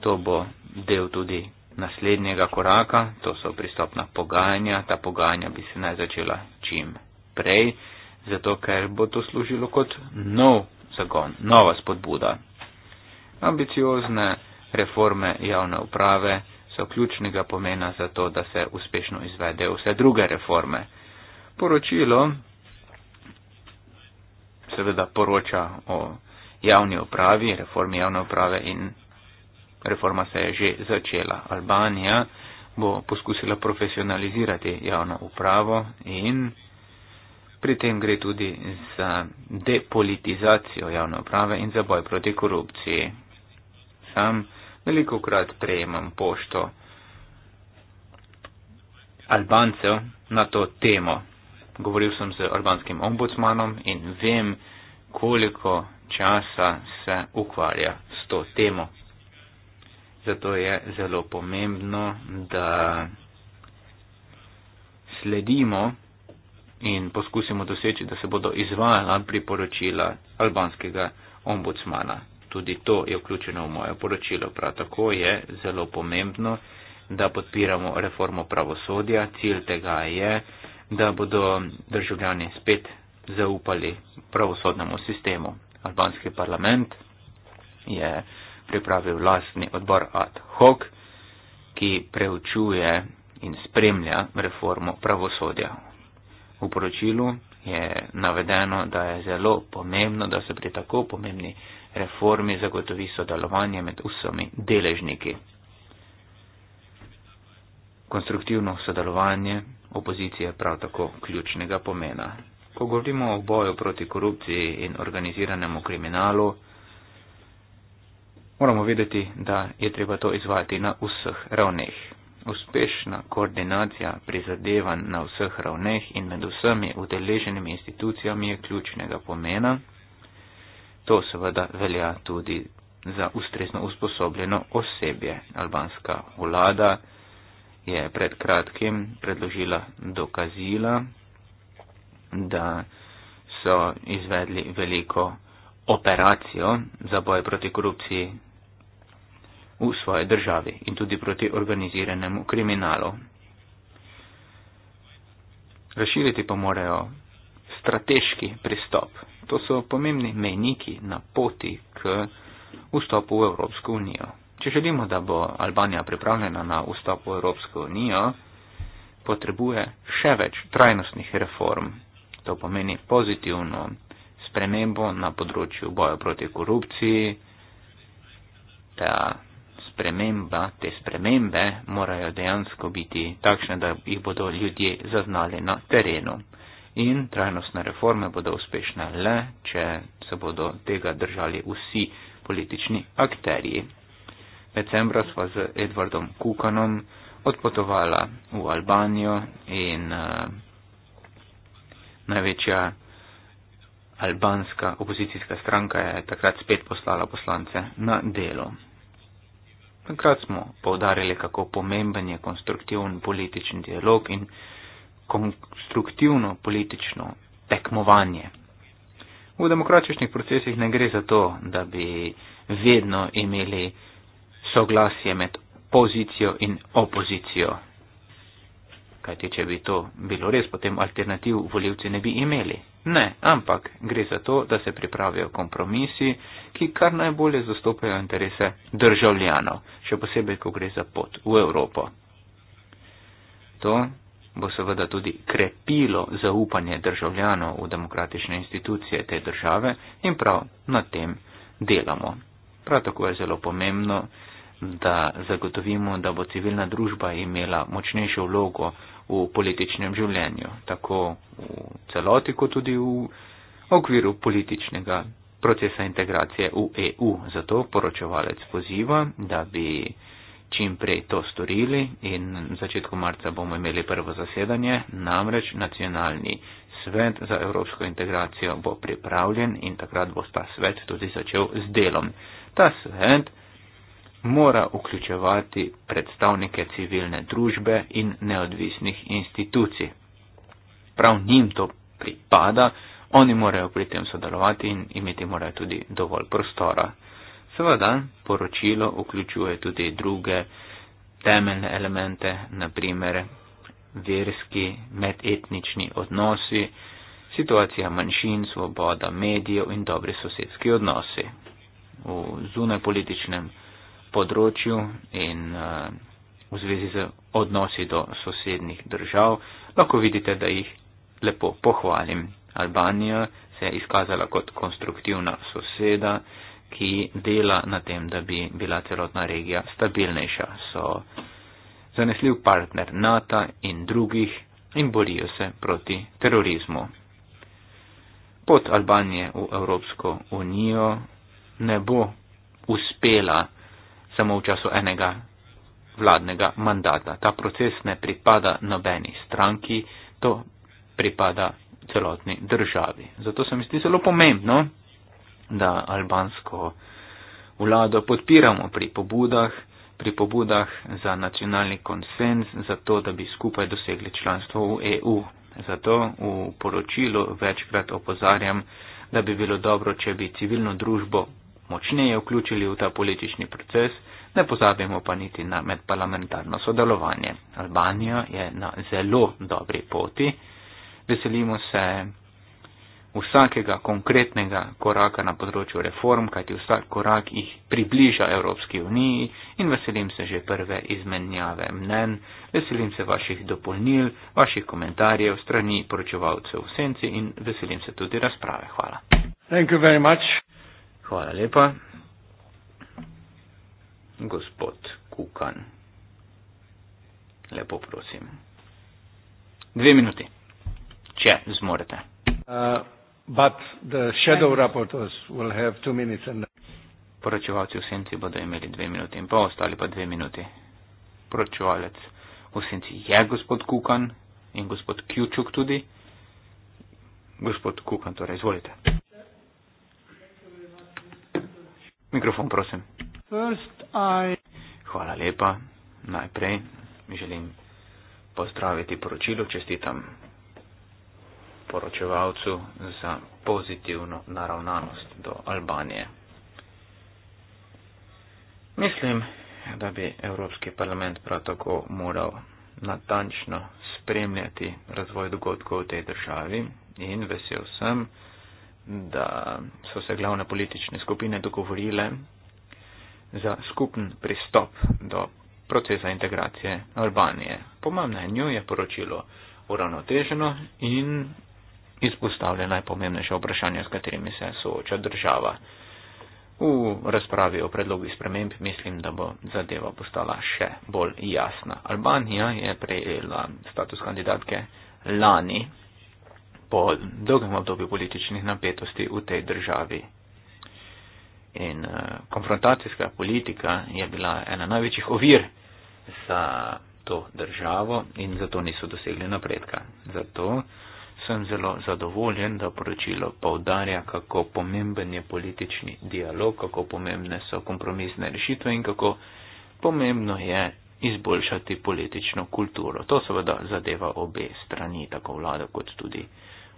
To bo del tudi naslednjega koraka, to so pristopna pogajanja. Ta pogajanja bi se naj začela čim prej, zato ker bo to služilo kot nov zagon, nova spodbuda Ambiciozne reforme javne uprave so ključnega pomena za to, da se uspešno izvedejo vse druge reforme. Poročilo seveda poroča o javni upravi, reformi javne uprave in reforma se je že začela. Albanija bo poskusila profesionalizirati javno upravo in pri tem gre tudi za depolitizacijo javne uprave in za boj proti korupciji kam, veliko krat prejemam pošto Albancev na to temo. Govoril sem z albanskim ombudsmanom in vem, koliko časa se ukvarja s to temo. Zato je zelo pomembno, da sledimo in poskusimo doseči, da se bodo izvajala priporočila albanskega ombudsmana tudi to je vključeno v moje poročilo. Prav tako je zelo pomembno, da podpiramo reformo pravosodja. Cilj tega je, da bodo državljani spet zaupali pravosodnemu sistemu. Albanski parlament je pripravil vlastni odbor ad hoc, ki preučuje in spremlja reformo pravosodja. V poročilu je navedeno, da je zelo pomembno, da se pri tako pomembni reformi reformi zagotovi sodelovanje med vsemi deležniki. Konstruktivno sodelovanje opozicije je prav tako ključnega pomena. Ko govorimo o boju proti korupciji in organiziranemu kriminalu, moramo vedeti, da je treba to izvati na vseh ravneh. Uspešna koordinacija prizadevanj na vseh ravneh in med vsemi udeleženimi institucijami je ključnega pomena. To seveda velja tudi za ustrezno usposobljeno osebje. Albanska vlada je pred kratkim predložila dokazila, da so izvedli veliko operacijo za boj proti korupciji v svoji državi in tudi proti organiziranemu kriminalu. Razširiti pa morajo strateški pristop To so pomembni mejniki na poti k vstopu v Evropsko unijo. Če želimo, da bo Albanija pripravljena na vstop v Evropsko unijo, potrebuje še več trajnostnih reform. To pomeni pozitivno spremembo na področju boja proti korupciji. Ta sprememba, te spremembe morajo dejansko biti takšne, da jih bodo ljudje zaznali na terenu in trajnostne reforme bodo uspešne le, če se bodo tega držali vsi politični akterji. Decembra sva z Edwardom Kukanom odpotovala v Albanijo in uh, največja albanska opozicijska stranka je takrat spet poslala poslance na delo. Takrat smo povdarili, kako pomemben je konstruktivn politični dialog in konstruktivno politično tekmovanje. V demokratičnih procesih ne gre za to, da bi vedno imeli soglasje med pozicijo in opozicijo. Kajti, če bi to bilo res, potem alternativ voljivci ne bi imeli. Ne, ampak gre za to, da se pripravijo kompromisi, ki kar najbolje zastopajo interese državljanov, še posebej, ko gre za pot v Evropo. To bo seveda tudi krepilo zaupanje državljanov v demokratične institucije te države in prav na tem delamo. Prav tako je zelo pomembno, da zagotovimo, da bo civilna družba imela močnejšo vlogo v političnem življenju, tako v celoti, kot tudi v okviru političnega procesa integracije v EU. Zato poročevalec poziva, da bi čim prej to storili in na začetku marca bomo imeli prvo zasedanje, namreč nacionalni svet za evropsko integracijo bo pripravljen in takrat bo ta svet tudi začel z delom. Ta svet mora vključevati predstavnike civilne družbe in neodvisnih institucij. Prav njim to pripada, oni morajo pri tem sodelovati in imeti morajo tudi dovolj prostora. Seveda, poročilo vključuje tudi druge temeljne elemente, naprimer verski medetnični odnosi, situacija manjšin, svoboda medijev in dobri sosedski odnosi. V zunepolitičnem področju in eh, v zvezi z odnosi do sosednih držav lahko vidite, da jih lepo pohvalim. Albanija se je izkazala kot konstruktivna soseda, ki dela na tem, da bi bila celotna regija stabilnejša. So zanesljiv partner NATO in drugih in borijo se proti terorizmu. Pot Albanije v Evropsko unijo ne bo uspela samo v času enega vladnega mandata. Ta proces ne pripada nobeni stranki, to pripada celotni državi. Zato se mi zdi zelo pomembno, da albansko vlado podpiramo pri pobudah, pri pobudah za nacionalni konsens, za to, da bi skupaj dosegli članstvo v EU. Zato v poročilu večkrat opozarjam, da bi bilo dobro, če bi civilno družbo močneje vključili v ta politični proces, ne pozabimo pa niti na medparlamentarno sodelovanje. Albanija je na zelo dobri poti. Veselimo se vsakega konkretnega koraka na področju reform, kajti vsak korak jih približa Evropski uniji in veselim se že prve izmenjave mnen, veselim se vaših dopolnil, vaših komentarjev strani poročevalcev v senci in veselim se tudi razprave. Hvala. Hvala lepa. Gospod Kukan. Lepo prosim. Dve minuti, če zmorete. Uh. But the shadow rapporteurs will have two minutes and Poročevalci v senci bodo imeli dve minuti in pol, ostali pa dve minuti. Poročevalec v senci je gospod Kukan in gospod Kjučuk tudi. Gospod Kukan, torej, izvolite. Mikrofon, prosim. Hvala lepa. Najprej želim pozdraviti poročilo, čestitam poročevalcu za pozitivno naravnanost do Albanije. Mislim, da bi Evropski parlament prav tako moral natančno spremljati razvoj dogodkov v tej državi in vesel sem, da so se glavne politične skupine dogovorile za skupen pristop do procesa integracije Albanije. Po mojem mnenju je poročilo uravnoteženo in izpostavlja najpomembnejše vprašanja, s katerimi se sooča država. V razpravi o predlogih sprememb mislim, da bo zadeva postala še bolj jasna. Albanija je prejela status kandidatke lani po dolgem obdobju političnih napetosti v tej državi. In eh, konfrontacijska politika je bila ena največjih ovir za to državo in zato niso dosegli napredka. Zato sem zelo zadovoljen, da poročilo povdarja, kako pomemben je politični dialog, kako pomembne so kompromisne rešitve in kako pomembno je izboljšati politično kulturo. To seveda zadeva obe strani, tako vlado kot tudi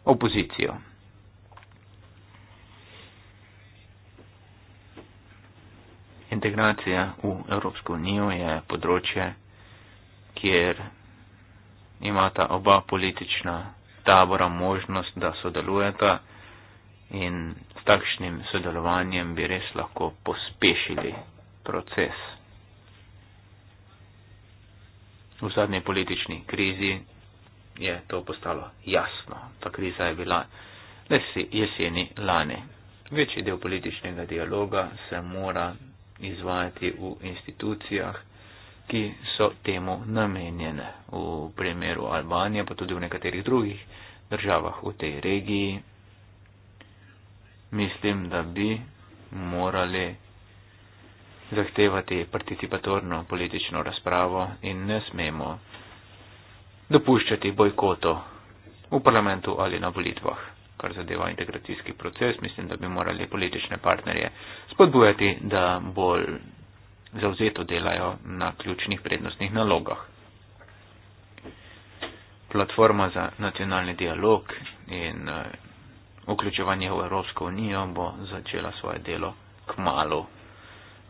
opozicijo. Integracija v Evropsko unijo je področje, kjer imata oba politična tabora možnost, da sodelujeta in s takšnim sodelovanjem bi res lahko pospešili proces. V zadnji politični krizi je to postalo jasno. Ta kriza je bila jeseni lani. Večji del političnega dialoga se mora izvajati v institucijah ki so temu namenjene v primeru Albanije, pa tudi v nekaterih drugih državah v tej regiji. Mislim, da bi morali zahtevati participatorno politično razpravo in ne smemo dopuščati bojkoto v parlamentu ali na volitvah, kar zadeva integracijski proces. Mislim, da bi morali politične partnerje spodbujati, da bolj zauzeto delajo na ključnih prednostnih nalogah. Platforma za nacionalni dialog in eh, vključevanje v Evropsko unijo bo začela svoje delo k malu.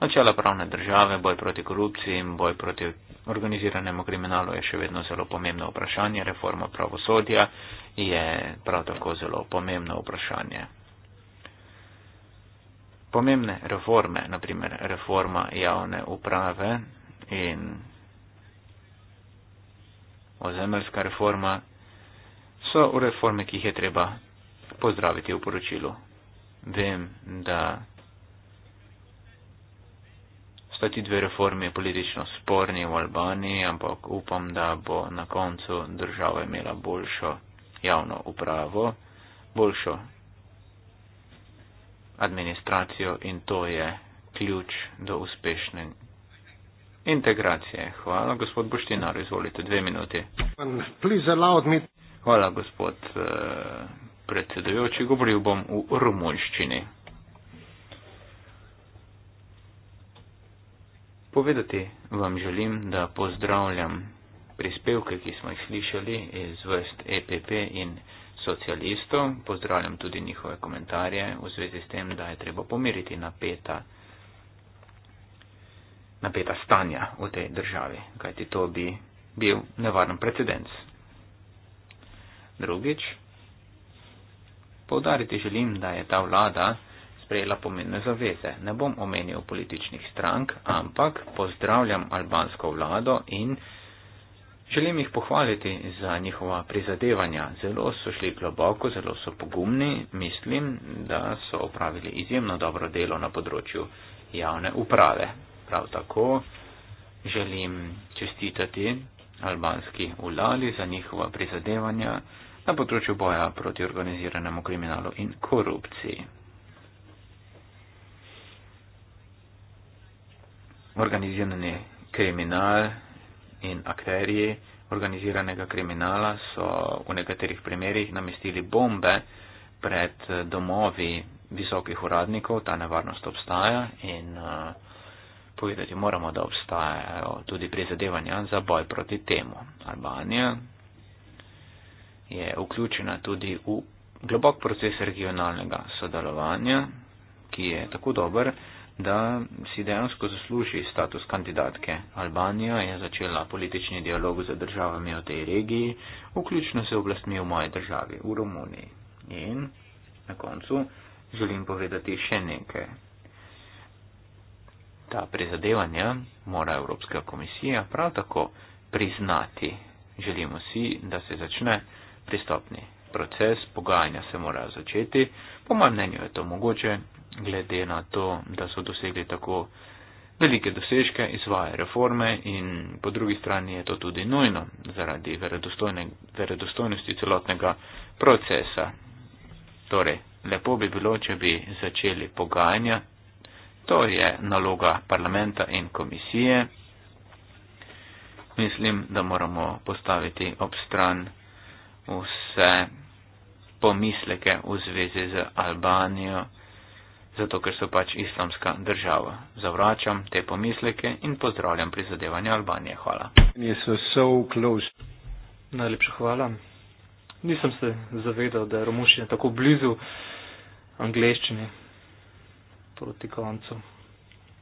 Načela pravne države, boj proti korupciji in boj proti organiziranemu kriminalu je še vedno zelo pomembno vprašanje. Reforma pravosodja je prav tako zelo pomembno vprašanje pomembne reforme, naprimer reforma javne uprave in ozemeljska reforma, so reforme, ki jih je treba pozdraviti v poročilu. Vem, da sta ti dve reformi politično sporni v Albaniji, ampak upam, da bo na koncu država imela boljšo javno upravo, boljšo administracijo in to je ključ do uspešne integracije. Hvala, gospod Boštinar, izvolite dve minuti. Hvala, gospod uh, predsedujoči, govoril bom v rumunščini. Povedati vam želim, da pozdravljam prispevke, ki smo jih slišali iz vrst EPP in socialistov, pozdravljam tudi njihove komentarje v zvezi s tem, da je treba pomiriti napeta, napeta stanja v tej državi, kajti to bi bil nevaren precedens. Drugič, povdariti želim, da je ta vlada sprejela pomembne zaveze. Ne bom omenil političnih strank, ampak pozdravljam albansko vlado in. Želim jih pohvaliti za njihova prizadevanja. Zelo so šli globoko, zelo so pogumni. Mislim, da so opravili izjemno dobro delo na področju javne uprave. Prav tako želim čestitati albanski vladi za njihova prizadevanja na področju boja proti organiziranemu kriminalu in korupciji. Organizirani kriminal in akterji organiziranega kriminala so v nekaterih primerjih namestili bombe pred eh, domovi visokih uradnikov, ta nevarnost obstaja in eh, povedati moramo, da obstajajo tudi prizadevanja za boj proti temu. Albanija je vključena tudi v globok proces regionalnega sodelovanja, ki je tako dober, da si dejansko zasluži status kandidatke. Albanija je začela politični dialog z državami v tej regiji, vključno se oblastmi v moje državi, v Romuniji. In na koncu želim povedati še nekaj. Ta prizadevanja mora Evropska komisija prav tako priznati. Želimo si, da se začne pristopni proces, pogajanja se morajo začeti, po mojem mnenju je to mogoče glede na to, da so dosegli tako velike dosežke, izvaja reforme in po drugi strani je to tudi nujno zaradi verodostojnosti celotnega procesa. Torej, lepo bi bilo, če bi začeli pogajanja. To je naloga parlamenta in komisije. Mislim, da moramo postaviti ob stran vse pomisleke v zvezi z Albanijo zato ker so pač islamska država. Zavračam te pomisleke in pozdravljam prizadevanje Albanije. Hvala. Najlepša hvala. Nisem se zavedal, da je romušnja tako blizu angleščini proti koncu.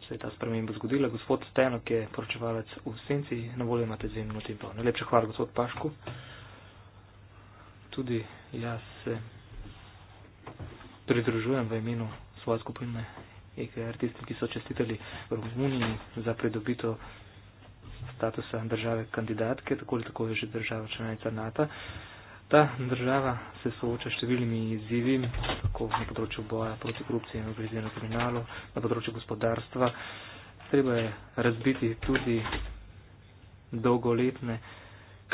Se je ta sprememba zgodila. Gospod Stenok je poročevalec v Senci, na voljo imate dve minuti in pol. Najlepša hvala, gospod Pašku. Tudi jaz se pridružujem v imenu svoje skupine EKR, tisti, ki so čestitali v Romuniji za predobito statusa države kandidatke, tako ali tako je že država članica NATO. Ta država se sooča številnimi izzivi, tako na področju boja proti korupciji in organiziranemu kriminalu, na področju gospodarstva. Treba je razbiti tudi dolgoletne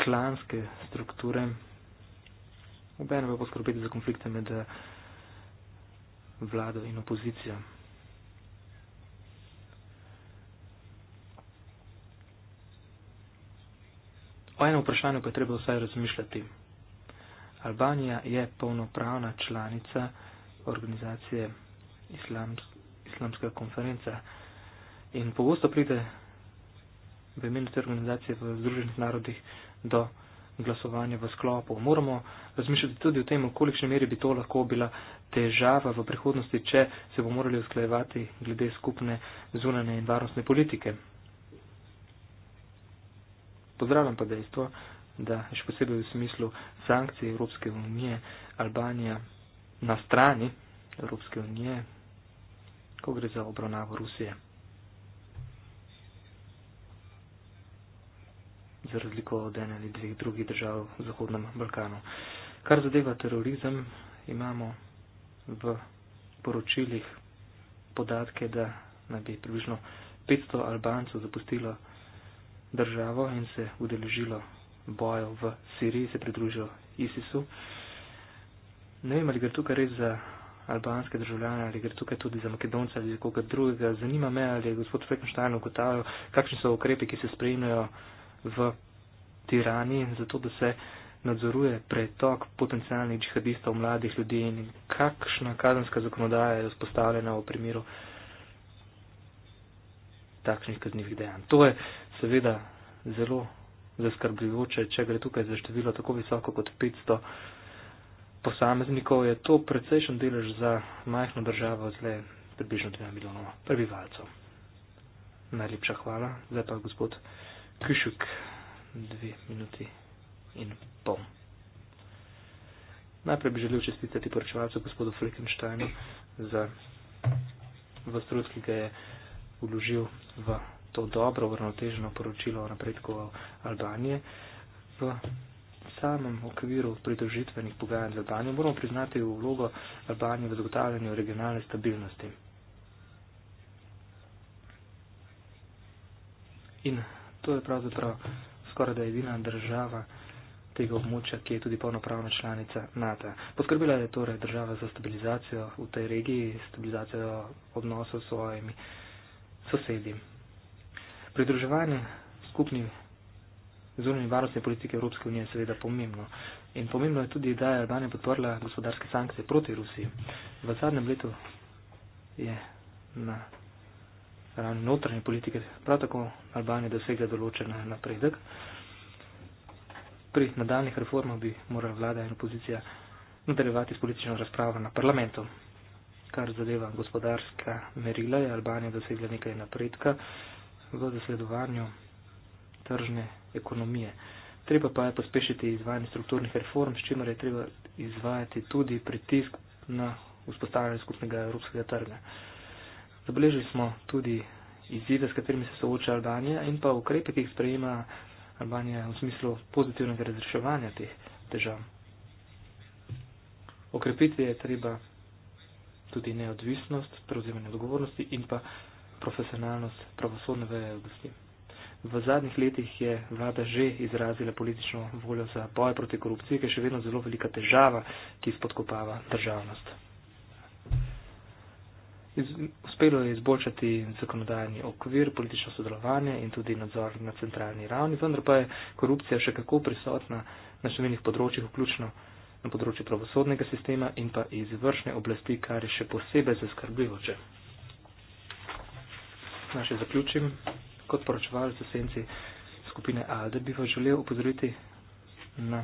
klanske strukture, obenem pa poskrbeti za konflikte med uh, vlado in opozicijo. O enem vprašanju pa je treba vsaj razmišljati. Albanija je polnopravna članica organizacije Islams, Islamska konferenca in pogosto pride v imenu te organizacije v Združenih narodih do glasovanje v sklopu. Moramo razmišljati tudi o tem, v kolikšni meri bi to lahko bila težava v prihodnosti, če se bo morali usklajevati glede skupne zunane in varnostne politike. Pozdravljam pa dejstvo, da še posebej v smislu sankcij Evropske unije Albanija na strani Evropske unije, ko gre za obravnavo Rusije. za razliko od ene ali dveh drugih držav v Zahodnem Balkanu. Kar zadeva terorizem, imamo v poročilih podatke, da naj bi približno 500 Albancev zapustilo državo in se udeležilo bojo v Siriji, se pridružilo ISIS-u. Ne vem, ali gre tukaj res za albanske državljane, ali gre tukaj tudi za makedonce ali za koga drugega. Zanima me, ali je gospod Frekenštajn ugotavljal, kakšni so ukrepi, ki se spremljajo v tirani, zato da se nadzoruje pretok potencijalnih džihadistov mladih ljudi in kakšna kazenska zakonodaja je vzpostavljena v primeru takšnih kaznjivih dejanj. To je seveda zelo zaskrbljujoče, če gre tukaj za število tako visoko kot 500 posameznikov, je to precejšen delež za majhno državo z le približno 2 milijonov prebivalcev. Najlepša hvala, zdaj pa gospod kušuk, dve minuti in pol. Najprej bi želel čestitati poročevalcu gospodu Flickensteinu za vas trud, ki ga je uložil v to dobro, vrnoteženo poročilo o napredku v Albanije. V samem okviru pridružitvenih pogajanj z Albanijo moramo priznati vlogo Albanije v zagotavljanju regionalne stabilnosti. In To je pravzaprav skoraj da edina država tega območja, ki je tudi polnopravna članica NATO. Poskrbila je torej država za stabilizacijo v tej regiji, stabilizacijo odnosov s svojimi sosedi. Pridruževanje skupni zunanji varnostni politiki Evropske unije je seveda pomembno. In pomembno je tudi, da je Albanija podprla gospodarske sankcije proti Rusiji. V zadnjem letu je na ravni notranje politike, prav tako Albanija dosegla določen napredek. Pri nadaljnih reformah bi morala vlada in opozicija nadaljevati s politično razpravo na parlamentu. Kar zadeva gospodarska merila, je Albanija dosegla nekaj napredka v zasledovanju tržne ekonomije. Treba pa je pospešiti izvajanje strukturnih reform, s čimer je treba izvajati tudi pritisk na vzpostavljanje skupnega evropskega trga. Zabeležili smo tudi izzive, s katerimi se sooča Albanija in pa ukrepe, ki jih sprejema Albanija v smislu pozitivnega razreševanja teh težav. Okrepiti je treba tudi neodvisnost, prevzemanje odgovornosti in pa profesionalnost pravosodne veje oblasti. V zadnjih letih je vlada že izrazila politično voljo za boj proti korupciji, ki je še vedno zelo velika težava, ki spodkopava državnost. Iz, uspelo je izboljšati zakonodajni okvir, politično sodelovanje in tudi nadzor na centralni ravni, vendar pa je korupcija še kako prisotna na številnih področjih, vključno na področju pravosodnega sistema in pa izvršne oblasti, kar je še posebej zaskrbljujoče. Naše zaključim. Kot poročevalec v senci skupine ALDE bi vas želel upozoriti na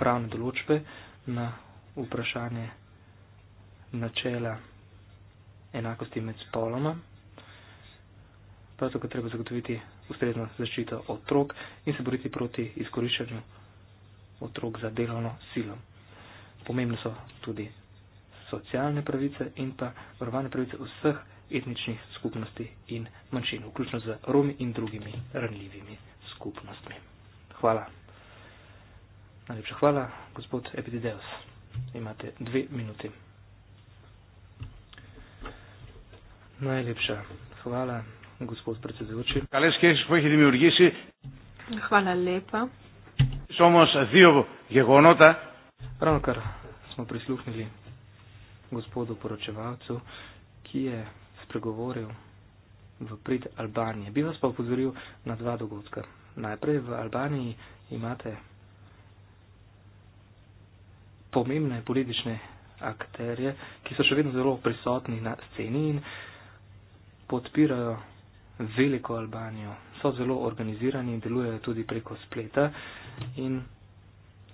pravne določbe, na vprašanje načela enakosti med spoloma. Prav tako treba zagotoviti ustrezno zaščito otrok in se boriti proti izkoriščanju otrok za delovno silo. Pomembne so tudi socialne pravice in pa varovane pravice vseh etničnih skupnosti in manjšin, vključno z Romi in drugimi ranljivimi skupnostmi. Hvala. Najlepša hvala, gospod Epidideus. Imate dve minuti. Najlepša hvala, gospod predsedujoči. Hvala lepa. Ravno kar smo prisluhnili gospodu poročevalcu, ki je spregovoril v prid Albanije. Bi vas pa upozoril na dva dogodka. Najprej v Albaniji imate pomembne politične akterje, ki so še vedno zelo prisotni na sceni in podpirajo veliko Albanijo. So zelo organizirani in delujejo tudi preko spleta in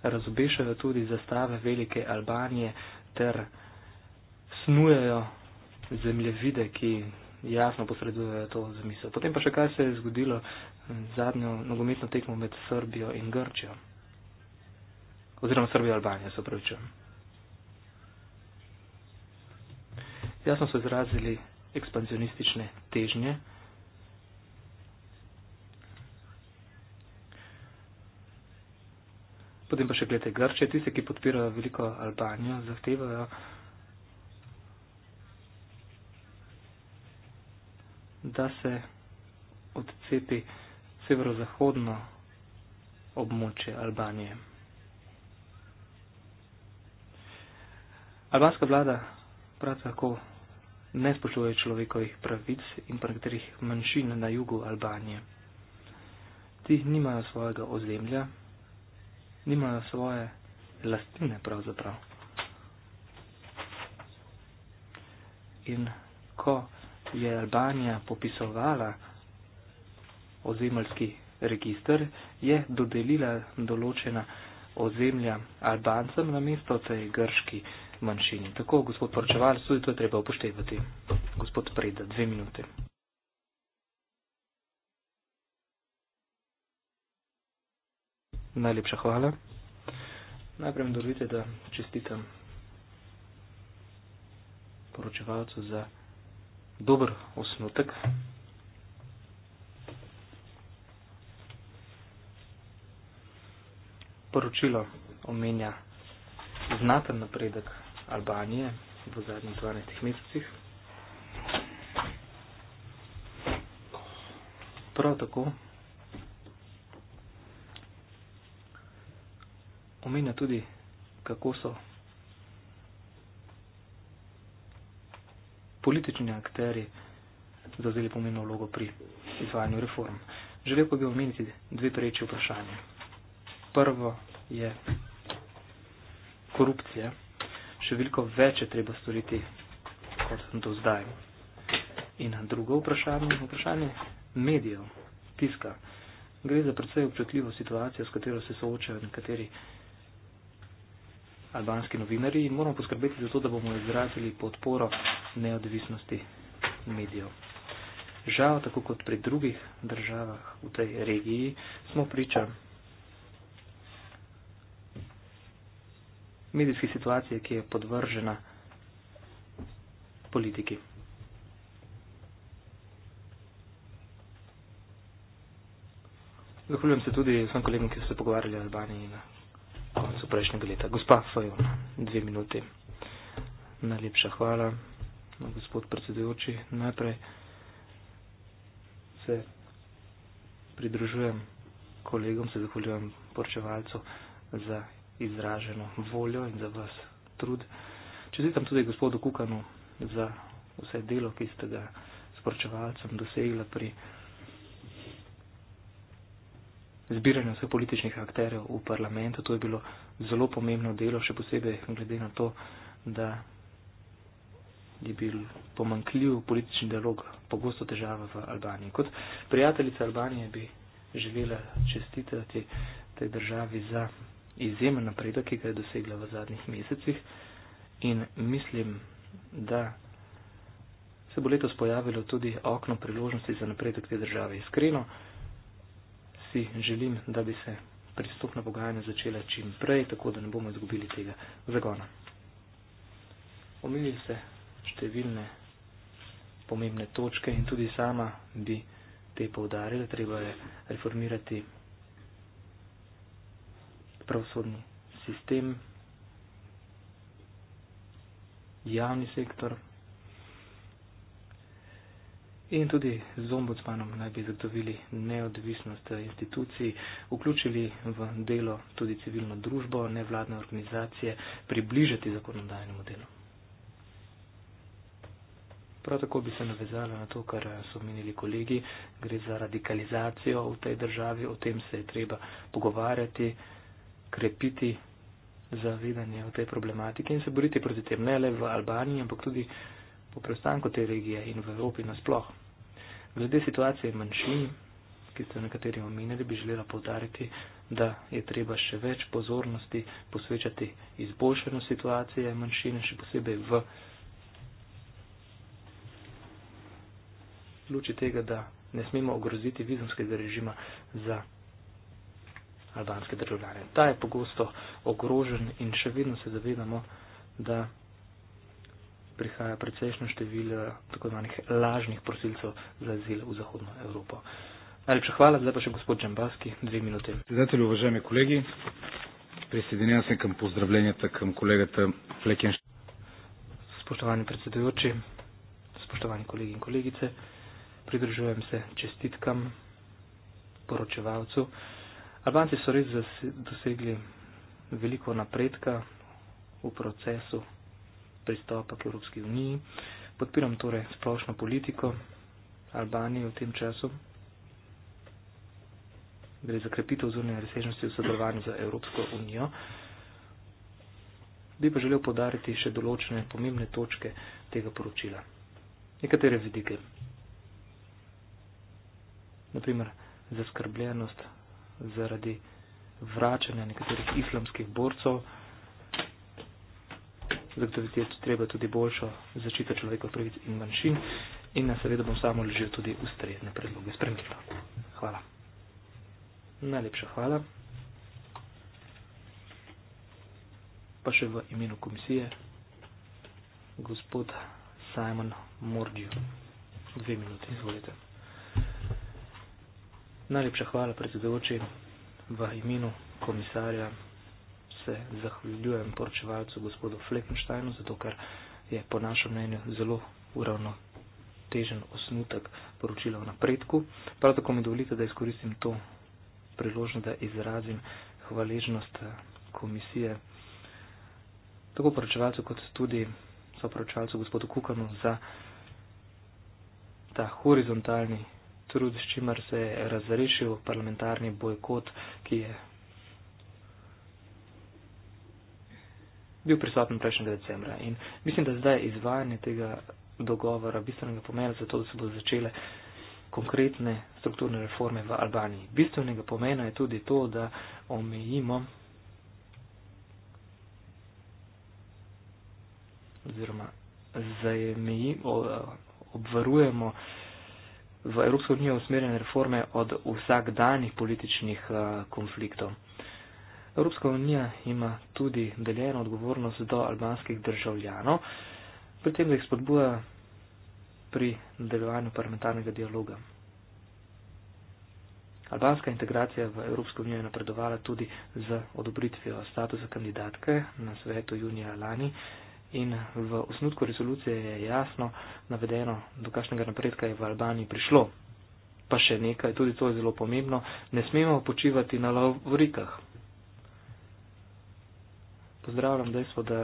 razobešajo tudi zastave velike Albanije ter snujejo zemljevide, ki jasno posredujejo to zamisel. Potem pa še kaj se je zgodilo zadnjo nogometno tekmo med Srbijo in Grčijo. Oziroma Srbijo in Albanijo, se pravičujem. Jasno so izrazili ekspanzionistične težnje. Potem pa še gledajte Grče, tiste, ki podpirajo veliko Albanijo, zahtevajo, da se odcepi severozahodno območje Albanije. Albanska vlada prav tako ne spoštuje človekovih pravic in prekterih manjšin na jugu Albanije. Ti nimajo svojega ozemlja, nimajo svoje lastine pravzaprav. In ko je Albanija popisovala ozemljski register, je dodelila določena ozemlja Albancem na mesto tej grški manjšini. Tako, gospod poročeval, tudi to je treba upoštevati. Gospod Preda, dve minute. Najlepša hvala. Najprej mi dovolite, da čestitam poročevalcu za dober osnutek. Poročilo omenja znaten napredek Albanije v zadnjih 12 mesecih. Prav tako omenja tudi, kako so politični akteri zavzeli pomembno vlogo pri izvajanju reform. Želel pa bi omeniti dve preče vprašanje. Prvo je korupcija še veliko več je treba storiti, kot sem to zdaj. In drugo vprašanje, vprašanje medijev, tiska. Gre za predvsej občutljivo situacijo, s katero se soočajo nekateri albanski novinari in moramo poskrbeti za to, da bomo izrazili podporo neodvisnosti medijev. Žal, tako kot pri drugih državah v tej regiji, smo priča medijske situacije, ki je podvržena politiki. Zahvaljujem se tudi vsem kolegom, ki so se pogovarjali o Albaniji na koncu prejšnjega leta. Gospa Fajon, dve minuti. Najlepša hvala, gospod predsedujoči. Najprej se pridružujem kolegom, se zahvaljujem poročevalcu za izraženo voljo in za vas trud. Čestitam tudi gospodu Kukanu za vse delo, ki ste ga sporočevalcem dosegla pri zbiranju vseh političnih akterjev v parlamentu. To je bilo zelo pomembno delo, še posebej glede na to, da je bil pomankljiv politični dialog pogosto težava v Albaniji. Kot prijateljica Albanije bi želela čestitati tej državi za izjemen napredek, ki ga je dosegla v zadnjih mesecih in mislim, da se bo letos pojavilo tudi okno priložnosti za napredek te države. Iskreno si želim, da bi se pristopna pogajanja začela čim prej, tako da ne bomo izgubili tega zagona. Omilijo se številne pomembne točke in tudi sama bi te poudarila, treba je reformirati pravosodni sistem, javni sektor in tudi z ombudsmanom naj bi zagotovili neodvisnost institucij, vključili v delo tudi civilno družbo, nevladne organizacije, približati zakonodajnemu delu. Prav tako bi se navezala na to, kar so menili kolegi, gre za radikalizacijo v tej državi, o tem se je treba pogovarjati krepiti zavedanje o tej problematiki in se boriti proti tem, ne le v Albaniji, ampak tudi po preostanku te regije in v Evropi nasploh. Glede situacije manjšin, ki ste nekateri omenili, bi želela povdariti, da je treba še več pozornosti posvečati izboljšanju situacije manjšine, še posebej v luči tega, da ne smemo ogroziti vizumskega režima za albanske državljane. Ta je pogosto ogrožen in še vedno se zavedamo, da prihaja precejšno število tako zvanih lažnih prosilcev za azil v Zahodno Evropo. Najlepša hvala, zdaj pa še gospod Džambaski, dve minute. Zdajatelj, uvažajme kolegi, presedenja sem kam pozdravljenjata kam kolegata Flekenš. Spoštovani predsedujoči, spoštovani kolegi in kolegice, pridružujem se čestitkam poročevalcu. Albanci so res dosegli veliko napredka v procesu pristopa k Evropski uniji. Podpiram torej splošno politiko Albanije v tem času. Gre za krepitev zunanje razsežnosti v sodelovanju z Evropsko unijo. Bi pa želel podariti še določene pomembne točke tega poročila. Nekatere vidike. Naprimer, zaskrbljenost zaradi vračanja nekaterih islamskih borcev. Zagotoviti je treba tudi boljšo zaščito človekovih pravic in manjšin in na seveda bom samo ležil tudi ustrezne predloge sprememb. Hvala. Najlepša hvala. Pa še v imenu komisije gospod Simon Mordiu. Dve minute, izvolite. Hvala. Najlepša hvala, predsedujoči, v imenu komisarja se zahvaljujem poročevalcu gospodu Fleckensteinu, zato ker je po našem mnenju zelo uravnotežen osnutek poročila o napredku. Prav tako mi dovolite, da izkoristim to priložnost, da izrazim hvaležnost eh, komisije tako poročevalcu kot tudi soporočevalcu gospodu Kukanu za ta horizontalni trud, s čimer se je razrešil parlamentarni bojkot, ki je bil prisoten prejšnjega decembra. In mislim, da zdaj izvajanje tega dogovora bistvenega pomena za to, da se bodo začele konkretne strukturne reforme v Albaniji. Bistvenega pomena je tudi to, da omejimo oziroma zajemi, obvarujemo v Evropsko unijo usmerjene reforme od vsakdanjih političnih eh, konfliktov. Evropska unija ima tudi deljeno odgovornost do albanskih državljanov, pri tem, da jih spodbuja pri nadaljevanju parlamentarnega dialoga. Albanska integracija v Evropsko unijo je napredovala tudi z odobritvijo statusa kandidatke na svetu junija lani, In v osnutku rezolucije je jasno navedeno, do kakšnega napredka je v Albaniji prišlo. Pa še nekaj, tudi to je zelo pomembno, ne smemo počivati na lavrikah. Pozdravljam dejstvo, da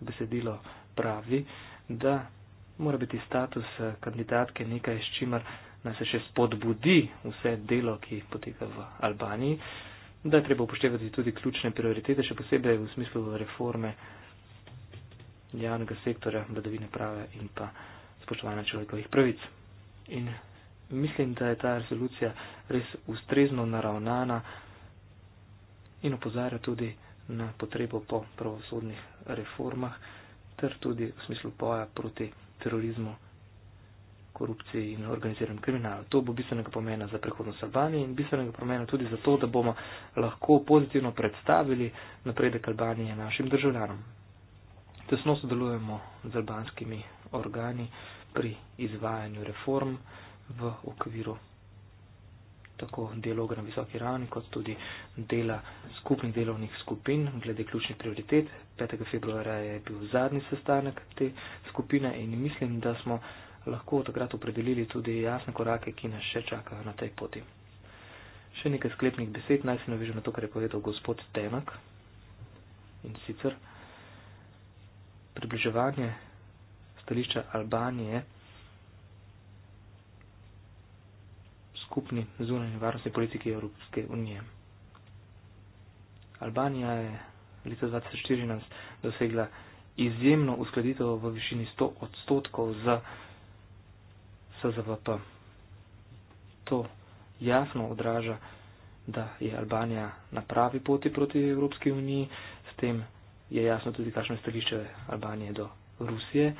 besedilo pravi, da mora biti status eh, kandidatke nekaj, s čimer naj se še spodbudi vse delo, ki poteka v Albaniji, da je treba upoštevati tudi ključne prioritete, še posebej v smislu reforme javnega sektorja, vladavine prave in pa spoštovanja človekovih pravic. In mislim, da je ta resolucija res ustrezno naravnana in opozarja tudi na potrebo po pravosodnih reformah ter tudi v smislu poja proti terorizmu, korupciji in organiziranem kriminalu. To bo bistvenega pomena za prihodnost Albanije in bistvenega pomena tudi za to, da bomo lahko pozitivno predstavili napredek Albanije našim državljanom. Tesno sodelujemo z albanskimi organi pri izvajanju reform v okviru tako dialoga na visoki ravni, kot tudi dela skupnih delovnih skupin glede ključnih prioritet. 5. februarja je bil zadnji sestanek te skupine in mislim, da smo lahko takrat opredelili tudi jasne korake, ki nas še čakajo na tej poti. Še nekaj sklepnih besed, naj se navežem na to, kar je povedal gospod Tenak in sicer približevanje stališča Albanije skupni zunanji varnostni politiki Evropske unije. Albanija je leta 2014 dosegla izjemno uskladitev v višini 100 odstotkov za SZVP. To jasno odraža, da je Albanija na pravi poti proti Evropski uniji, s tem je jasno tudi, kakšno je stališče Albanije do Rusije.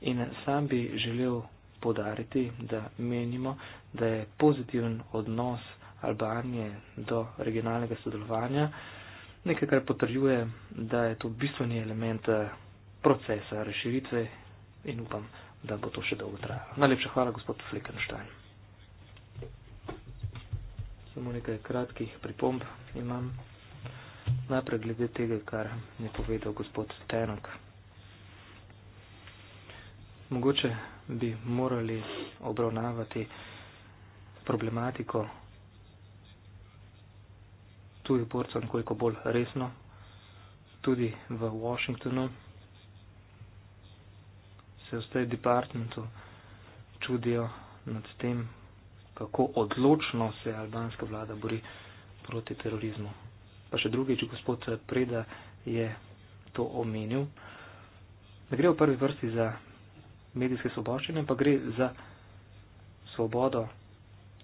In sam bi želel podariti, da menimo, da je pozitiven odnos Albanije do regionalnega sodelovanja nekaj, kar potrjuje, da je to bistveni element eh, procesa reševitve in upam, da bo to še dolgo trajalo. Najlepša hvala, gospod Flickenstein. Samo nekaj kratkih pripomb imam. Najprej glede tega, kar je povedal gospod Tenok. Mogoče bi morali obravnavati problematiko tujih borcev nekoliko bolj resno, tudi v Washingtonu. Se v State Departmentu čudijo nad tem, kako odločno se albanska vlada bori proti terorizmu pa še drugič, gospod Preda je to omenil. Ne gre v prvi vrsti za medijske svoboščine, pa gre za svobodo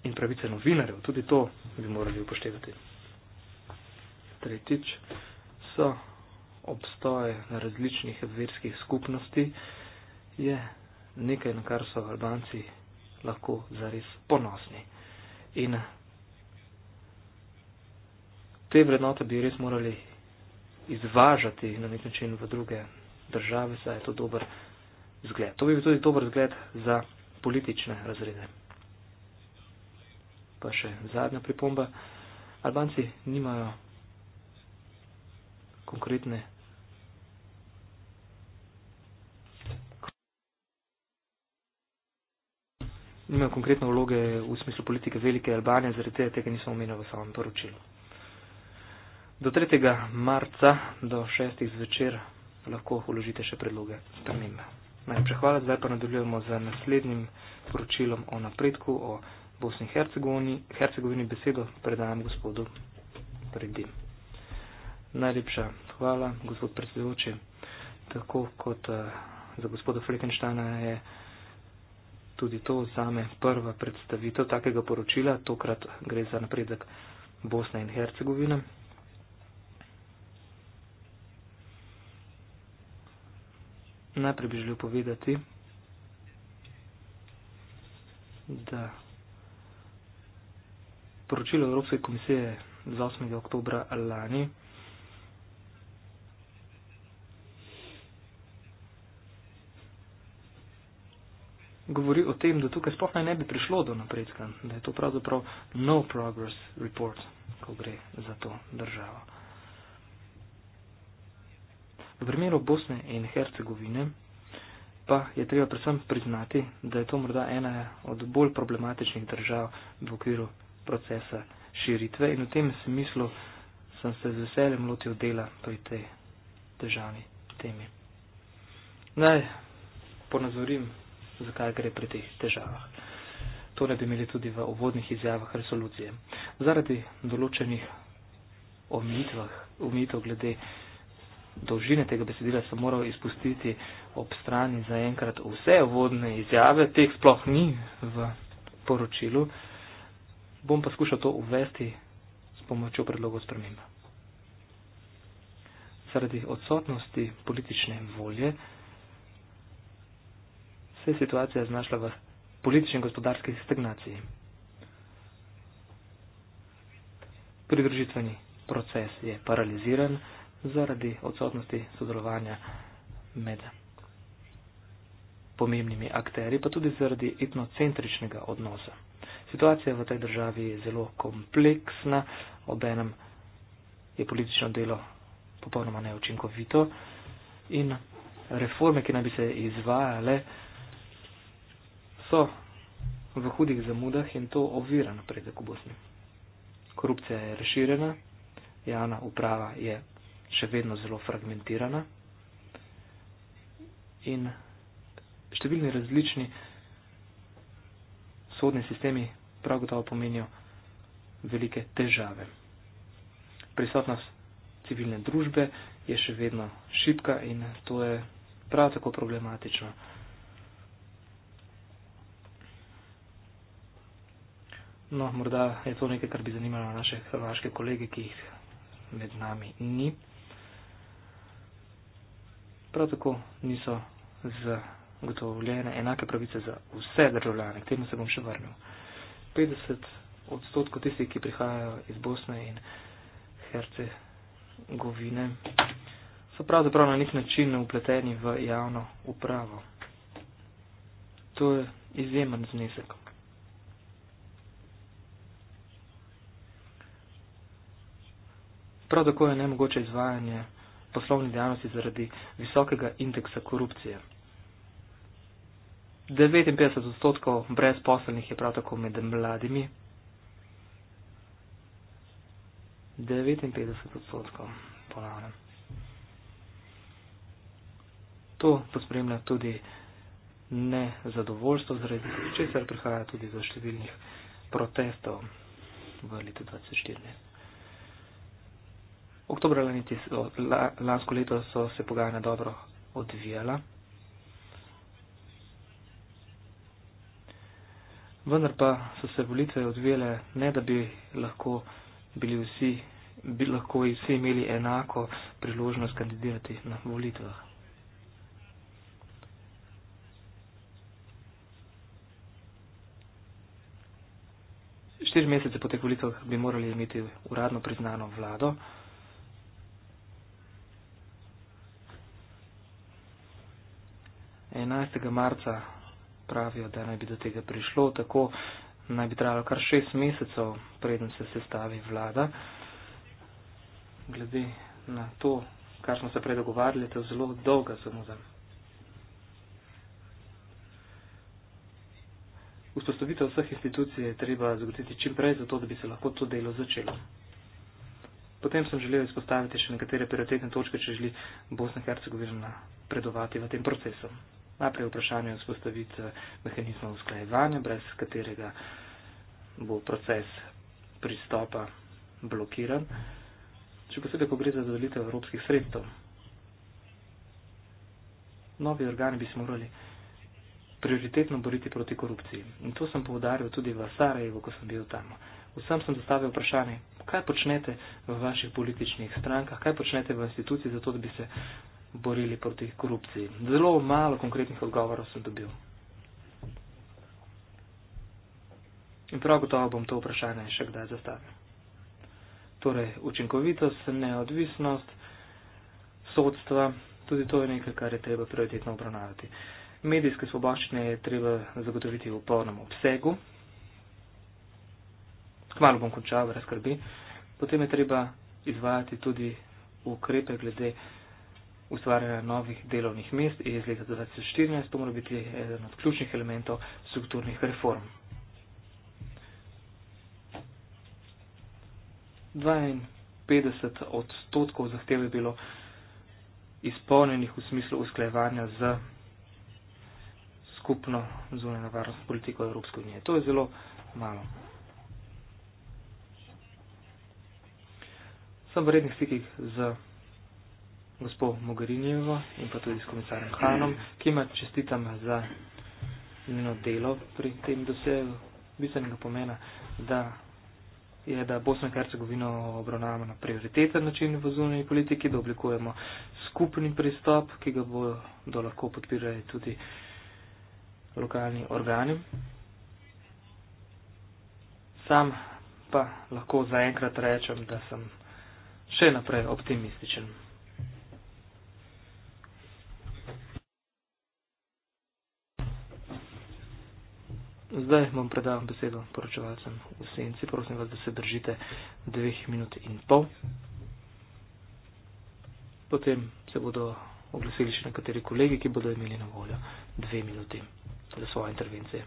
in pravice novinarjev. Tudi to bi morali upoštevati. Tretjič so obstoje na različnih verskih skupnosti je nekaj, na kar so Albanci lahko zares ponosni. In te vrednote bi res morali izvažati na nek način v druge države, saj je to dober zgled. To bi bil tudi dober zgled za politične razrede. Pa še zadnja pripomba. Albanci nimajo konkretne. Nimajo konkretne vloge v smislu politike velike Albanije, zaradi tega niso omenjali v samem poročilu. Do 3. marca, do 6. zvečer, lahko uložite še predloge spremembe. Najprej hvala, zdaj pa nadaljujemo z naslednjim poročilom o napredku o Bosni in Hercegovini. Hercegovini besedo predajam gospodu Predi. Najlepša hvala, gospod predsedujoči. Tako kot eh, za gospoda Frekenštana je tudi to zame prva predstavitev takega poročila, tokrat gre za napredek Bosne in Hercegovine. najprej bi želel povedati, da poročilo Evropske komisije z 8. oktobra lani govori o tem, da tukaj sploh naj ne bi prišlo do napredka, da je to pravzaprav no progress report, ko gre za to državo. V primeru Bosne in Hercegovine pa je treba predvsem priznati, da je to morda ena od bolj problematičnih držav v okviru procesa širitve in v tem smislu sem se z veseljem lotil dela pri tej državni temi. Naj ponazorim, zakaj gre pri teh težavah. To ne bi imeli tudi v uvodnih izjavah resolucije. Zaradi določenih omejitev glede dolžine tega besedila sem moral izpustiti ob strani za enkrat vse vodne izjave, teh sploh ni v poročilu. Bom pa skušal to uvesti s pomočjo predlogov sprememba. Zaradi odsotnosti politične volje se je situacija znašla v politični in gospodarski stagnaciji. Pridružitveni proces je paraliziran, zaradi odsotnosti sodelovanja med pomembnimi akteri, pa tudi zaradi etnocentričnega odnosa. Situacija v tej državi je zelo kompleksna, obenem je politično delo popolnoma neučinkovito in reforme, ki naj bi se izvajale, so v hudih zamudah in to ovira napredek v Bosni. Korupcija je razširjena, javna uprava je še vedno zelo fragmentirana in številni različni sodni sistemi prav gotovo pomenijo velike težave. Prisotnost civilne družbe je še vedno šipka in to je prav tako problematično. No, morda je to nekaj, kar bi zanimalo naše hrvaške kolege, ki jih med nami ni. Prav tako niso zagotovljene enake pravice za vse državljane, k temu se bom še vrnil. 50 odstotkov tistih, ki prihajajo iz Bosne in Hercegovine, so pravzaprav na nek način upleteni v javno upravo. To je izjemen znesek. Prav tako je nemogoče izvajanje poslovni dejavnosti zaradi visokega indeksa korupcije. 59 odstotkov brezposelnih je prav tako med mladimi. 59 odstotkov, ponavljam. To pospremlja tudi nezadovoljstvo, zaradi česar prihaja tudi do številnih protestov v letu 2014. Oktober lani, lansko leto so se pogajanja dobro odvijala. Vendar pa so se volitve odvijale ne, da bi lahko bili vsi, bi lahko vsi imeli enako priložnost kandidirati na volitvah. Štiri mesece po teh volitvah bi morali imeti uradno priznano vlado. 11. marca pravijo, da naj bi do tega prišlo, tako naj bi trajalo kar šest mesecev, preden se sestavi vlada. Glede na to, kar smo se predogovarjali, to je zelo dolga zamuda. Vzpostavitev vseh institucij je treba zagotoviti čim prej, zato da bi se lahko to delo začelo. Potem sem želel izpostaviti še nekatere prioritetne točke, če želi Bosna Hercegovina predovati v tem procesu. Najprej vprašanje vzpostavitve mehanizma usklajevanja, brez katerega bo proces pristopa blokiran, še posebej, ko gre za dodelitev evropskih sredstev. Novi organi bi se morali prioritetno boriti proti korupciji. In to sem povdaril tudi v Sarajevo, ko sem bil tam. Vsem sem zastavil vprašanje, kaj počnete v vaših političnih strankah, kaj počnete v instituciji, zato da bi se borili proti korupciji. Zelo malo konkretnih odgovorov sem dobil. In prav gotovo bom to vprašanje še kdaj zastavil. Torej, učinkovitost, neodvisnost, sodstva, tudi to je nekaj, kar je treba prioritetno obravnavati. Medijske svoboščine je treba zagotoviti v polnem obsegu. Kmalo bom končal, brez skrbi. Potem je treba izvajati tudi ukrepe glede ustvarjanja novih delovnih mest iz leta 2014, to mora biti eden od ključnih elementov strukturnih reform. 52 odstotkov zahtev je bilo izpolnjenih v smislu usklajevanja z skupno zunanjo varnost politiko Evropske unije. To je zelo malo. Sem v rednih stikih z gospod Mogherinjevo in pa tudi s komisarjem Hanom, ki ima čestitam za njeno delo pri tem dosegu bistvenega pomena, da je, da Bosno in Hercegovino obravnavamo na prioriteten način v zunanji politiki, da oblikujemo skupni pristop, ki ga bodo lahko podpirali tudi lokalni organi. Sam pa lahko zaenkrat rečem, da sem še naprej optimističen. Zdaj vam predavam besedo poročevalcem v senci. Prosim vas, da se držite dveh minut in pol. Potem se bodo oglasili še nekateri kolegi, ki bodo imeli na voljo dve minuti za svoje intervencije.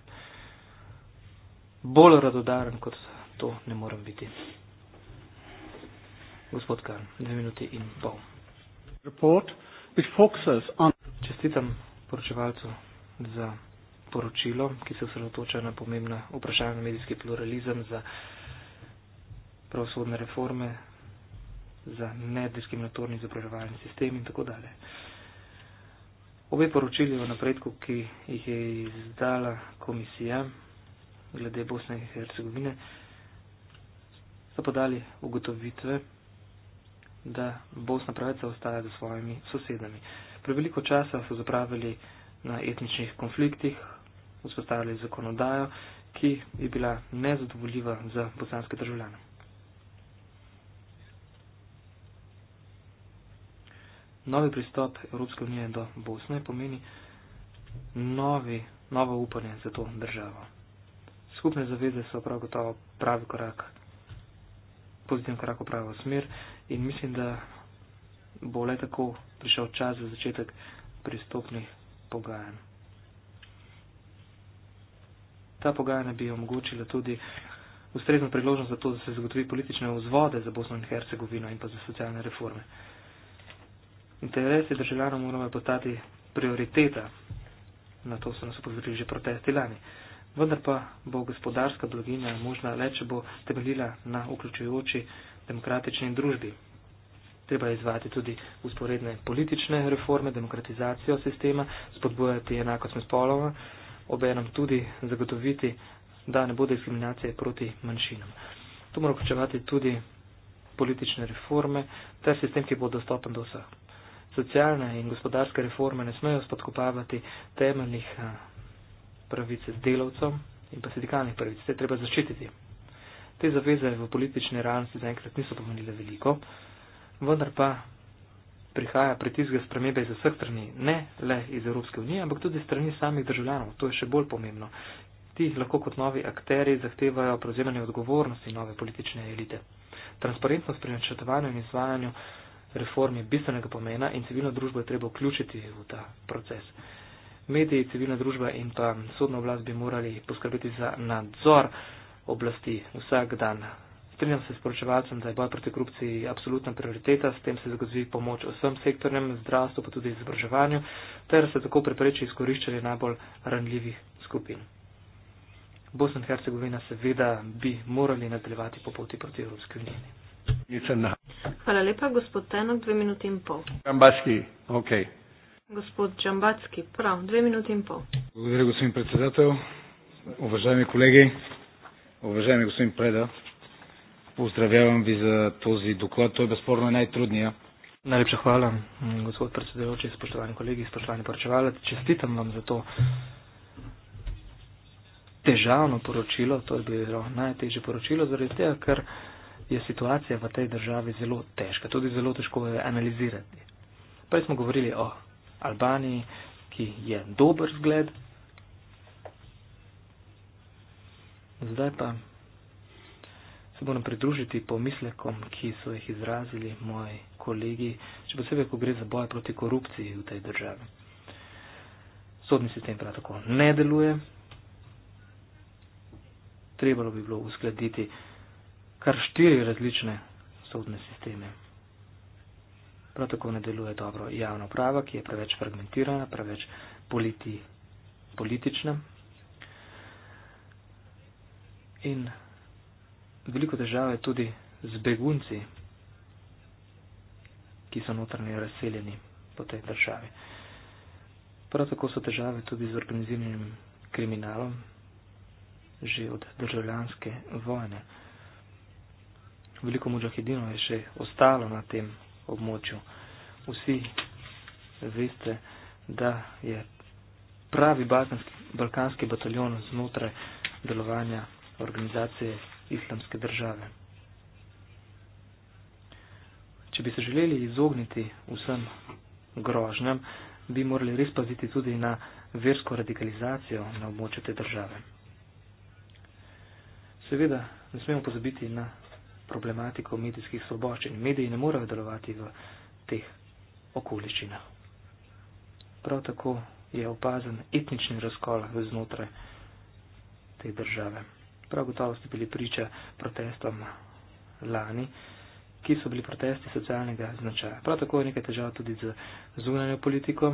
Bolj radodaren, kot to ne morem biti. Gospod Karn, dve minuti in pol. Report, Čestitam poročevalcu za poročilo, ki se osredotoča na pomembna vprašanja na medijski pluralizem za pravosodne reforme, za nediskriminatorni izobraževalni sistem in tako dalje. Obe poročili o napredku, ki jih je izdala komisija glede Bosne in Hercegovine, so podali ugotovitve, da Bosna pravica ostaja za svojimi sosedami. Preveliko časa so zapravili na etničnih konfliktih, vzpostavili zakonodajo, ki je bila nezadovoljiva za bosanske državljane. Novi pristop Evropske unije do Bosne pomeni novi, novo upanje za to državo. Skupne zaveze so prav gotovo pravi korak, pozitiven korak v pravo smer in mislim, da bo le tako prišel čas za začetek pristopnih pogajanj ta pogajanja bi omogočila tudi ustrezno priložnost za to, da se zagotovi politične vzvode za Bosno in Hercegovino in pa za socialne reforme. Interesi državljanov moramo postati prioriteta, na to so nas upozorili že protesti lani. Vendar pa bo gospodarska blaginja možna le, če bo temeljila na vključujoči demokratični družbi. Treba je izvati tudi usporedne politične reforme, demokratizacijo sistema, spodbojati enakost med spolovami obenem tudi zagotoviti, da ne bo diskriminacije proti manjšinam. Tu moramo vključevati tudi politične reforme, ter sistem, ki bo dostopen do vseh. Socialne in gospodarske reforme ne smejo spodkopavati temeljnih eh, pravic delavcev in pa sindikalnih pravic, te treba zaščititi. Te zaveze v politični realnosti zaenkrat niso pomenile veliko, vendar pa prihaja pritisk za spremembe iz vseh strani, ne le iz Evropske unije, ampak tudi strani samih državljanov. To je še bolj pomembno. Ti lahko kot novi akteri zahtevajo prevzemanje odgovornosti nove politične elite. Transparentnost pri načrtovanju in izvajanju reform je bistvenega pomena in civilno družbo je treba vključiti v ta proces. Mediji, civilna družba in pa sodna oblast bi morali poskrbeti za nadzor oblasti vsak dan strinjam se s poročevalcem, da je boj proti korupciji apsolutna prioriteta, s tem se zagozi pomoč vsem sektorjem, zdravstvu pa tudi izobraževanju, ter se tako prepreči izkoriščanje najbolj ranljivih skupin. Bosna in Hercegovina seveda bi morali nadaljevati po poti proti Evropski uniji. Hvala lepa, gospod Tenok, dve minuti in pol. Čambacki, ok. Gospod Čambacki, prav, dve minuti in pol. Благодаря, господин председател. Уважаеми колеги, уважаеми господин Преда, Pozdravljam vi za tozi doklad, to je besporno najtrudnija. Najlepša hvala, gospod predsedujoči, spoštovani kolegi, spoštovani poročevalec. Čestitam vam za to težavno poročilo, to je bilo najtežje poročilo, zaradi tega, ker je situacija v tej državi zelo težka, tudi zelo težko je analizirati. Prej smo govorili o Albaniji, ki je dober zgled. Zdaj pa se moram pridružiti pomislekom, ki so jih izrazili moji kolegi, še posebej, ko gre za boj proti korupciji v tej državi. Sodni sistem prav tako ne deluje. Trebalo bi bilo uskladiti kar štiri različne sodne sisteme. Prav tako ne deluje dobro javna prava, ki je preveč fragmentirana, preveč politi, politična. In veliko težave tudi z begunci, ki so notranje razseljeni po tej državi. Prav tako so težave tudi z organiziranim kriminalom, že od državljanske vojne. Veliko mužahedinov je še ostalo na tem območju. Vsi veste, da je pravi balkanski, balkanski bataljon znotraj delovanja organizacije islamske države. Če bi se želeli izogniti vsem grožnjam, bi morali res paziti tudi na versko radikalizacijo na območju te države. Seveda ne smemo pozabiti na problematiko medijskih svoboščin. Mediji ne morejo delovati v teh okoliščinah. Prav tako je opazen etnični razkol znotraj te države. Prav gotovo ste bili priča protestom lani, ki so bili protesti socialnega značaja. Prav tako je nekaj težav tudi z zunanjo politiko,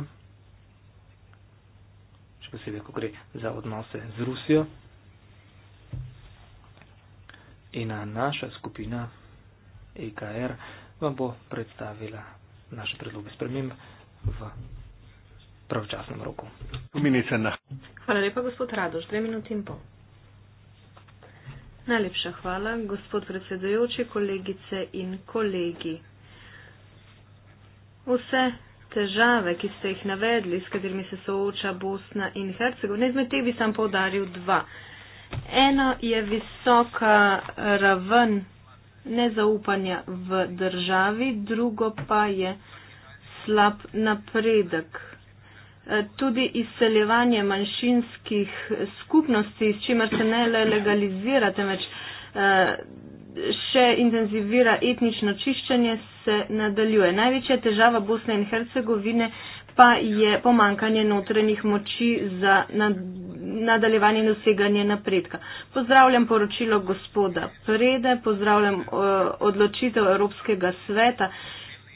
še posebej, ko gre za odnose z Rusijo. In naša skupina EKR vam bo predstavila naše predloge sprememb v pravčasnem roku. Hvala lepa, gospod Radoš. Dve minuti in pol. Najlepša hvala, gospod predsedujoči, kolegice in kolegi. Vse težave, ki ste jih navedli, s katerimi se sooča Bosna in Hercegovina, izmed teh bi sam povdaril dva. Eno je visoka raven nezaupanja v državi, drugo pa je slab napredek Eh, tudi izseljevanje manjšinskih skupnosti, s čimer se ne le legalizira, temveč eh, še intenzivira etnično čiščenje, se nadaljuje. Največja težava Bosne in Hercegovine pa je pomankanje notranjih moči za nadaljevanje in doseganje napredka. Pozdravljam poročilo gospoda Prede, pozdravljam eh, odločitev Evropskega sveta,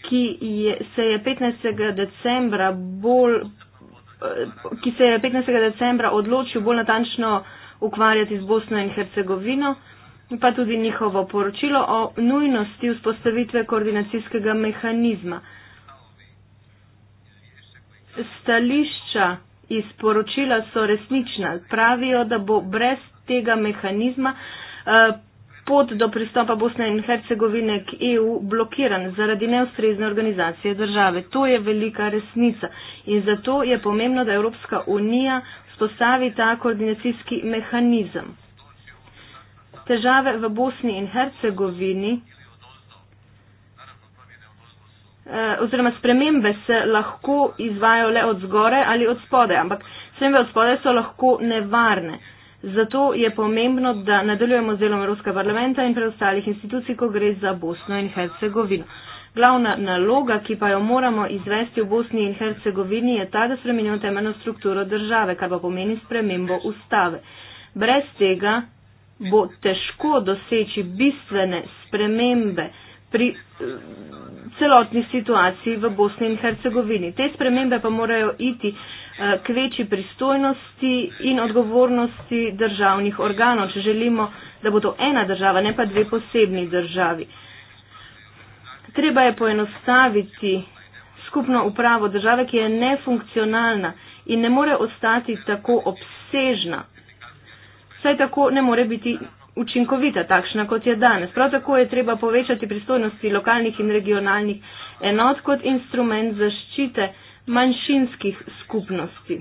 ki je, se je 15. decembra bolj ki se je 15. decembra odločil bolj natančno ukvarjati z Bosno in Hercegovino, pa tudi njihovo poročilo o nujnosti vzpostavitve koordinacijskega mehanizma. Stališča iz poročila so resnična. Pravijo, da bo brez tega mehanizma eh, pot do pristopa Bosne in Hercegovine k EU blokiran zaradi neustrezne organizacije države. To je velika resnica in zato je pomembno, da Evropska unija vzpostavi ta koordinacijski mehanizem. Težave v Bosni in Hercegovini eh, oziroma spremembe se lahko izvajo le od zgore ali od spode, ampak spremembe od spode so lahko nevarne. Zato je pomembno, da nadaljujemo z delom Evropskega parlamenta in preostalih institucij, ko gre za Bosno in Hercegovino. Glavna naloga, ki pa jo moramo izvesti v Bosni in Hercegovini, je ta, da spremenimo temeljno strukturo države, kar pa pomeni spremembo ustave. Brez tega bo težko doseči bistvene spremembe pri celotni situaciji v Bosni in Hercegovini. Te spremembe pa morajo iti eh, k večji pristojnosti in odgovornosti državnih organov, če želimo, da bo to ena država, ne pa dve posebni državi. Treba je poenostaviti skupno upravo države, ki je nefunkcionalna in ne more ostati tako obsežna. Saj tako ne more biti učinkovita, takšna kot je danes. Prav tako je treba povečati pristojnosti lokalnih in regionalnih enot kot instrument zaščite manjšinskih skupnosti.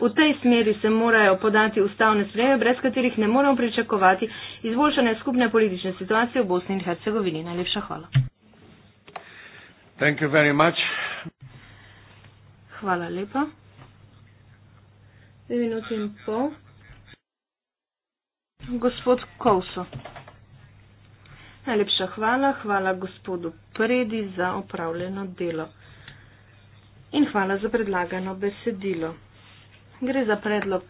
V tej smeri se morajo podati ustavne spreme, brez katerih ne moremo pričakovati izboljšanje skupne politične situacije v Bosni in Hercegovini. Najlepša hvala. Hvala lepa. Dve minuti in pol gospod Kovso. Najlepša hvala, hvala gospodu Predi za opravljeno delo in hvala za predlagano besedilo. Gre za predlog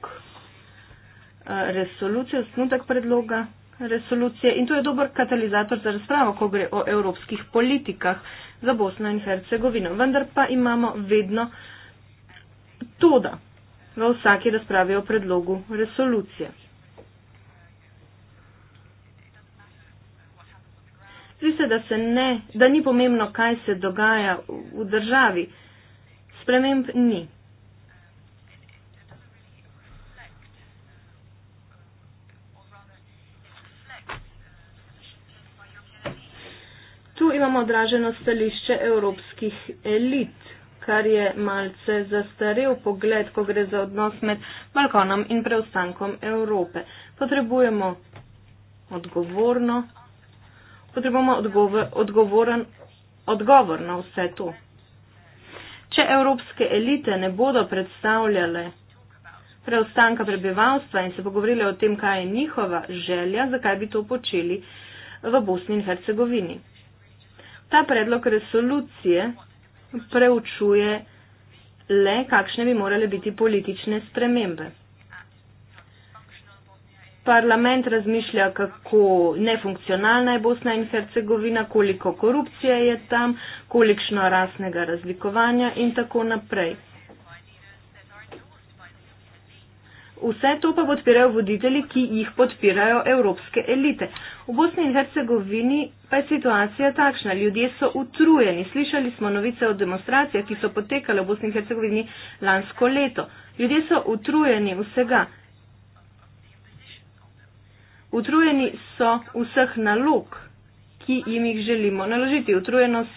eh, resolucije, osnutek predloga resolucije in to je dober katalizator za razpravo, ko gre o evropskih politikah za Bosno in Hercegovino. Vendar pa imamo vedno to, da v vsaki razpravi o predlogu resolucije. Zdi se, da se ne, da ni pomembno, kaj se dogaja v državi. Sprememb ni. Tu imamo odraženo stališče evropskih elit, kar je malce zastarel pogled, ko gre za odnos med Balkanom in preostankom Evrope. Potrebujemo odgovorno potrebujemo odgovor, odgovoren odgovor na vse to. Če evropske elite ne bodo predstavljale preostanka prebivalstva in se pogovorile o tem, kaj je njihova želja, zakaj bi to počeli v Bosni in Hercegovini. Ta predlog resolucije preučuje le, kakšne bi morale biti politične spremembe parlament razmišlja, kako nefunkcionalna je Bosna in Hercegovina, koliko korupcije je tam, kolikšno rasnega razlikovanja in tako naprej. Vse to pa podpirajo voditelji, ki jih podpirajo evropske elite. V Bosni in Hercegovini pa je situacija takšna. Ljudje so utrujeni. Slišali smo novice o demonstracijah, ki so potekale v Bosni in Hercegovini lansko leto. Ljudje so utrujeni vsega. Utrujeni so vseh nalog, ki jim jih želimo naložiti.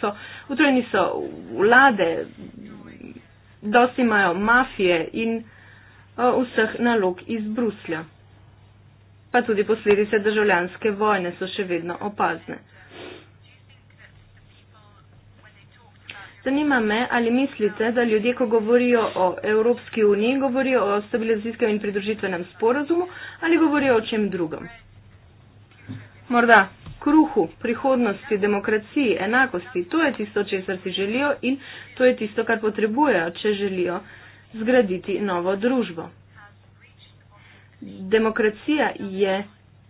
So, utrujeni so vlade, dosti imajo mafije in vseh nalog iz Bruslja. Pa tudi posledice državljanske vojne so še vedno opazne. Zanima me, ali mislite, da ljudje, ko govorijo o Evropski uniji, govorijo o stabilizacijskem in pridružitvenem sporazumu ali govorijo o čem drugem? Morda kruhu, prihodnosti, demokraciji, enakosti. To je tisto, česar si želijo in to je tisto, kar potrebujejo, če želijo zgraditi novo družbo. Demokracija je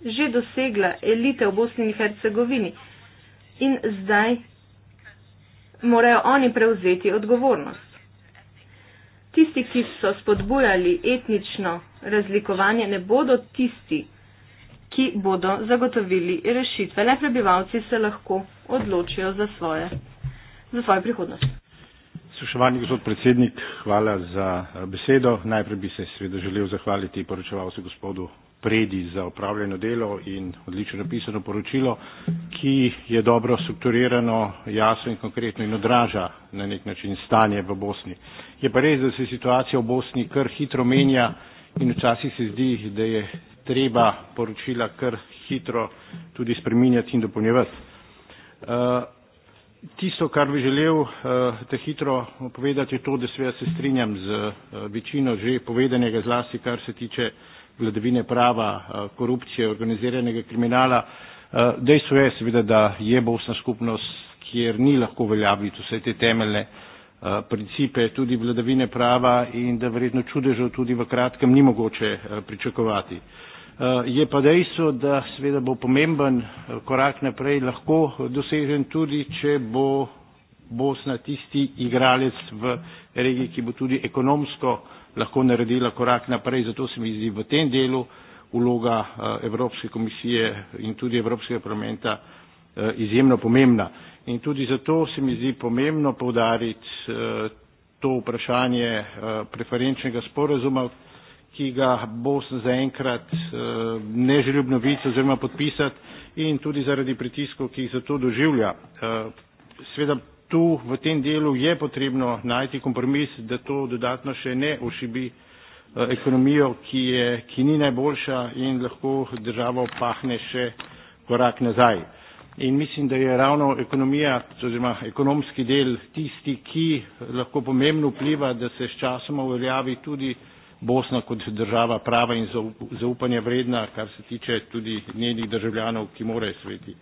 že dosegla elite v Bosni in Hercegovini in zdaj morajo oni prevzeti odgovornost. Tisti, ki so spodbujali etnično razlikovanje, ne bodo tisti, ki bodo zagotovili rešitve. Le prebivalci se lahko odločijo za svoje, za svojo prihodnost. Spoštovani gospod predsednik, hvala za eh, besedo. Najprej bi se seveda želel zahvaliti poročevalcu gospodu Predi za opravljeno delo in odlično napisano poročilo, ki je dobro strukturirano, jasno in konkretno in odraža na nek način stanje v Bosni. Je pa res, da se situacija v Bosni kar hitro menja in včasih se zdi, da je treba poročila kar hitro tudi spreminjati in dopolnjevati. Uh, Tisto, kar bi želel eh, te hitro povedati, je to, da se strinjam z eh, večino že povedanega zlasti, kar se tiče vladavine prava, eh, korupcije, organiziranega kriminala. Dejstvo je seveda, da je Bosna skupnost, kjer ni lahko veljaviti vse te temeljne principe tudi vladavine prava in da verjetno čudežev tudi v kratkem ni mogoče pričakovati. Eh, je pa dejstvo, da seveda bo pomemben eh, korak naprej lahko dosežen tudi, če bo Bosna tisti igralec v regiji, ki bo tudi ekonomsko lahko naredila korak naprej. Zato se mi zdi v tem delu uloga eh, Evropske komisije in tudi Evropskega parlamenta izjemno pomembna. In tudi zato se mi zdi pomembno povdariti to vprašanje preferenčnega sporazuma, ki ga Bosn zaenkrat uh, ne želi obnoviti oziroma podpisati in tudi zaradi pritiskov, ki jih za to doživlja. Uh, eh, sveda tu v tem delu je potrebno najti kompromis, da to dodatno še ne ošibi uh, ekonomijo, ki, je, ki ni najboljša in lahko državo pahne še korak nazaj. In mislim, da je ravno ekonomija oziroma ekonomski del tisti, ki lahko pomembno vpliva, da se s časoma uveljavi tudi uh, Bosna kot država prava in zaupanja vredna, kar se tiče tudi njenih državljanov, ki morajo sveti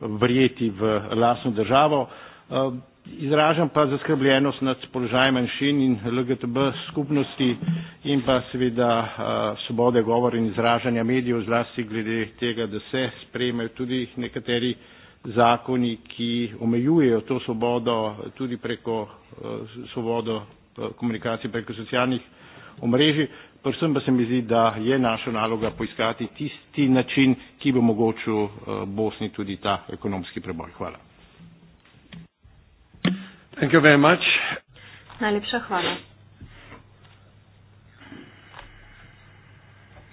vrjeti v lasno državo. Eh, izražam pa zaskrbljenost nad položajem manjšin in LGTB skupnosti in pa seveda eh, svobode govora in izražanja medijev, zlasti glede tega, da se sprejmejo tudi nekateri zakoni, ki omejujejo to svobodo tudi preko eh, svobodo komunikacije preko socialnih omrežij. Predvsem pa se mi zdi, da je naša naloga poiskati tisti način, ki bo mogočil eh, Bosni tudi ta ekonomski preboj. Hvala. Najlepša hvala.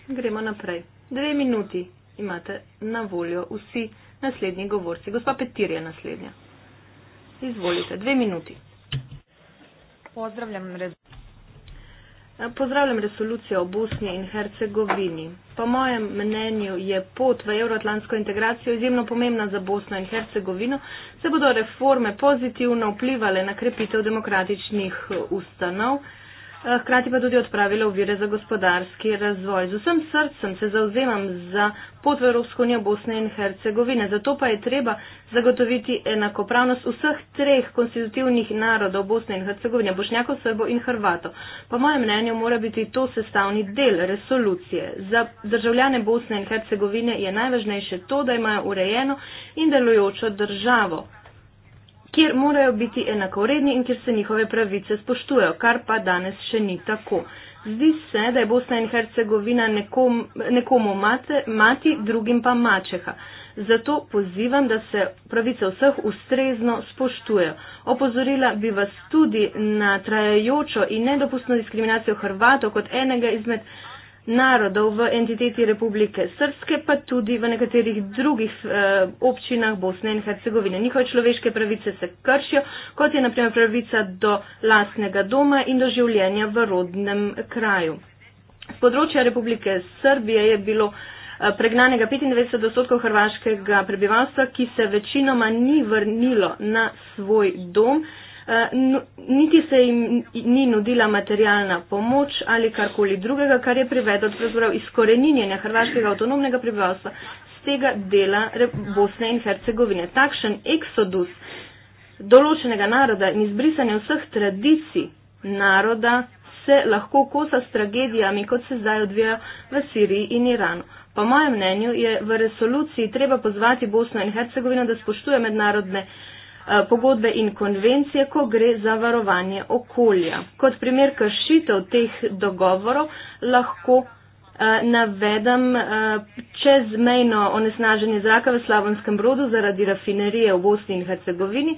Gremo naprej. Dve minuti imate na voljo vsi naslednji govorci. Gospa Petir je naslednja. Izvolite, dve minuti. Pozdravljam rezultat. Pozdravljam resolucijo o Bosni in Hercegovini. Po mojem mnenju je pot v euroatlantsko integracijo izjemno pomembna za Bosno in Hercegovino, se bodo reforme pozitivno vplivale na krepitev demokratičnih ustanov. Eh, hkrati pa tudi odpravila uvire za gospodarski razvoj. Z vsem srcem se zauzemam za pot v Evropsko unijo Bosne in Hercegovine, zato pa je treba zagotoviti enakopravnost vseh treh konstitutivnih narodov Bosne in Hercegovine, Bošnjakov, Srbo in Hrvato. Po mojem mnenju mora biti to sestavni del resolucije. Za državljane Bosne in Hercegovine je najvažnejše to, da imajo urejeno in delujočo državo kjer morajo biti enakovredni in kjer se njihove pravice spoštujejo, kar pa danes še ni tako. Zdi se, da je Bosna in Hercegovina nekom, nekomu mate, mati, drugim pa mačeha. Zato pozivam, da se pravice vseh ustrezno spoštujejo. Opozorila bi vas tudi na trajajočo in nedopustno diskriminacijo Hrvato kot enega izmed narodov v entiteti Republike Srpske, pa tudi v nekaterih drugih eh, občinah Bosne in Hercegovine. Njihove človeške pravice se kršijo, kot je naprimer pravica do lastnega doma in do življenja v rodnem kraju. Z področja Republike Srbije je bilo eh, pregnanega 95 odstotkov hrvaškega prebivalstva, ki se večinoma ni vrnilo na svoj dom. Eh, niti se jim ni nudila materialna pomoč ali karkoli drugega, kar je privedlo pravzaprav izkoreninjenja hrvaškega avtonomnega prebivalstva z tega dela Bosne in Hercegovine. Takšen eksodus določenega naroda in izbrisanje vseh tradicij naroda se lahko kosa s tragedijami, kot se zdaj odvija v Siriji in Iranu. Po mojem mnenju je v resoluciji treba pozvati Bosno in Hercegovino, da spoštuje mednarodne Eh, pogodbe in konvencije, ko gre za varovanje okolja. Kot primer kršitev teh dogovorov lahko eh, navedem eh, čezmejno onesnaženje zraka v Slavonskem brodu zaradi rafinerije v Bosni in Hercegovini,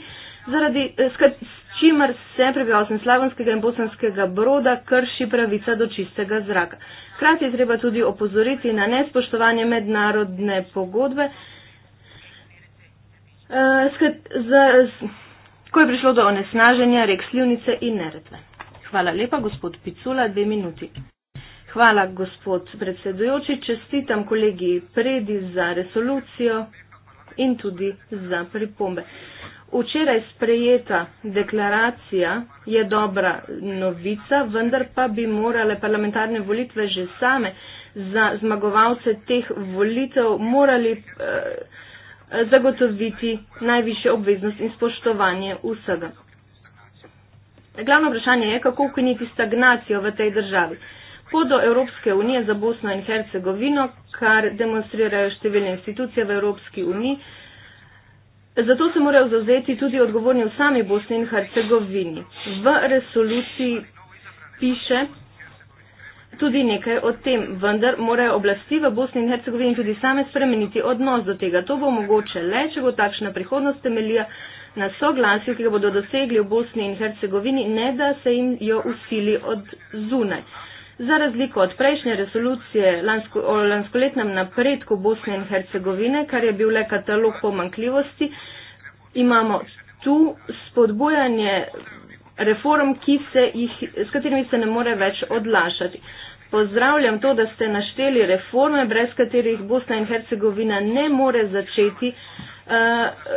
zaradi, skrat, s čimer se prebivalcem Slavonskega in Bosanskega broda krši pravica do čistega zraka. Hkrati je treba tudi opozoriti na nespoštovanje mednarodne pogodbe, Eh, skrat, z, z, ko je prišlo do onesnaženja rek Slivnice in Neretve. Hvala lepa, gospod Picula, dve minuti. Hvala, gospod predsedujoči. Čestitam kolegi Predi za resolucijo in tudi za pripombe. Včeraj sprejeta deklaracija je dobra novica, vendar pa bi morale parlamentarne volitve že same za zmagovalce teh volitev morali. Eh, zagotoviti najviše obveznost in spoštovanje vsega. Glavno vprašanje je, kako ukiniti stagnacijo v tej državi. Pot do Evropske unije za Bosno in Hercegovino, kar demonstrirajo številne institucije v Evropski uniji, zato se morajo zauzeti tudi odgovorni v sami Bosni in Hercegovini. V resoluciji piše, tudi nekaj o tem, vendar morajo oblasti v Bosni in Hercegovini tudi same spremeniti odnos do tega. To bo mogoče le, če bo takšna prihodnost temelija na soglasju, ki ga bodo dosegli v Bosni in Hercegovini, ne da se jim jo usili od zunaj. Za razliko od prejšnje resolucije lansko, o lanskoletnem napredku Bosne in Hercegovine, kar je bil le katalog pomankljivosti, imamo tu spodbojanje reform, ki se jih, s katerimi se ne more več odlašati pozdravljam to, da ste našteli reforme, brez katerih Bosna in Hercegovina ne more začeti eh,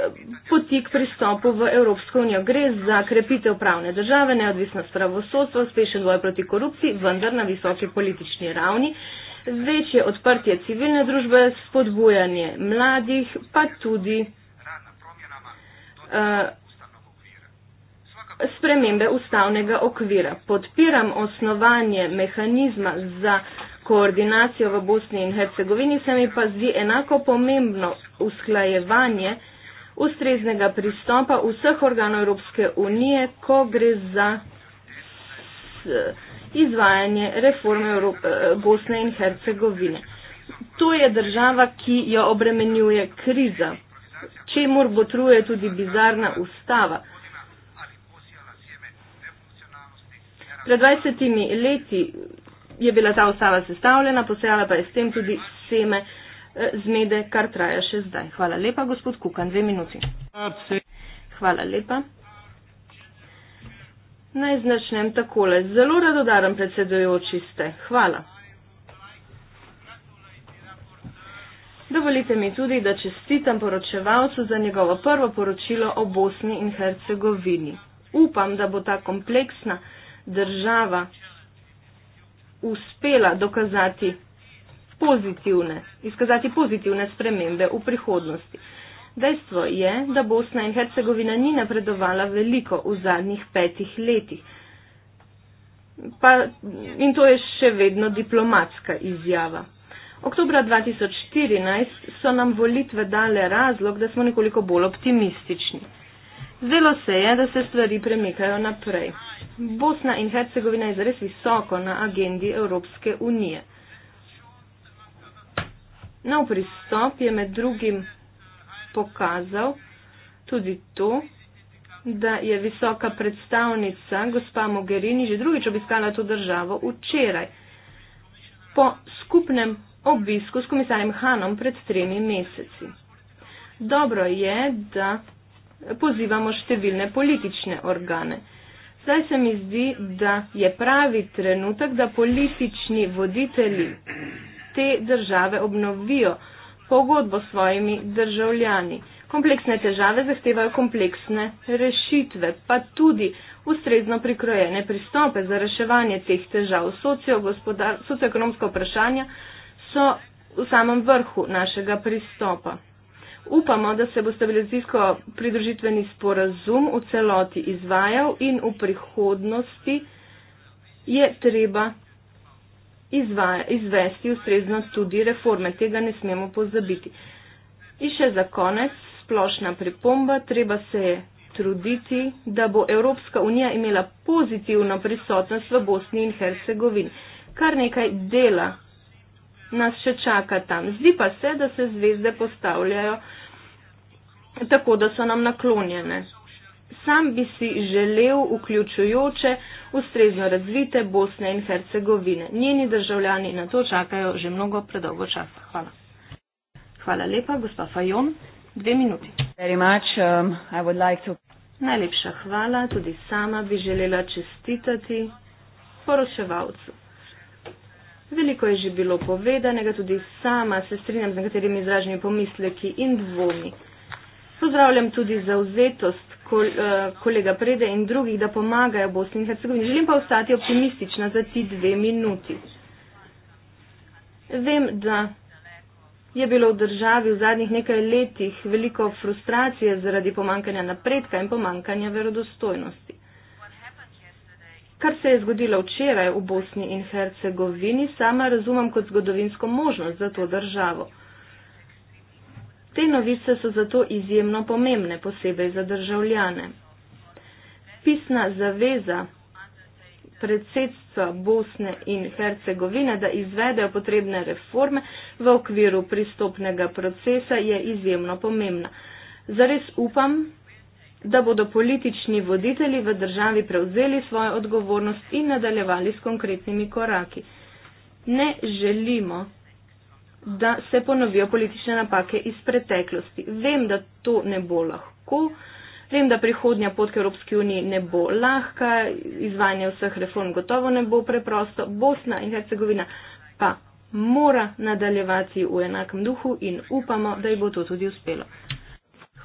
potik pristopu v Evropsko unijo. Gre za krepitev pravne države, neodvisnost pravosodstva, uspešen boj proti korupciji, vendar na visoki politični ravni, večje odprtje civilne družbe, spodbujanje mladih, pa tudi uh, spremembe ustavnega okvira. Podpiram osnovanje mehanizma za koordinacijo v Bosni in Hercegovini, se mi pa zdi enako pomembno usklajevanje ustreznega pristopa vseh organov Evropske unije, ko gre za izvajanje reforme eh, Bosne in Hercegovine. To je država, ki jo obremenjuje kriza, čemur botruje tudi bizarna ustava. Pred 20 leti je bila ta ustava sestavljena, posejala pa je s tem tudi seme eh, zmede, kar traja še zdaj. Hvala lepa, gospod Kukan, dve minuti. Hvala lepa. Naj značnem takole. Zelo radodaren predsedujoči ste. Hvala. Dovolite mi tudi, da čestitam poročevalcu za njegovo prvo poročilo o Bosni in Hercegovini. Upam, da bo ta kompleksna država uspela dokazati pozitivne, izkazati pozitivne spremembe v prihodnosti. Dejstvo je, da Bosna in Hercegovina ni napredovala veliko v zadnjih petih letih. Pa, in to je še vedno diplomatska izjava. Oktobra 2014 so nam volitve dale razlog, da smo nekoliko bolj optimistični. Zdelo se je, da se stvari premikajo naprej. Bosna in Hercegovina je zares visoko na agendi Evropske unije. Nov pristop je med drugim pokazal tudi to, da je visoka predstavnica gospa Mogherini že drugič obiskala to državo včeraj po skupnem obisku s komisarjem Hanom pred tremi meseci. Dobro je, da pozivamo številne politične organe. Zdaj se mi zdi, da je pravi trenutek, da politični voditelji te države obnovijo pogodbo s svojimi državljani. Kompleksne težave zahtevajo kompleksne rešitve, pa tudi ustrezno prikrojene pristope za reševanje teh težav. Socioekonomska vprašanja so v samem vrhu našega pristopa. Upamo, da se bo stabilizacijsko pridružitveni sporazum v celoti izvajal in v prihodnosti je treba izvaja, izvesti ustrezno tudi reforme. Tega ne smemo pozabiti. In še za konec splošna pripomba, treba se je truditi, da bo Evropska unija imela pozitivno prisotnost v Bosni in Hercegovini. Kar nekaj dela nas še čaka tam. Zdi pa se, da se zvezde postavljajo tako, da so nam naklonjene. Sam bi si želel vključujoče, ustrezno razvite Bosne in Hercegovine. Njeni državljani na to čakajo že mnogo predolgo časa. Hvala. Hvala lepa, gospa Fajon. Dve minuti. Much, um, like to... Najlepša hvala. Tudi sama bi želela čestitati poročevalcu. Veliko je že bilo povedanega, tudi sama se strinjam z nekaterimi izraženimi pomisleki in dvomi. Pozdravljam tudi zauzetost kol, eh, kolega Prede in drugih, da pomagajo Bosni in Hercegovini. Želim pa ostati optimistična za ti dve minuti. Vem, da je bilo v državi v zadnjih nekaj letih veliko frustracije zaradi pomankanja napredka in pomankanja verodostojnosti. Kar se je zgodilo včeraj v Bosni in Hercegovini, sama razumem kot zgodovinsko možnost za to državo. Te novice so zato izjemno pomembne, posebej za državljane. Pisna zaveza predsedstva Bosne in Hercegovine, da izvedejo potrebne reforme v okviru pristopnega procesa, je izjemno pomembna. Zares upam, da bodo politični voditelji v državi prevzeli svojo odgovornost in nadaljevali s konkretnimi koraki. Ne želimo, da se ponovijo politične napake iz preteklosti. Vem, da to ne bo lahko. Vem, da prihodnja pot k Evropski uniji ne bo lahka, izvajanje vseh reform gotovo ne bo preprosto. Bosna in Hercegovina pa mora nadaljevati v enakem duhu in upamo, da ji bo to tudi uspelo.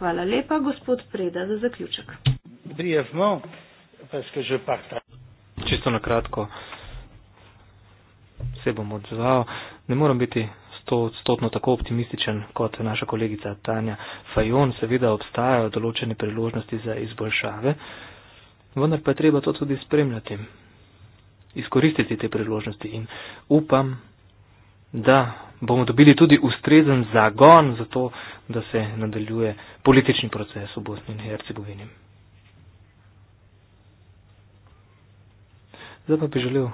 Hvala lepa, gospod Preda, za zaključek. Brijevmo, pa skrži pakta. Čisto na kratko, se bom odzval. Ne moram biti stotno tako optimističen kot naša kolegica Tanja Fajon. Seveda obstajajo določene priložnosti za izboljšave, vendar pa je treba to tudi spremljati, izkoristiti te priložnosti in upam, da bomo dobili tudi ustrezen zagon za to, da se nadaljuje politični proces v Bosni in Hercegovini. Zdaj pa bi želel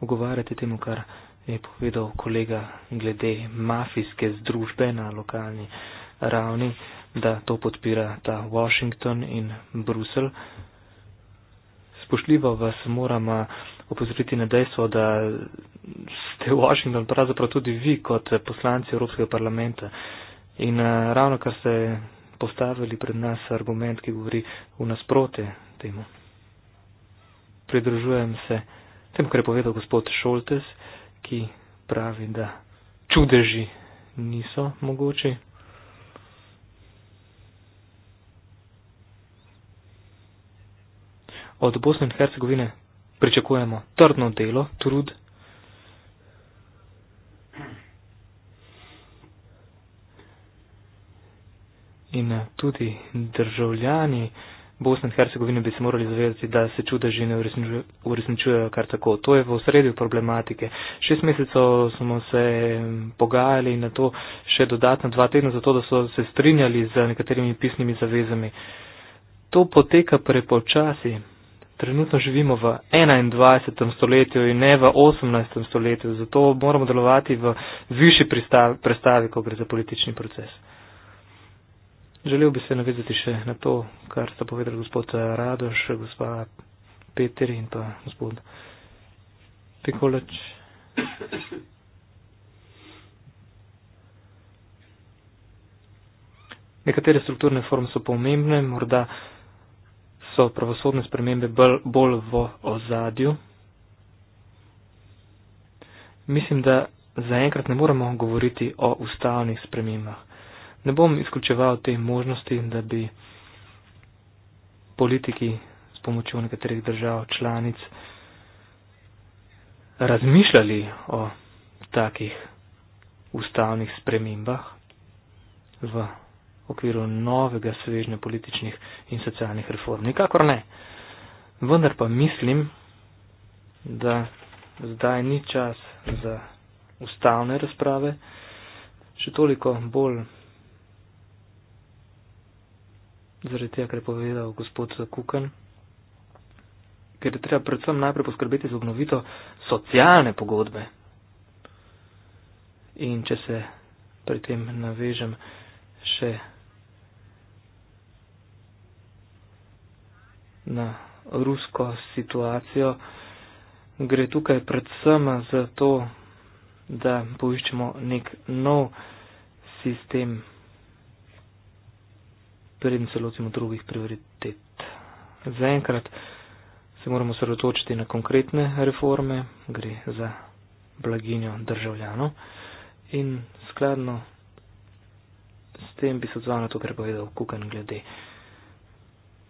ogovarjati temu, kar je povedal kolega glede mafijske združbe na lokalni ravni, da to podpira ta Washington in Brusel. Spošljivo vas moramo opozoriti na dejstvo, da ste v Washington pravzaprav tudi vi kot poslanci Evropskega parlamenta. In eh, ravno kar ste postavili pred nas argument, ki govori v nasprote temu. Pridružujem se tem, kar je povedal gospod Šoltes, ki pravi, da čudeži niso mogoči. Od Bosne in Hercegovine pričakujemo trdno delo, trud. In eh, tudi državljani Bosne in Hercegovine bi se morali zavedati, da se čudeži ne uresničujejo kar tako. To je v sredju problematike. Šest mesecev smo se mm, pogajali in na to še dodatno dva tedna, zato da so se strinjali z nekaterimi pisnimi zavezami. To poteka prepočasi trenutno živimo v 21. stoletju in ne v 18. stoletju, zato moramo delovati v višji predstavi, ko gre za politični proces. Želel bi se navezati še na to, kar sta povedali gospod Radoš, gospa Peter in pa gospod Pikolač. Nekatere strukturne forme so pomembne, morda so pravosodne spremembe bolj, bolj v ozadju? Mislim, da zaenkrat ne moremo govoriti o ustavnih spremembah. Ne bom izključeval te možnosti, da bi politiki s pomočjo nekaterih držav članic razmišljali o takih ustavnih spremembah v okviru novega svežnja političnih in socialnih reform. Nikakor ne. Vendar pa mislim, da zdaj ni čas za ustavne razprave, še toliko bolj zaradi tega, kar je povedal gospod Kukan, ker je treba predvsem najprej poskrbeti za obnovito socialne pogodbe. In če se pri tem navežem še na rusko situacijo. Gre tukaj predvsem za to, da poiščemo nek nov sistem, preden se lotimo drugih prioritet. Zaenkrat se moramo sredotočiti na konkretne reforme, gre za blaginjo državljanov in skladno s tem bi se odzval na to, kar je povedal Kukan glede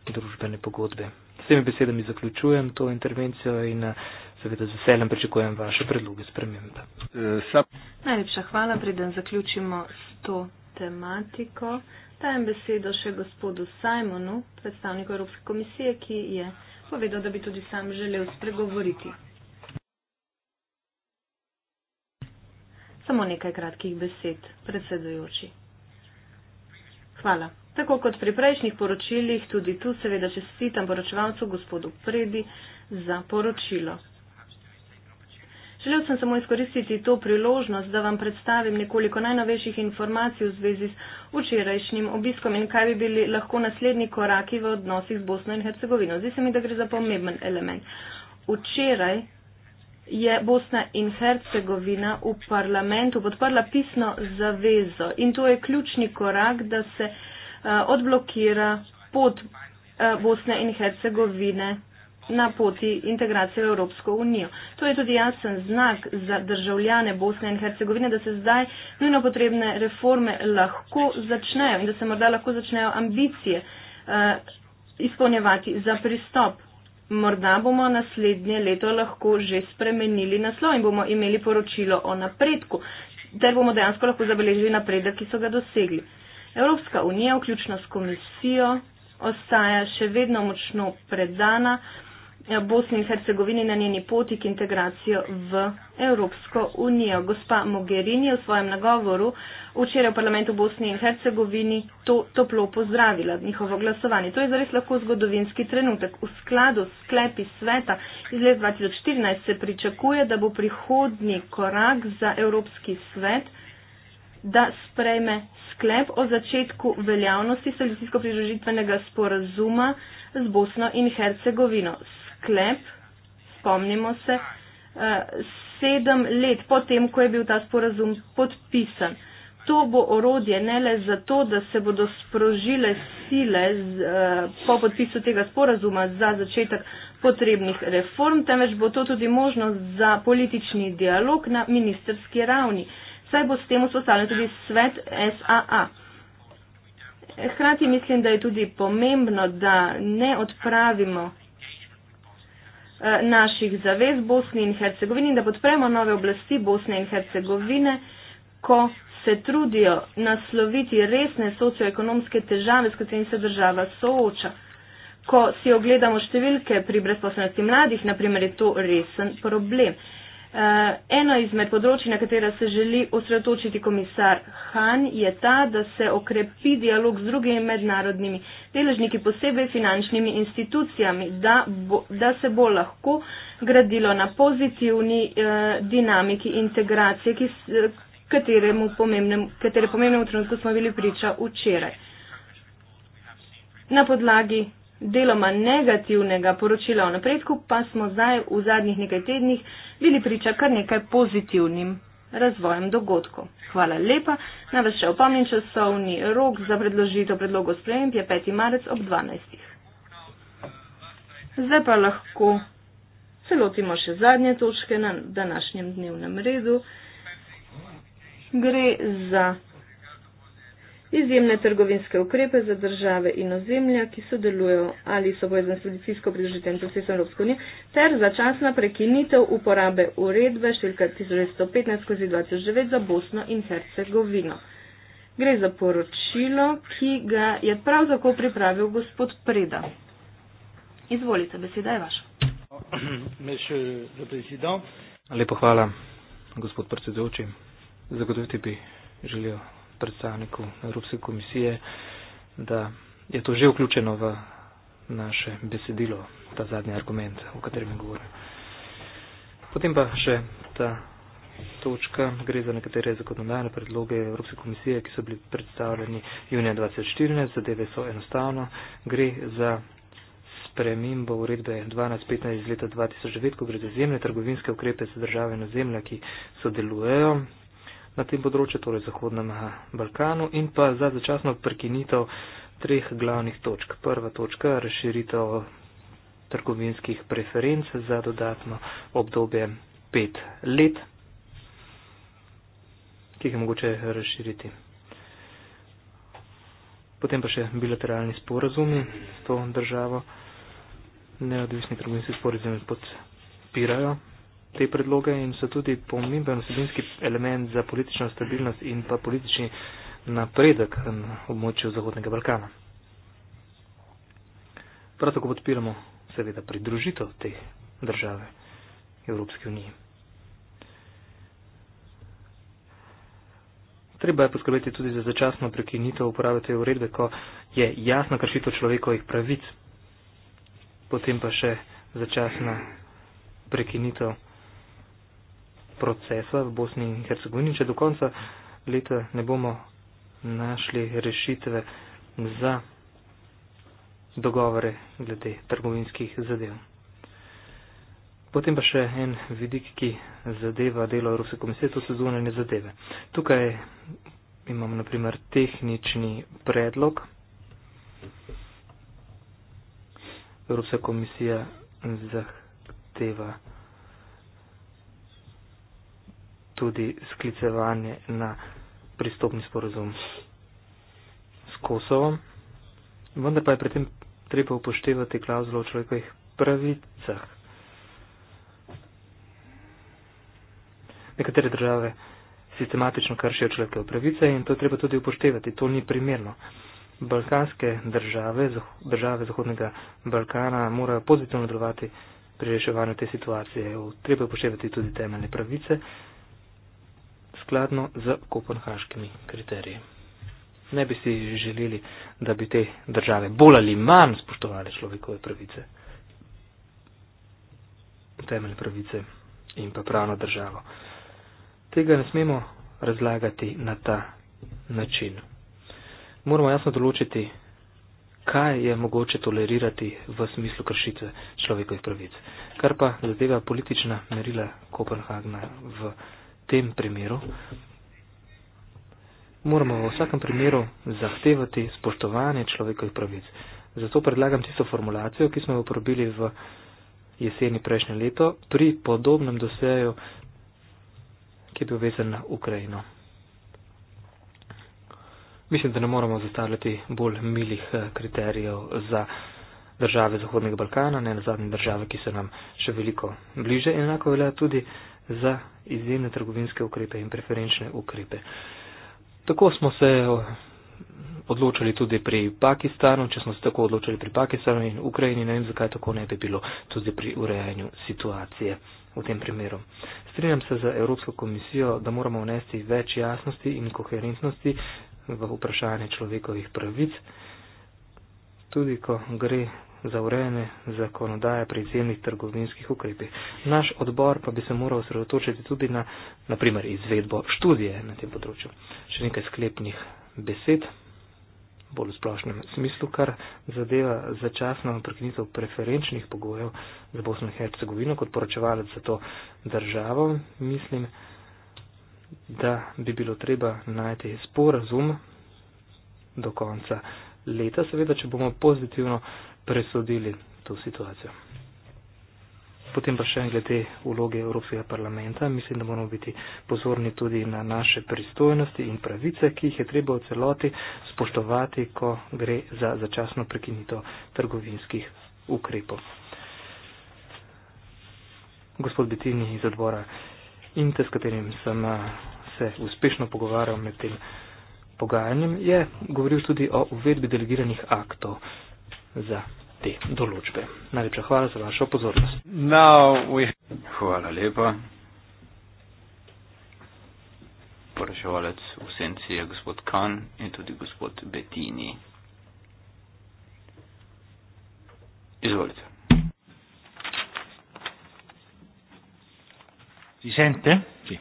družbene pogodbe. S temi besedami zaključujem to intervencijo in eh, seveda z veseljem pričakujem vaše predloge sprememb. Eh, Najlepša hvala, preden zaključimo s to tematiko. Dajem besedo še gospodu Simonu, predstavniku Evropske komisije, ki je povedal, da bi tudi sam želel spregovoriti. Samo nekaj kratkih besed, predsedujoči. Hvala. Tako kot pri prejšnjih poročilih, tudi tu seveda čestitam poročevalcu gospodu Predi za poročilo. Želel sem samo izkoristiti to priložnost, da vam predstavim nekoliko najnovejših informacij v zvezi s včerajšnjim obiskom in kaj bi bili lahko naslednji koraki v odnosih z Bosno in Hercegovino. Zdi se mi, da gre za pomemben element. Včeraj je Bosna in Hercegovina v parlamentu podprla pisno zavezo in to je ključni korak, da se. Eh, odblokira pot eh, Bosne in Hercegovine na poti integracije v Evropsko unijo. To je tudi jasen znak za državljane Bosne in Hercegovine, da se zdaj nujno potrebne reforme lahko začnejo in da se morda lahko začnejo ambicije eh, izpolnjevati za pristop. Morda bomo naslednje leto lahko že spremenili naslov in bomo imeli poročilo o napredku, ter bomo dejansko lahko zabeležili napredek, ki so ga dosegli. Evropska unija, vključno s komisijo, ostaja še vedno močno predana eh, Bosni in Hercegovini na njeni poti k integracijo v Evropsko unijo. Gospa Mogherini je v svojem nagovoru včeraj v parlamentu Bosni in Hercegovini to toplo pozdravila, njihovo glasovanje. To je zares lahko zgodovinski trenutek. V skladu s sklepi sveta iz leta 2014 se pričakuje, da bo prihodni korak za Evropski svet da sprejme sklep o začetku veljavnosti salizijsko-pridružitvenega sporazuma z Bosno in Hercegovino. Sklep, spomnimo se, eh, sedem let potem, ko je bil ta sporazum podpisan. To bo orodje ne le zato, da se bodo sprožile sile z, eh, po podpisu tega sporazuma za začetek potrebnih reform, temveč bo to tudi možnost za politični dialog na ministerski ravni. Eh, saj bo s tem vzpostavljen tudi svet SAA. Hkrati mislim, da je tudi pomembno, da ne odpravimo eh, naših zavez Bosni in Hercegovini in da podpremo nove oblasti Bosne in Hercegovine, ko se trudijo nasloviti resne socioekonomske težave, s katerimi se država sooča. Ko si ogledamo številke pri brezposobnosti mladih, naprimer, je to resen problem. Eh, eno izmed področji, na katera se želi osredotočiti komisar Han, je ta, da se okrepi dialog z drugimi mednarodnimi deležniki, posebej finančnimi institucijami, da, bo, da se bo lahko gradilo na pozitivni eh, dinamiki integracije, ki, katerem pomembnem, katere pomembnemu trenutku smo bili priča včeraj. Na podlagi deloma negativnega poročila o napredku, pa smo zdaj v zadnjih nekaj tednih bili priča kar nekaj pozitivnim razvojem dogodkov. Hvala lepa. Naj vas še opomnim, časovni rok za predložitev predlogov sprememb je 5. marec ob 12. Zdaj pa lahko se lotimo še zadnje točke na današnjem dnevnem redu. Gre za izjemne trgovinske ukrepe za države in ozemlja, ki sodelujejo ali so povezani s tradicijsko pridružitvenim procesom Evropske unije, ter začasna prekinitev uporabe uredbe številka 1915-2009 za Bosno in Hercegovino. Gre za poročilo, ki ga je prav tako pripravil gospod Preda. Izvolite, beseda je vaša. Lepo hvala, gospod predsedujoči. Zagotoviti bi želel predstavniku Evropske komisije, da je to že vključeno v naše besedilo, ta zadnji argument, o katerem govorim. Potem pa še ta točka, gre za nekatere zakonodajne predloge Evropske komisije, ki so bili predstavljeni junija 2014, zadeve so enostavno, gre za spremembo uredbe 12.15 iz leta 2009, ko gre za izjemne trgovinske ukrepe za države in ozemlja, ki sodelujejo na tem področju, torej Zahodnem eh, Balkanu in pa za začasno prekinitev treh glavnih točk. Prva točka je razširitev trgovinskih preferenc za dodatno obdobje pet let, ki jih je mogoče razširiti. Potem pa še bilateralni sporazumi s to državo, neodvisni trgovinski sporazumi podpirajo te predloge in so tudi pomemben vsebinski element za politično stabilnost in pa politični napredek na območju Zahodnega Balkana. Prav tako podpiramo seveda pridružitev te države Evropske unije. Treba je poskrbeti tudi za začasno prekinitev uporabe te uredbe, ko je jasna kršitev človekovih pravic, potem pa še začasna prekinitev procesa v Bosni in Hercegovini, če do konca leta ne bomo našli rešitve za dogovore glede trgovinskih zadev. Potem pa še en vidik, ki zadeva delo Evropske komisije, to so zunanje zadeve. Tukaj imamo naprimer tehnični predlog. Evropska komisija zahteva tudi sklicevanje na pristopni sporozum s Kosovom. Vendar pa je pri tem treba upoštevati klauzulo o človekovih pravicah. Nekatere države sistematično kršijo človekove pravice in to treba tudi upoštevati. To ni primerno. Balkanske države, države Zahodnega Balkana morajo pozitivno delovati pri reševanju te situacije. Treba upoštevati tudi temeljne pravice skladno z kopenhaškimi kriteriji. Ne bi si želeli, da bi te države bolj ali manj spoštovali človekove pravice, temelj pravice in pa pravno državo. Tega ne smemo razlagati na ta način. Moramo jasno določiti, kaj je mogoče tolerirati v smislu kršitve človekovih pravic. Kar pa zadeva politična merila Kopenhagna v tem primeru, moramo v vsakem primeru zahtevati spoštovanje človekovih pravic. Zato predlagam tisto formulacijo, ki smo jo uporabili v jeseni prejšnje leto pri podobnem doseju, ki je bil vezan na Ukrajino. Mislim, da ne moramo zastavljati bolj milih eh, kriterijev za države Zahodnega Balkana, ne na zadnje države, ki so nam še veliko bliže. Enako velja tudi za izjemne trgovinske ukrepe in preferenčne ukrepe. Tako smo se odločili tudi pri Pakistanu, če smo se tako odločili pri Pakistanu in Ukrajini, ne vem, zakaj tako ne bi bilo tudi pri urejanju situacije v tem primeru. Strinjam se z Evropsko komisijo, da moramo vnesti več jasnosti in koherentnosti v vprašanje človekovih pravic, tudi ko gre za urejanje zakonodaje pri izjemnih trgovinskih ukrepih. Naš odbor pa bi se moral sredotočiti tudi na, na primer, izvedbo študije na tem področju. Še nekaj sklepnih besed, bolj v splošnem smislu, kar zadeva začasno prekinitev preferenčnih pogojev za Bosno in Hercegovino kot poročevalec za to državo. Mislim, da bi bilo treba najti sporazum do konca leta, seveda, če bomo pozitivno presodili to situacijo. Potem pa še en glede vloge Evropskega parlamenta. Mislim, da moramo biti pozorni tudi na naše pristojnosti in pravice, ki jih je treba v celoti spoštovati, ko gre za začasno prekinito trgovinskih ukrepov. Gospod Betini iz odbora Inte, s katerim sem eh, se uspešno pogovarjal med tem pogajanjem, je govoril tudi o uvedbi delegiranih aktov za te določbe. Najlepša hvala za vašo pozornost. We... Hvala lepa. Poraševalec v senci je gospod Kan in tudi gospod Betini. Izvolite. Si sente? Si.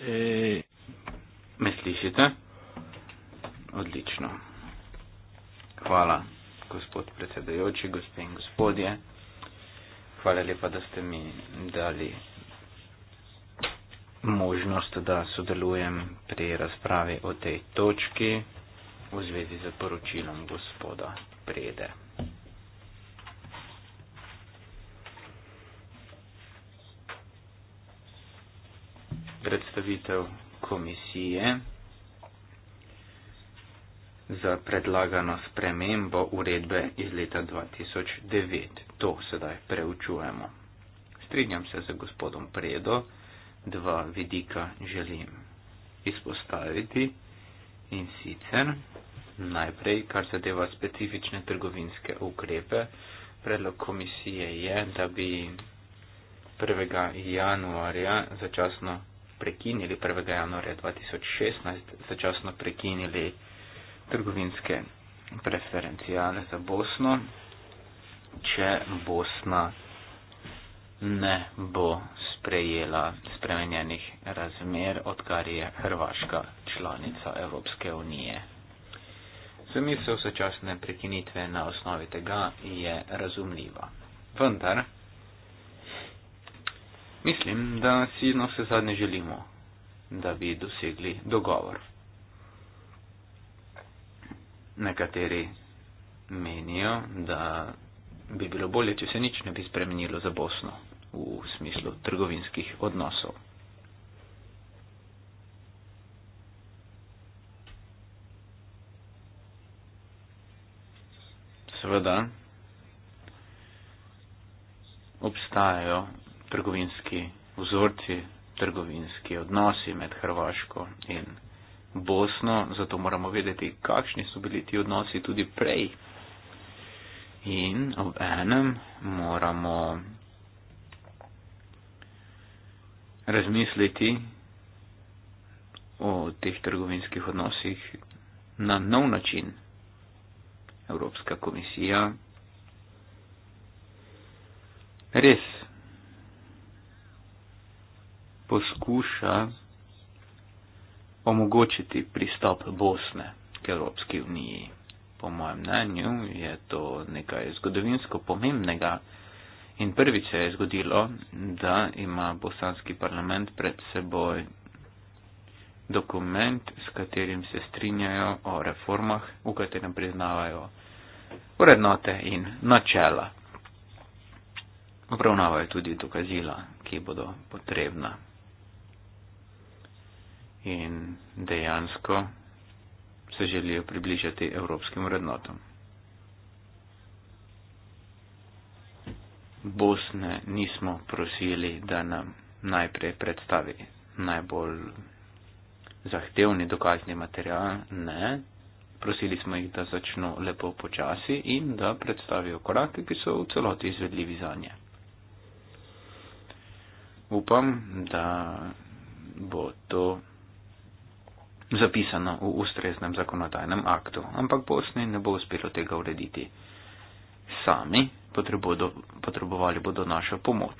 E... Eh, me slišite? Odlično. Hvala gospod predsedajoči, gospe in gospodje. Hvala lepa, da ste mi dali možnost, da sodelujem pri razpravi o tej točki v zvezi z poročilom gospoda Prede. Predstavitev komisije za predlagano spremembo uredbe iz leta 2009. To sedaj preučujemo. Strinjam se z gospodom Predo, dva vidika želim izpostaviti in sicer najprej, kar zadeva specifične trgovinske ukrepe, predlog komisije je, da bi 1. januarja začasno prekinili, 1. januarja 2016 začasno prekinili trgovinske preferencijale za Bosno, če Bosna ne bo sprejela spremenjenih razmer, odkar je Hrvaška članica Evropske unije. Zamisel sočasne prekinitve na osnovi tega je razumljiva. Vendar, mislim, da si na vse zadnje želimo, da bi dosegli dogovor nekateri menijo, da bi bilo bolje, če se nič ne bi spremenilo za Bosno v smislu trgovinskih odnosov. Seveda obstajajo trgovinski vzorci, trgovinski odnosi med Hrvaško in Hrvaško. Bosno, zato moramo vedeti, kakšni so bili ti odnosi tudi prej. In ob enem moramo razmisliti o teh trgovinskih odnosih na nov način. Evropska komisija res poskuša omogočiti pristop Bosne k Evropski uniji. Po mojem mnenju je to nekaj zgodovinsko pomembnega in prvič se je zgodilo, da ima bosanski parlament pred seboj dokument, s katerim se strinjajo o reformah, v katerem priznavajo vrednote in načela. Obravnavajo tudi dokazila, ki bodo potrebna in dejansko se želijo približati evropskim vrednotam. Bosne nismo prosili, da nam najprej predstavi najbolj zahtevni dokazni material, ne, prosili smo jih, da začno lepo počasi in da predstavijo korake, ki so v celoti izvedljivi za nje. Upam, da bo to zapisano v ustreznem zakonodajnem aktu, ampak Bosni ne bo uspelo tega urediti. Sami potrebovali bodo našo pomoč.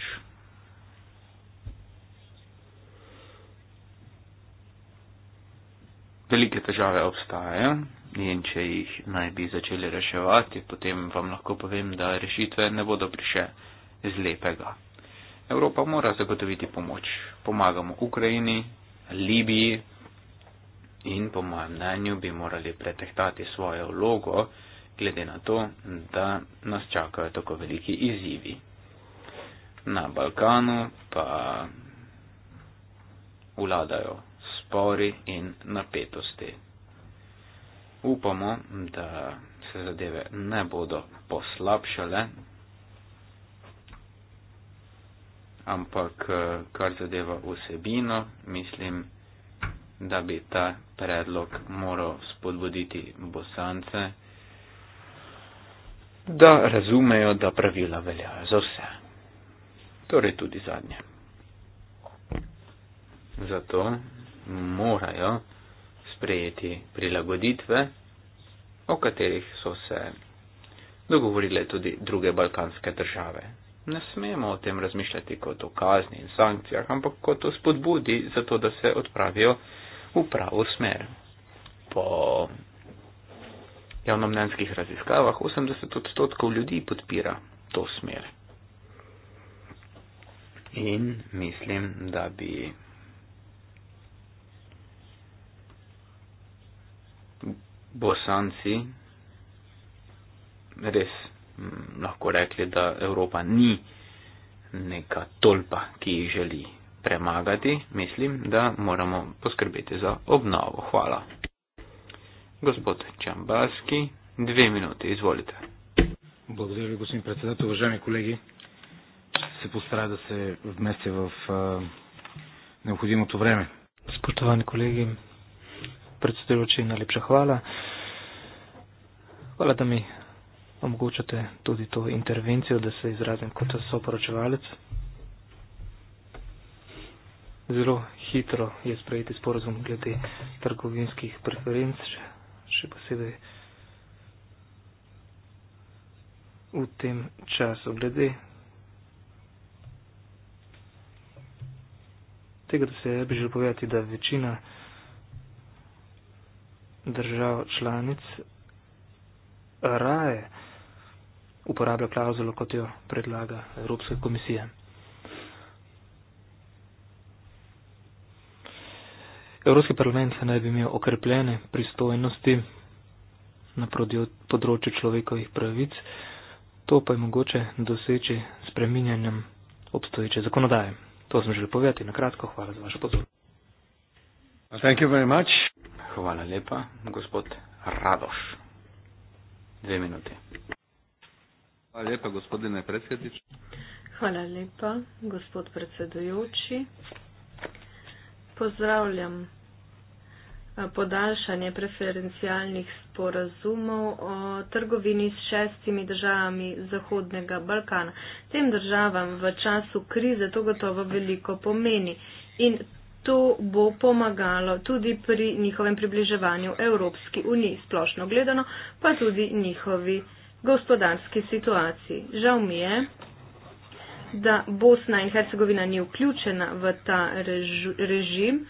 Velike težave obstajajo in če jih naj bi začeli reševati, potem vam lahko povem, da rešitve ne bodo prišle z lepega. Evropa mora zagotoviti pomoč. Pomagamo Ukrajini, Libiji, in po mojem mnenju bi morali pretehtati svojo vlogo, glede na to, da nas čakajo tako veliki izzivi. Na Balkanu pa vladajo spori in napetosti. Upamo, da se zadeve ne bodo poslabšale, ampak eh, kar zadeva vsebino, mislim, da bi ta predlog moral spodbuditi bosance, da razumejo, da pravila veljajo za vse, torej tudi zadnje. Zato morajo sprejeti prilagoditve, o katerih so se dogovorile tudi druge balkanske države. Ne smemo o tem razmišljati kot o kazni in sankcijah, ampak kot o spodbudi za to, da se odpravijo v pravo smer. Po javnomnenskih raziskavah 80 odstotkov ljudi podpira to smer. In mislim, da bi bosanci res mm, lahko rekli, da Evropa ni neka tolpa, ki jih želi premagati, mislim, da moramo poskrbeti za obnovo. Hvala. Gospod Čambalski, dve minuti, izvolite. Благодаря ви, господин председател. Уважаеми колеги, ще се постарая да се вместя в а, необходимото време. Спортовани колеги, председателче, налепша хвала. Хвала да ми омогучате тоди то интервенцио да се изразим като сопоръчвалец zelo hitro je sprejeti sporozum glede trgovinskih preferenc, še, še posebej v tem času. Glede tega, da se je bi želel povedati, da večina držav članic raje uporablja klauzulo, kot jo predlaga Evropska komisija. Evropski parlament naj bi imel okrepljene pristojnosti na področju človekovih pravic, to pa je mogoče doseči s preminjanjem obstoječe zakonodaje. To sem želel povedati na kratko. Hvala za vašo pozornost. Thank you very much. Hvala lepa, gospod Radoš. Dve minute. Hvala lepa, gospodine predsednič. Hvala lepa, gospod predsedujoči pozdravljam eh, podaljšanje preferencialnih sporazumov o trgovini s šestimi državami Zahodnega Balkana. Tem državam v času krize to gotovo veliko pomeni in to bo pomagalo tudi pri njihovem približevanju Evropski uniji, splošno gledano, pa tudi njihovi gospodarski situaciji. Žal mi je da Bosna in Hercegovina ni vključena v ta rež, režim,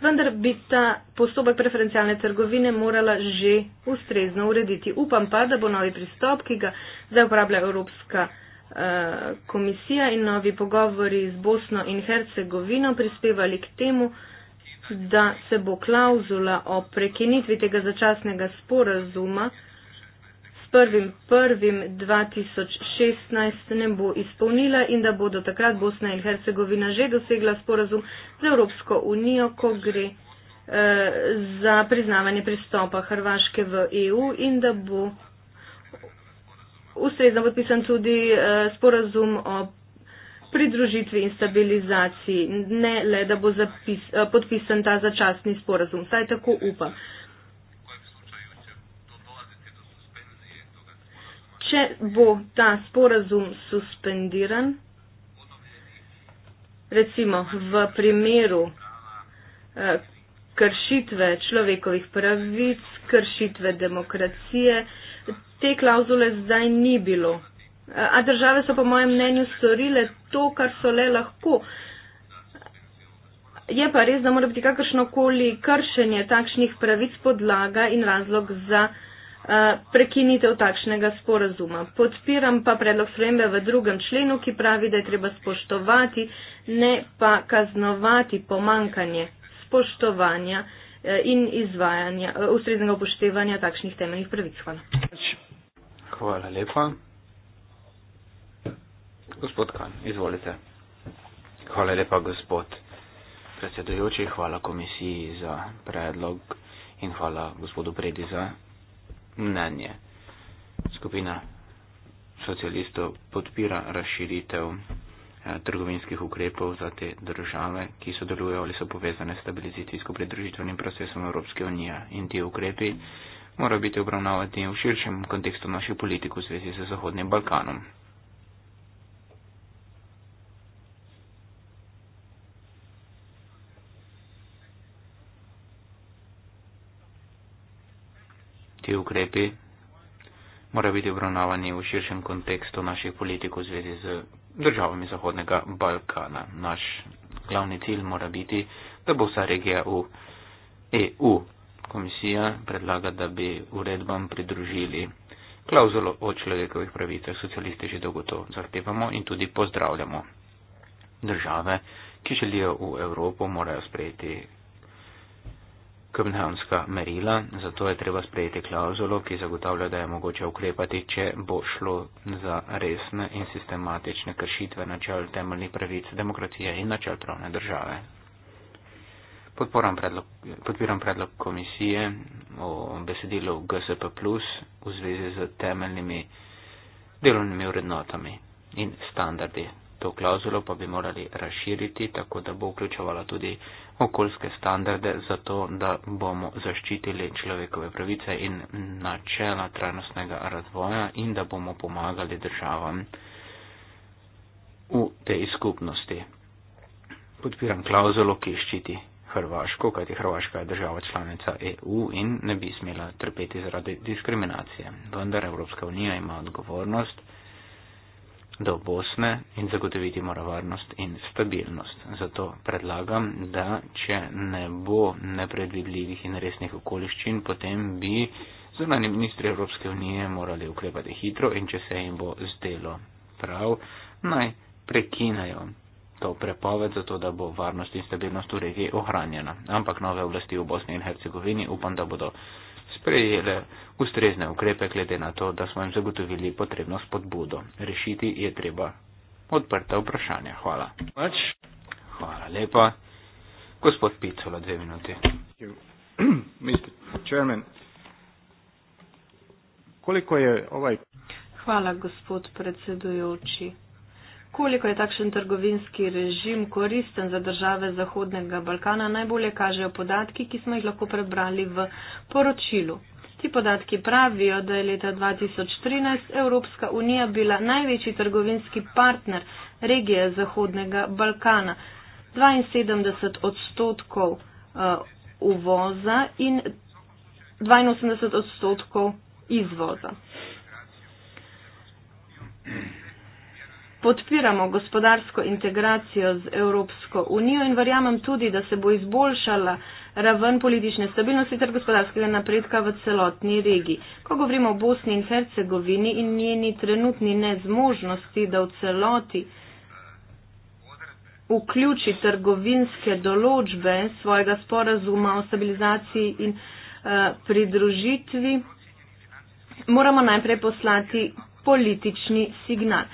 vendar bi ta postopek preferencialne trgovine morala že ustrezno urediti. Upam pa, da bo novi pristop, ki ga zdaj uporablja Evropska eh, komisija in novi pogovori z Bosno in Hercegovino prispevali k temu, da se bo klauzula o prekinitvi tega začasnega sporazuma prvim prvim 2016 ne bo izpolnila in da bodo takrat Bosna in Hercegovina že dosegla sporazum z Evropsko unijo, ko gre eh, za priznavanje pristopa Hrvaške v EU in da bo ustrezno podpisan tudi eh, sporazum o pridružitvi in stabilizaciji, ne le, da bo zapis, eh, podpisan ta začasni sporazum, saj tako upam. če bo ta sporazum suspendiran, recimo v primeru eh, kršitve človekovih pravic, kršitve demokracije, te klauzule zdaj ni bilo. Eh, a države so po mojem mnenju storile to, kar so le lahko. Je pa res, da mora biti kakršnokoli kršenje takšnih pravic podlaga in razlog za. Eh, prekinitev takšnega sporazuma. Podpiram pa predlog spremembe v drugem členu, ki pravi, da je treba spoštovati, ne pa kaznovati pomankanje spoštovanja eh, in izvajanja, eh, ustreznega upoštevanja takšnih temeljnih pravic. Hvala. Hvala lepa. Gospod Kan, izvolite. Hvala lepa, gospod predsedujoči, hvala komisiji za predlog in hvala gospodu Bredi za mnenje. Skupina socialistov podpira razširitev eh, trgovinskih ukrepov za te države, ki sodelujejo ali so povezane s stabilizacijsko pridružitvenim procesom Evropske unije. In ti ukrepi morajo biti obravnavati v širšem kontekstu naših politik v zvezi z Zahodnim Balkanom. ti ukrepi morajo biti obravnavani v širšem kontekstu naših politik v zvezi z državami Zahodnega Balkana. Naš glavni cilj mora biti, da bo vsa regija v EU. Komisija predlaga, da bi uredbam pridružili klauzulo o človekovih pravicah. Socialisti že dolgo to zahtevamo in tudi pozdravljamo. Države, ki želijo v Evropo, morajo sprejeti Kopenhavnska merila, zato je treba sprejeti klauzulo, ki zagotavlja, da je mogoče ukrepati, če bo šlo za resne in sistematične kršitve načel temeljnih pravic demokracije in načel pravne države. Predlog, podpiram predlog komisije o besedilu GSP plus v zvezi z temeljnimi delovnimi urednotami in standardi To klauzulo pa bi morali razširiti, tako da bo vključevala tudi okoljske standarde, zato da bomo zaščitili človekove pravice in načela trajnostnega razvoja in da bomo pomagali državam v tej skupnosti. Podpiram klauzulo, ki ščiti Hrvaško, kajti Hrvaška je država članica EU in ne bi smela trpeti zaradi diskriminacije. Vendar Evropska unija ima odgovornost do Bosne in zagotoviti mora varnost in stabilnost. Zato predlagam, da če ne bo nepredvidljivih in resnih okoliščin, potem bi zunani ministri Evropske unije morali ukrepati hitro in če se jim bo zdelo prav, naj prekinajo to prepoved, zato da bo varnost in stabilnost v regiji ohranjena. Ampak nove oblasti v Bosni in Hercegovini upam, da bodo sprejele ustrezne ukrepe glede na to, da smo jim zagotovili potrebno spodbudo. Rešiti je treba odprta vprašanja. Hvala. Mač. Hvala lepa. Gospod Picola, dve minuti. Mr. Chairman, koliko je ovaj. Hvala, gospod predsedujoči. Koliko je takšen trgovinski režim koristen za države Zahodnega Balkana, najbolje kažejo podatki, ki smo jih lahko prebrali v poročilu. Ti podatki pravijo, da je leta 2013 Evropska unija bila največji trgovinski partner regije Zahodnega Balkana. 72 odstotkov eh, uvoza in 82 odstotkov izvoza podpiramo gospodarsko integracijo z Evropsko unijo in verjamem tudi, da se bo izboljšala raven politične stabilnosti ter gospodarskega napredka v celotni regiji. Ko govorimo o Bosni in Hercegovini in njeni trenutni nezmožnosti, da v celoti vključi trgovinske določbe svojega sporazuma o stabilizaciji in uh, pridružitvi, moramo najprej poslati politični signal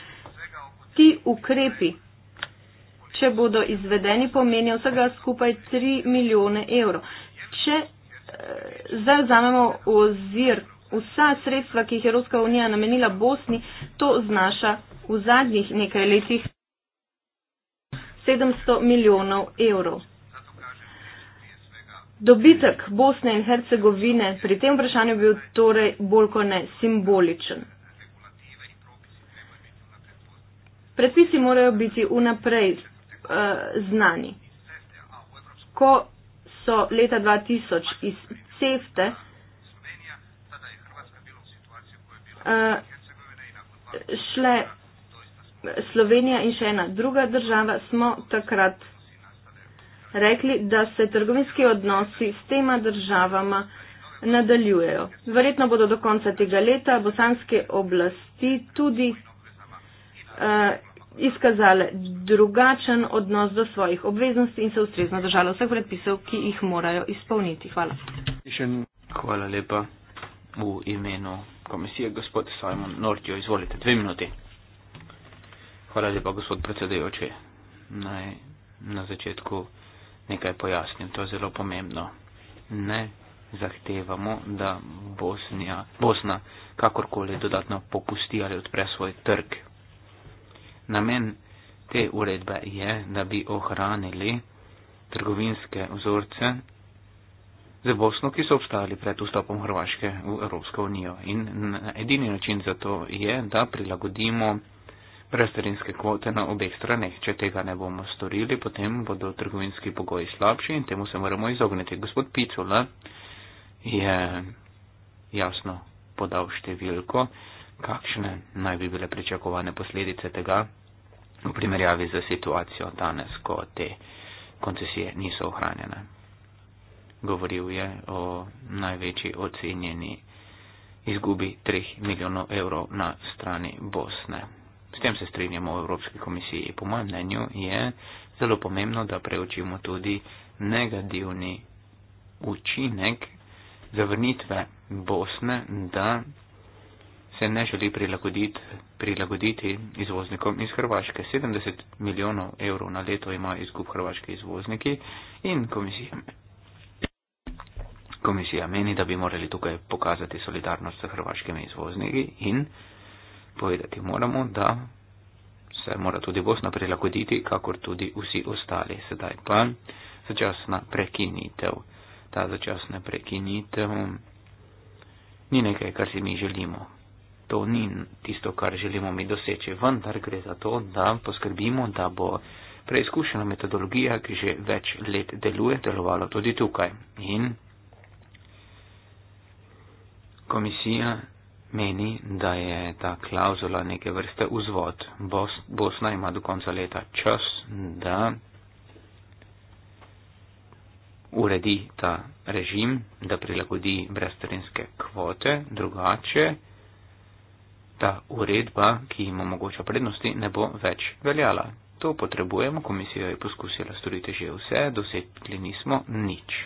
ti ukrepi, če bodo izvedeni, pomenijo vsega skupaj 3 milijone evrov. Če eh, zdaj vzamemo ozir vsa sredstva, ki jih je Evropska unija namenila Bosni, to znaša v zadnjih nekaj letih 700 milijonov evrov. Dobitek Bosne in Hercegovine pri tem vprašanju bil torej bolj kot ne simboličen. Predpisi morajo biti vnaprej uh, znani. Ko so leta 2000 iz CEFTE uh, šle Slovenija in še ena druga država, smo takrat rekli, da se trgovinski odnosi s tema državama nadaljujejo. Verjetno bodo do konca tega leta bosanske oblasti tudi eh, izkazali drugačen odnos do svojih obveznosti in se ustrezno držali vseh predpisov, ki jih morajo izpolniti. Hvala. Hvala lepa v imenu komisije, gospod Simon Nortjo. Izvolite, dve minuti. Hvala lepa, gospod predsedujoči. Naj na začetku nekaj pojasnim, to je zelo pomembno. Ne zahtevamo, da Bosnija, Bosna kakorkoli dodatno popusti ali odpre svoj trg Namen te uredbe je, da bi ohranili trgovinske vzorce za Bosno, ki so obstajali pred vstopom Hrvaške v Evropsko unijo. In edini način za to je, da prilagodimo brezterinske kvote na obeh straneh. Če tega ne bomo storili, potem bodo trgovinski pogoji slabši in temu se moramo izogniti. Gospod Picula je jasno podal številko kakšne naj bi bile pričakovane posledice tega v primerjavi z situacijo danes, ko te koncesije niso ohranjene. Govoril je o največji ocenjeni izgubi 3 milijonov evrov na strani Bosne. S tem se strinjamo v Evropski komisiji. Po mojem mnenju je zelo pomembno, da preučimo tudi negativni učinek zavrnitve Bosne, da se ne želi prilagoditi, prilagoditi izvoznikom iz Hrvaške. 70 milijonov evrov na leto ima izgub hrvaški izvozniki in komisija. Komisija meni, da bi morali tukaj pokazati solidarnost s hrvaškimi izvozniki in povedati moramo, da se mora tudi Bosna prilagoditi, kakor tudi vsi ostali. Sedaj pa začasna prekinitev. Ta začasna prekinitev ni nekaj, kar si mi želimo to ni tisto, kar želimo mi doseči, vendar gre za to, da poskrbimo, da bo preizkušena metodologija, ki že več let deluje, delovala tudi tukaj. In komisija meni, da je ta klauzula neke vrste vzvod. Bos, Bosna ima do konca leta čas, da uredi ta režim, da prilagodi brezterinske kvote, drugače ta uredba, ki jim omogoča prednosti, ne bo več veljala. To potrebujemo, komisija je poskusila storiti že vse, dosegli nismo nič.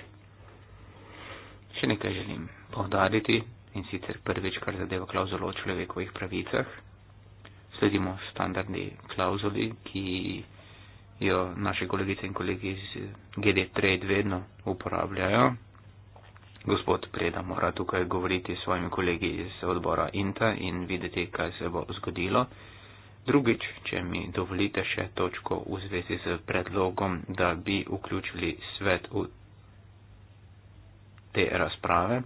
Še nekaj želim povdariti in sicer prvič, kar zadeva klauzulo o človekovih pravicah. Sledimo standardni klauzuli, ki jo naše kolegice in kolegi iz GD3 vedno uporabljajo gospod Preda mora tukaj govoriti s svojimi kolegi iz odbora INTA in videti, kaj se bo zgodilo. Drugič, če mi dovolite še točko v zvezi z predlogom, da bi vključili svet v te razprave.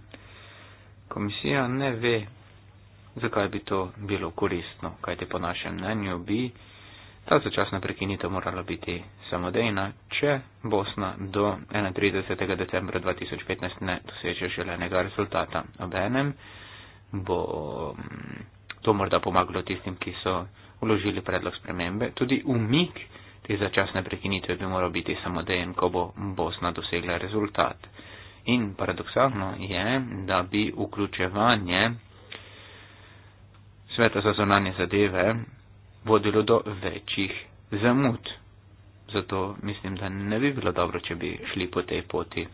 Komisija ne ve, zakaj bi to bilo koristno, kajte po našem mnenju bi Ta začasna prekinitev morala biti samodejna, če Bosna do 31. decembra 2015 ne doseže želenega rezultata. Obenem bo mm, to morda pomagalo tistim, ki so vložili predlog spremembe. Tudi umik te začasne prekinitve bi moral biti samodejen, ko bo Bosna dosegla rezultat. In paradoksalno je, da bi vključevanje Sveta za zonanje zadeve vodilo do večjih zamud. Zato mislim, da ne bi bilo dobro, če bi šli po tej poti.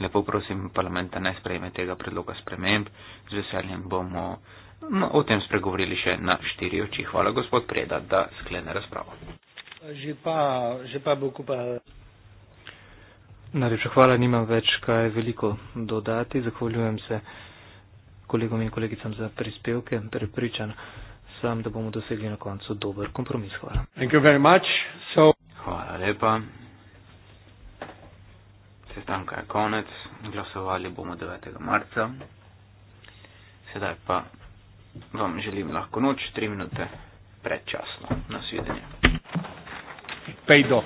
Lepo prosim parlamenta, naj sprejme tega predloga sprememb. Z veseljem bomo no, o tem spregovorili še na štiri oči. Hvala, gospod Preda, da sklene razpravo. Že pa, že pa bo kupal. Najlepša hvala, nimam več kaj veliko dodati. Zahvaljujem se kolegom in kolegicam za prispevke. Prepričan sem, da bomo dosegli na koncu dober kompromis. Hvala. So... Hvala lepa. Sestanka je konec. Glasovali bomo 9. marca. Sedaj pa vam želim lahko noč, tri minute predčasno. Nasvidenje. Pejdo.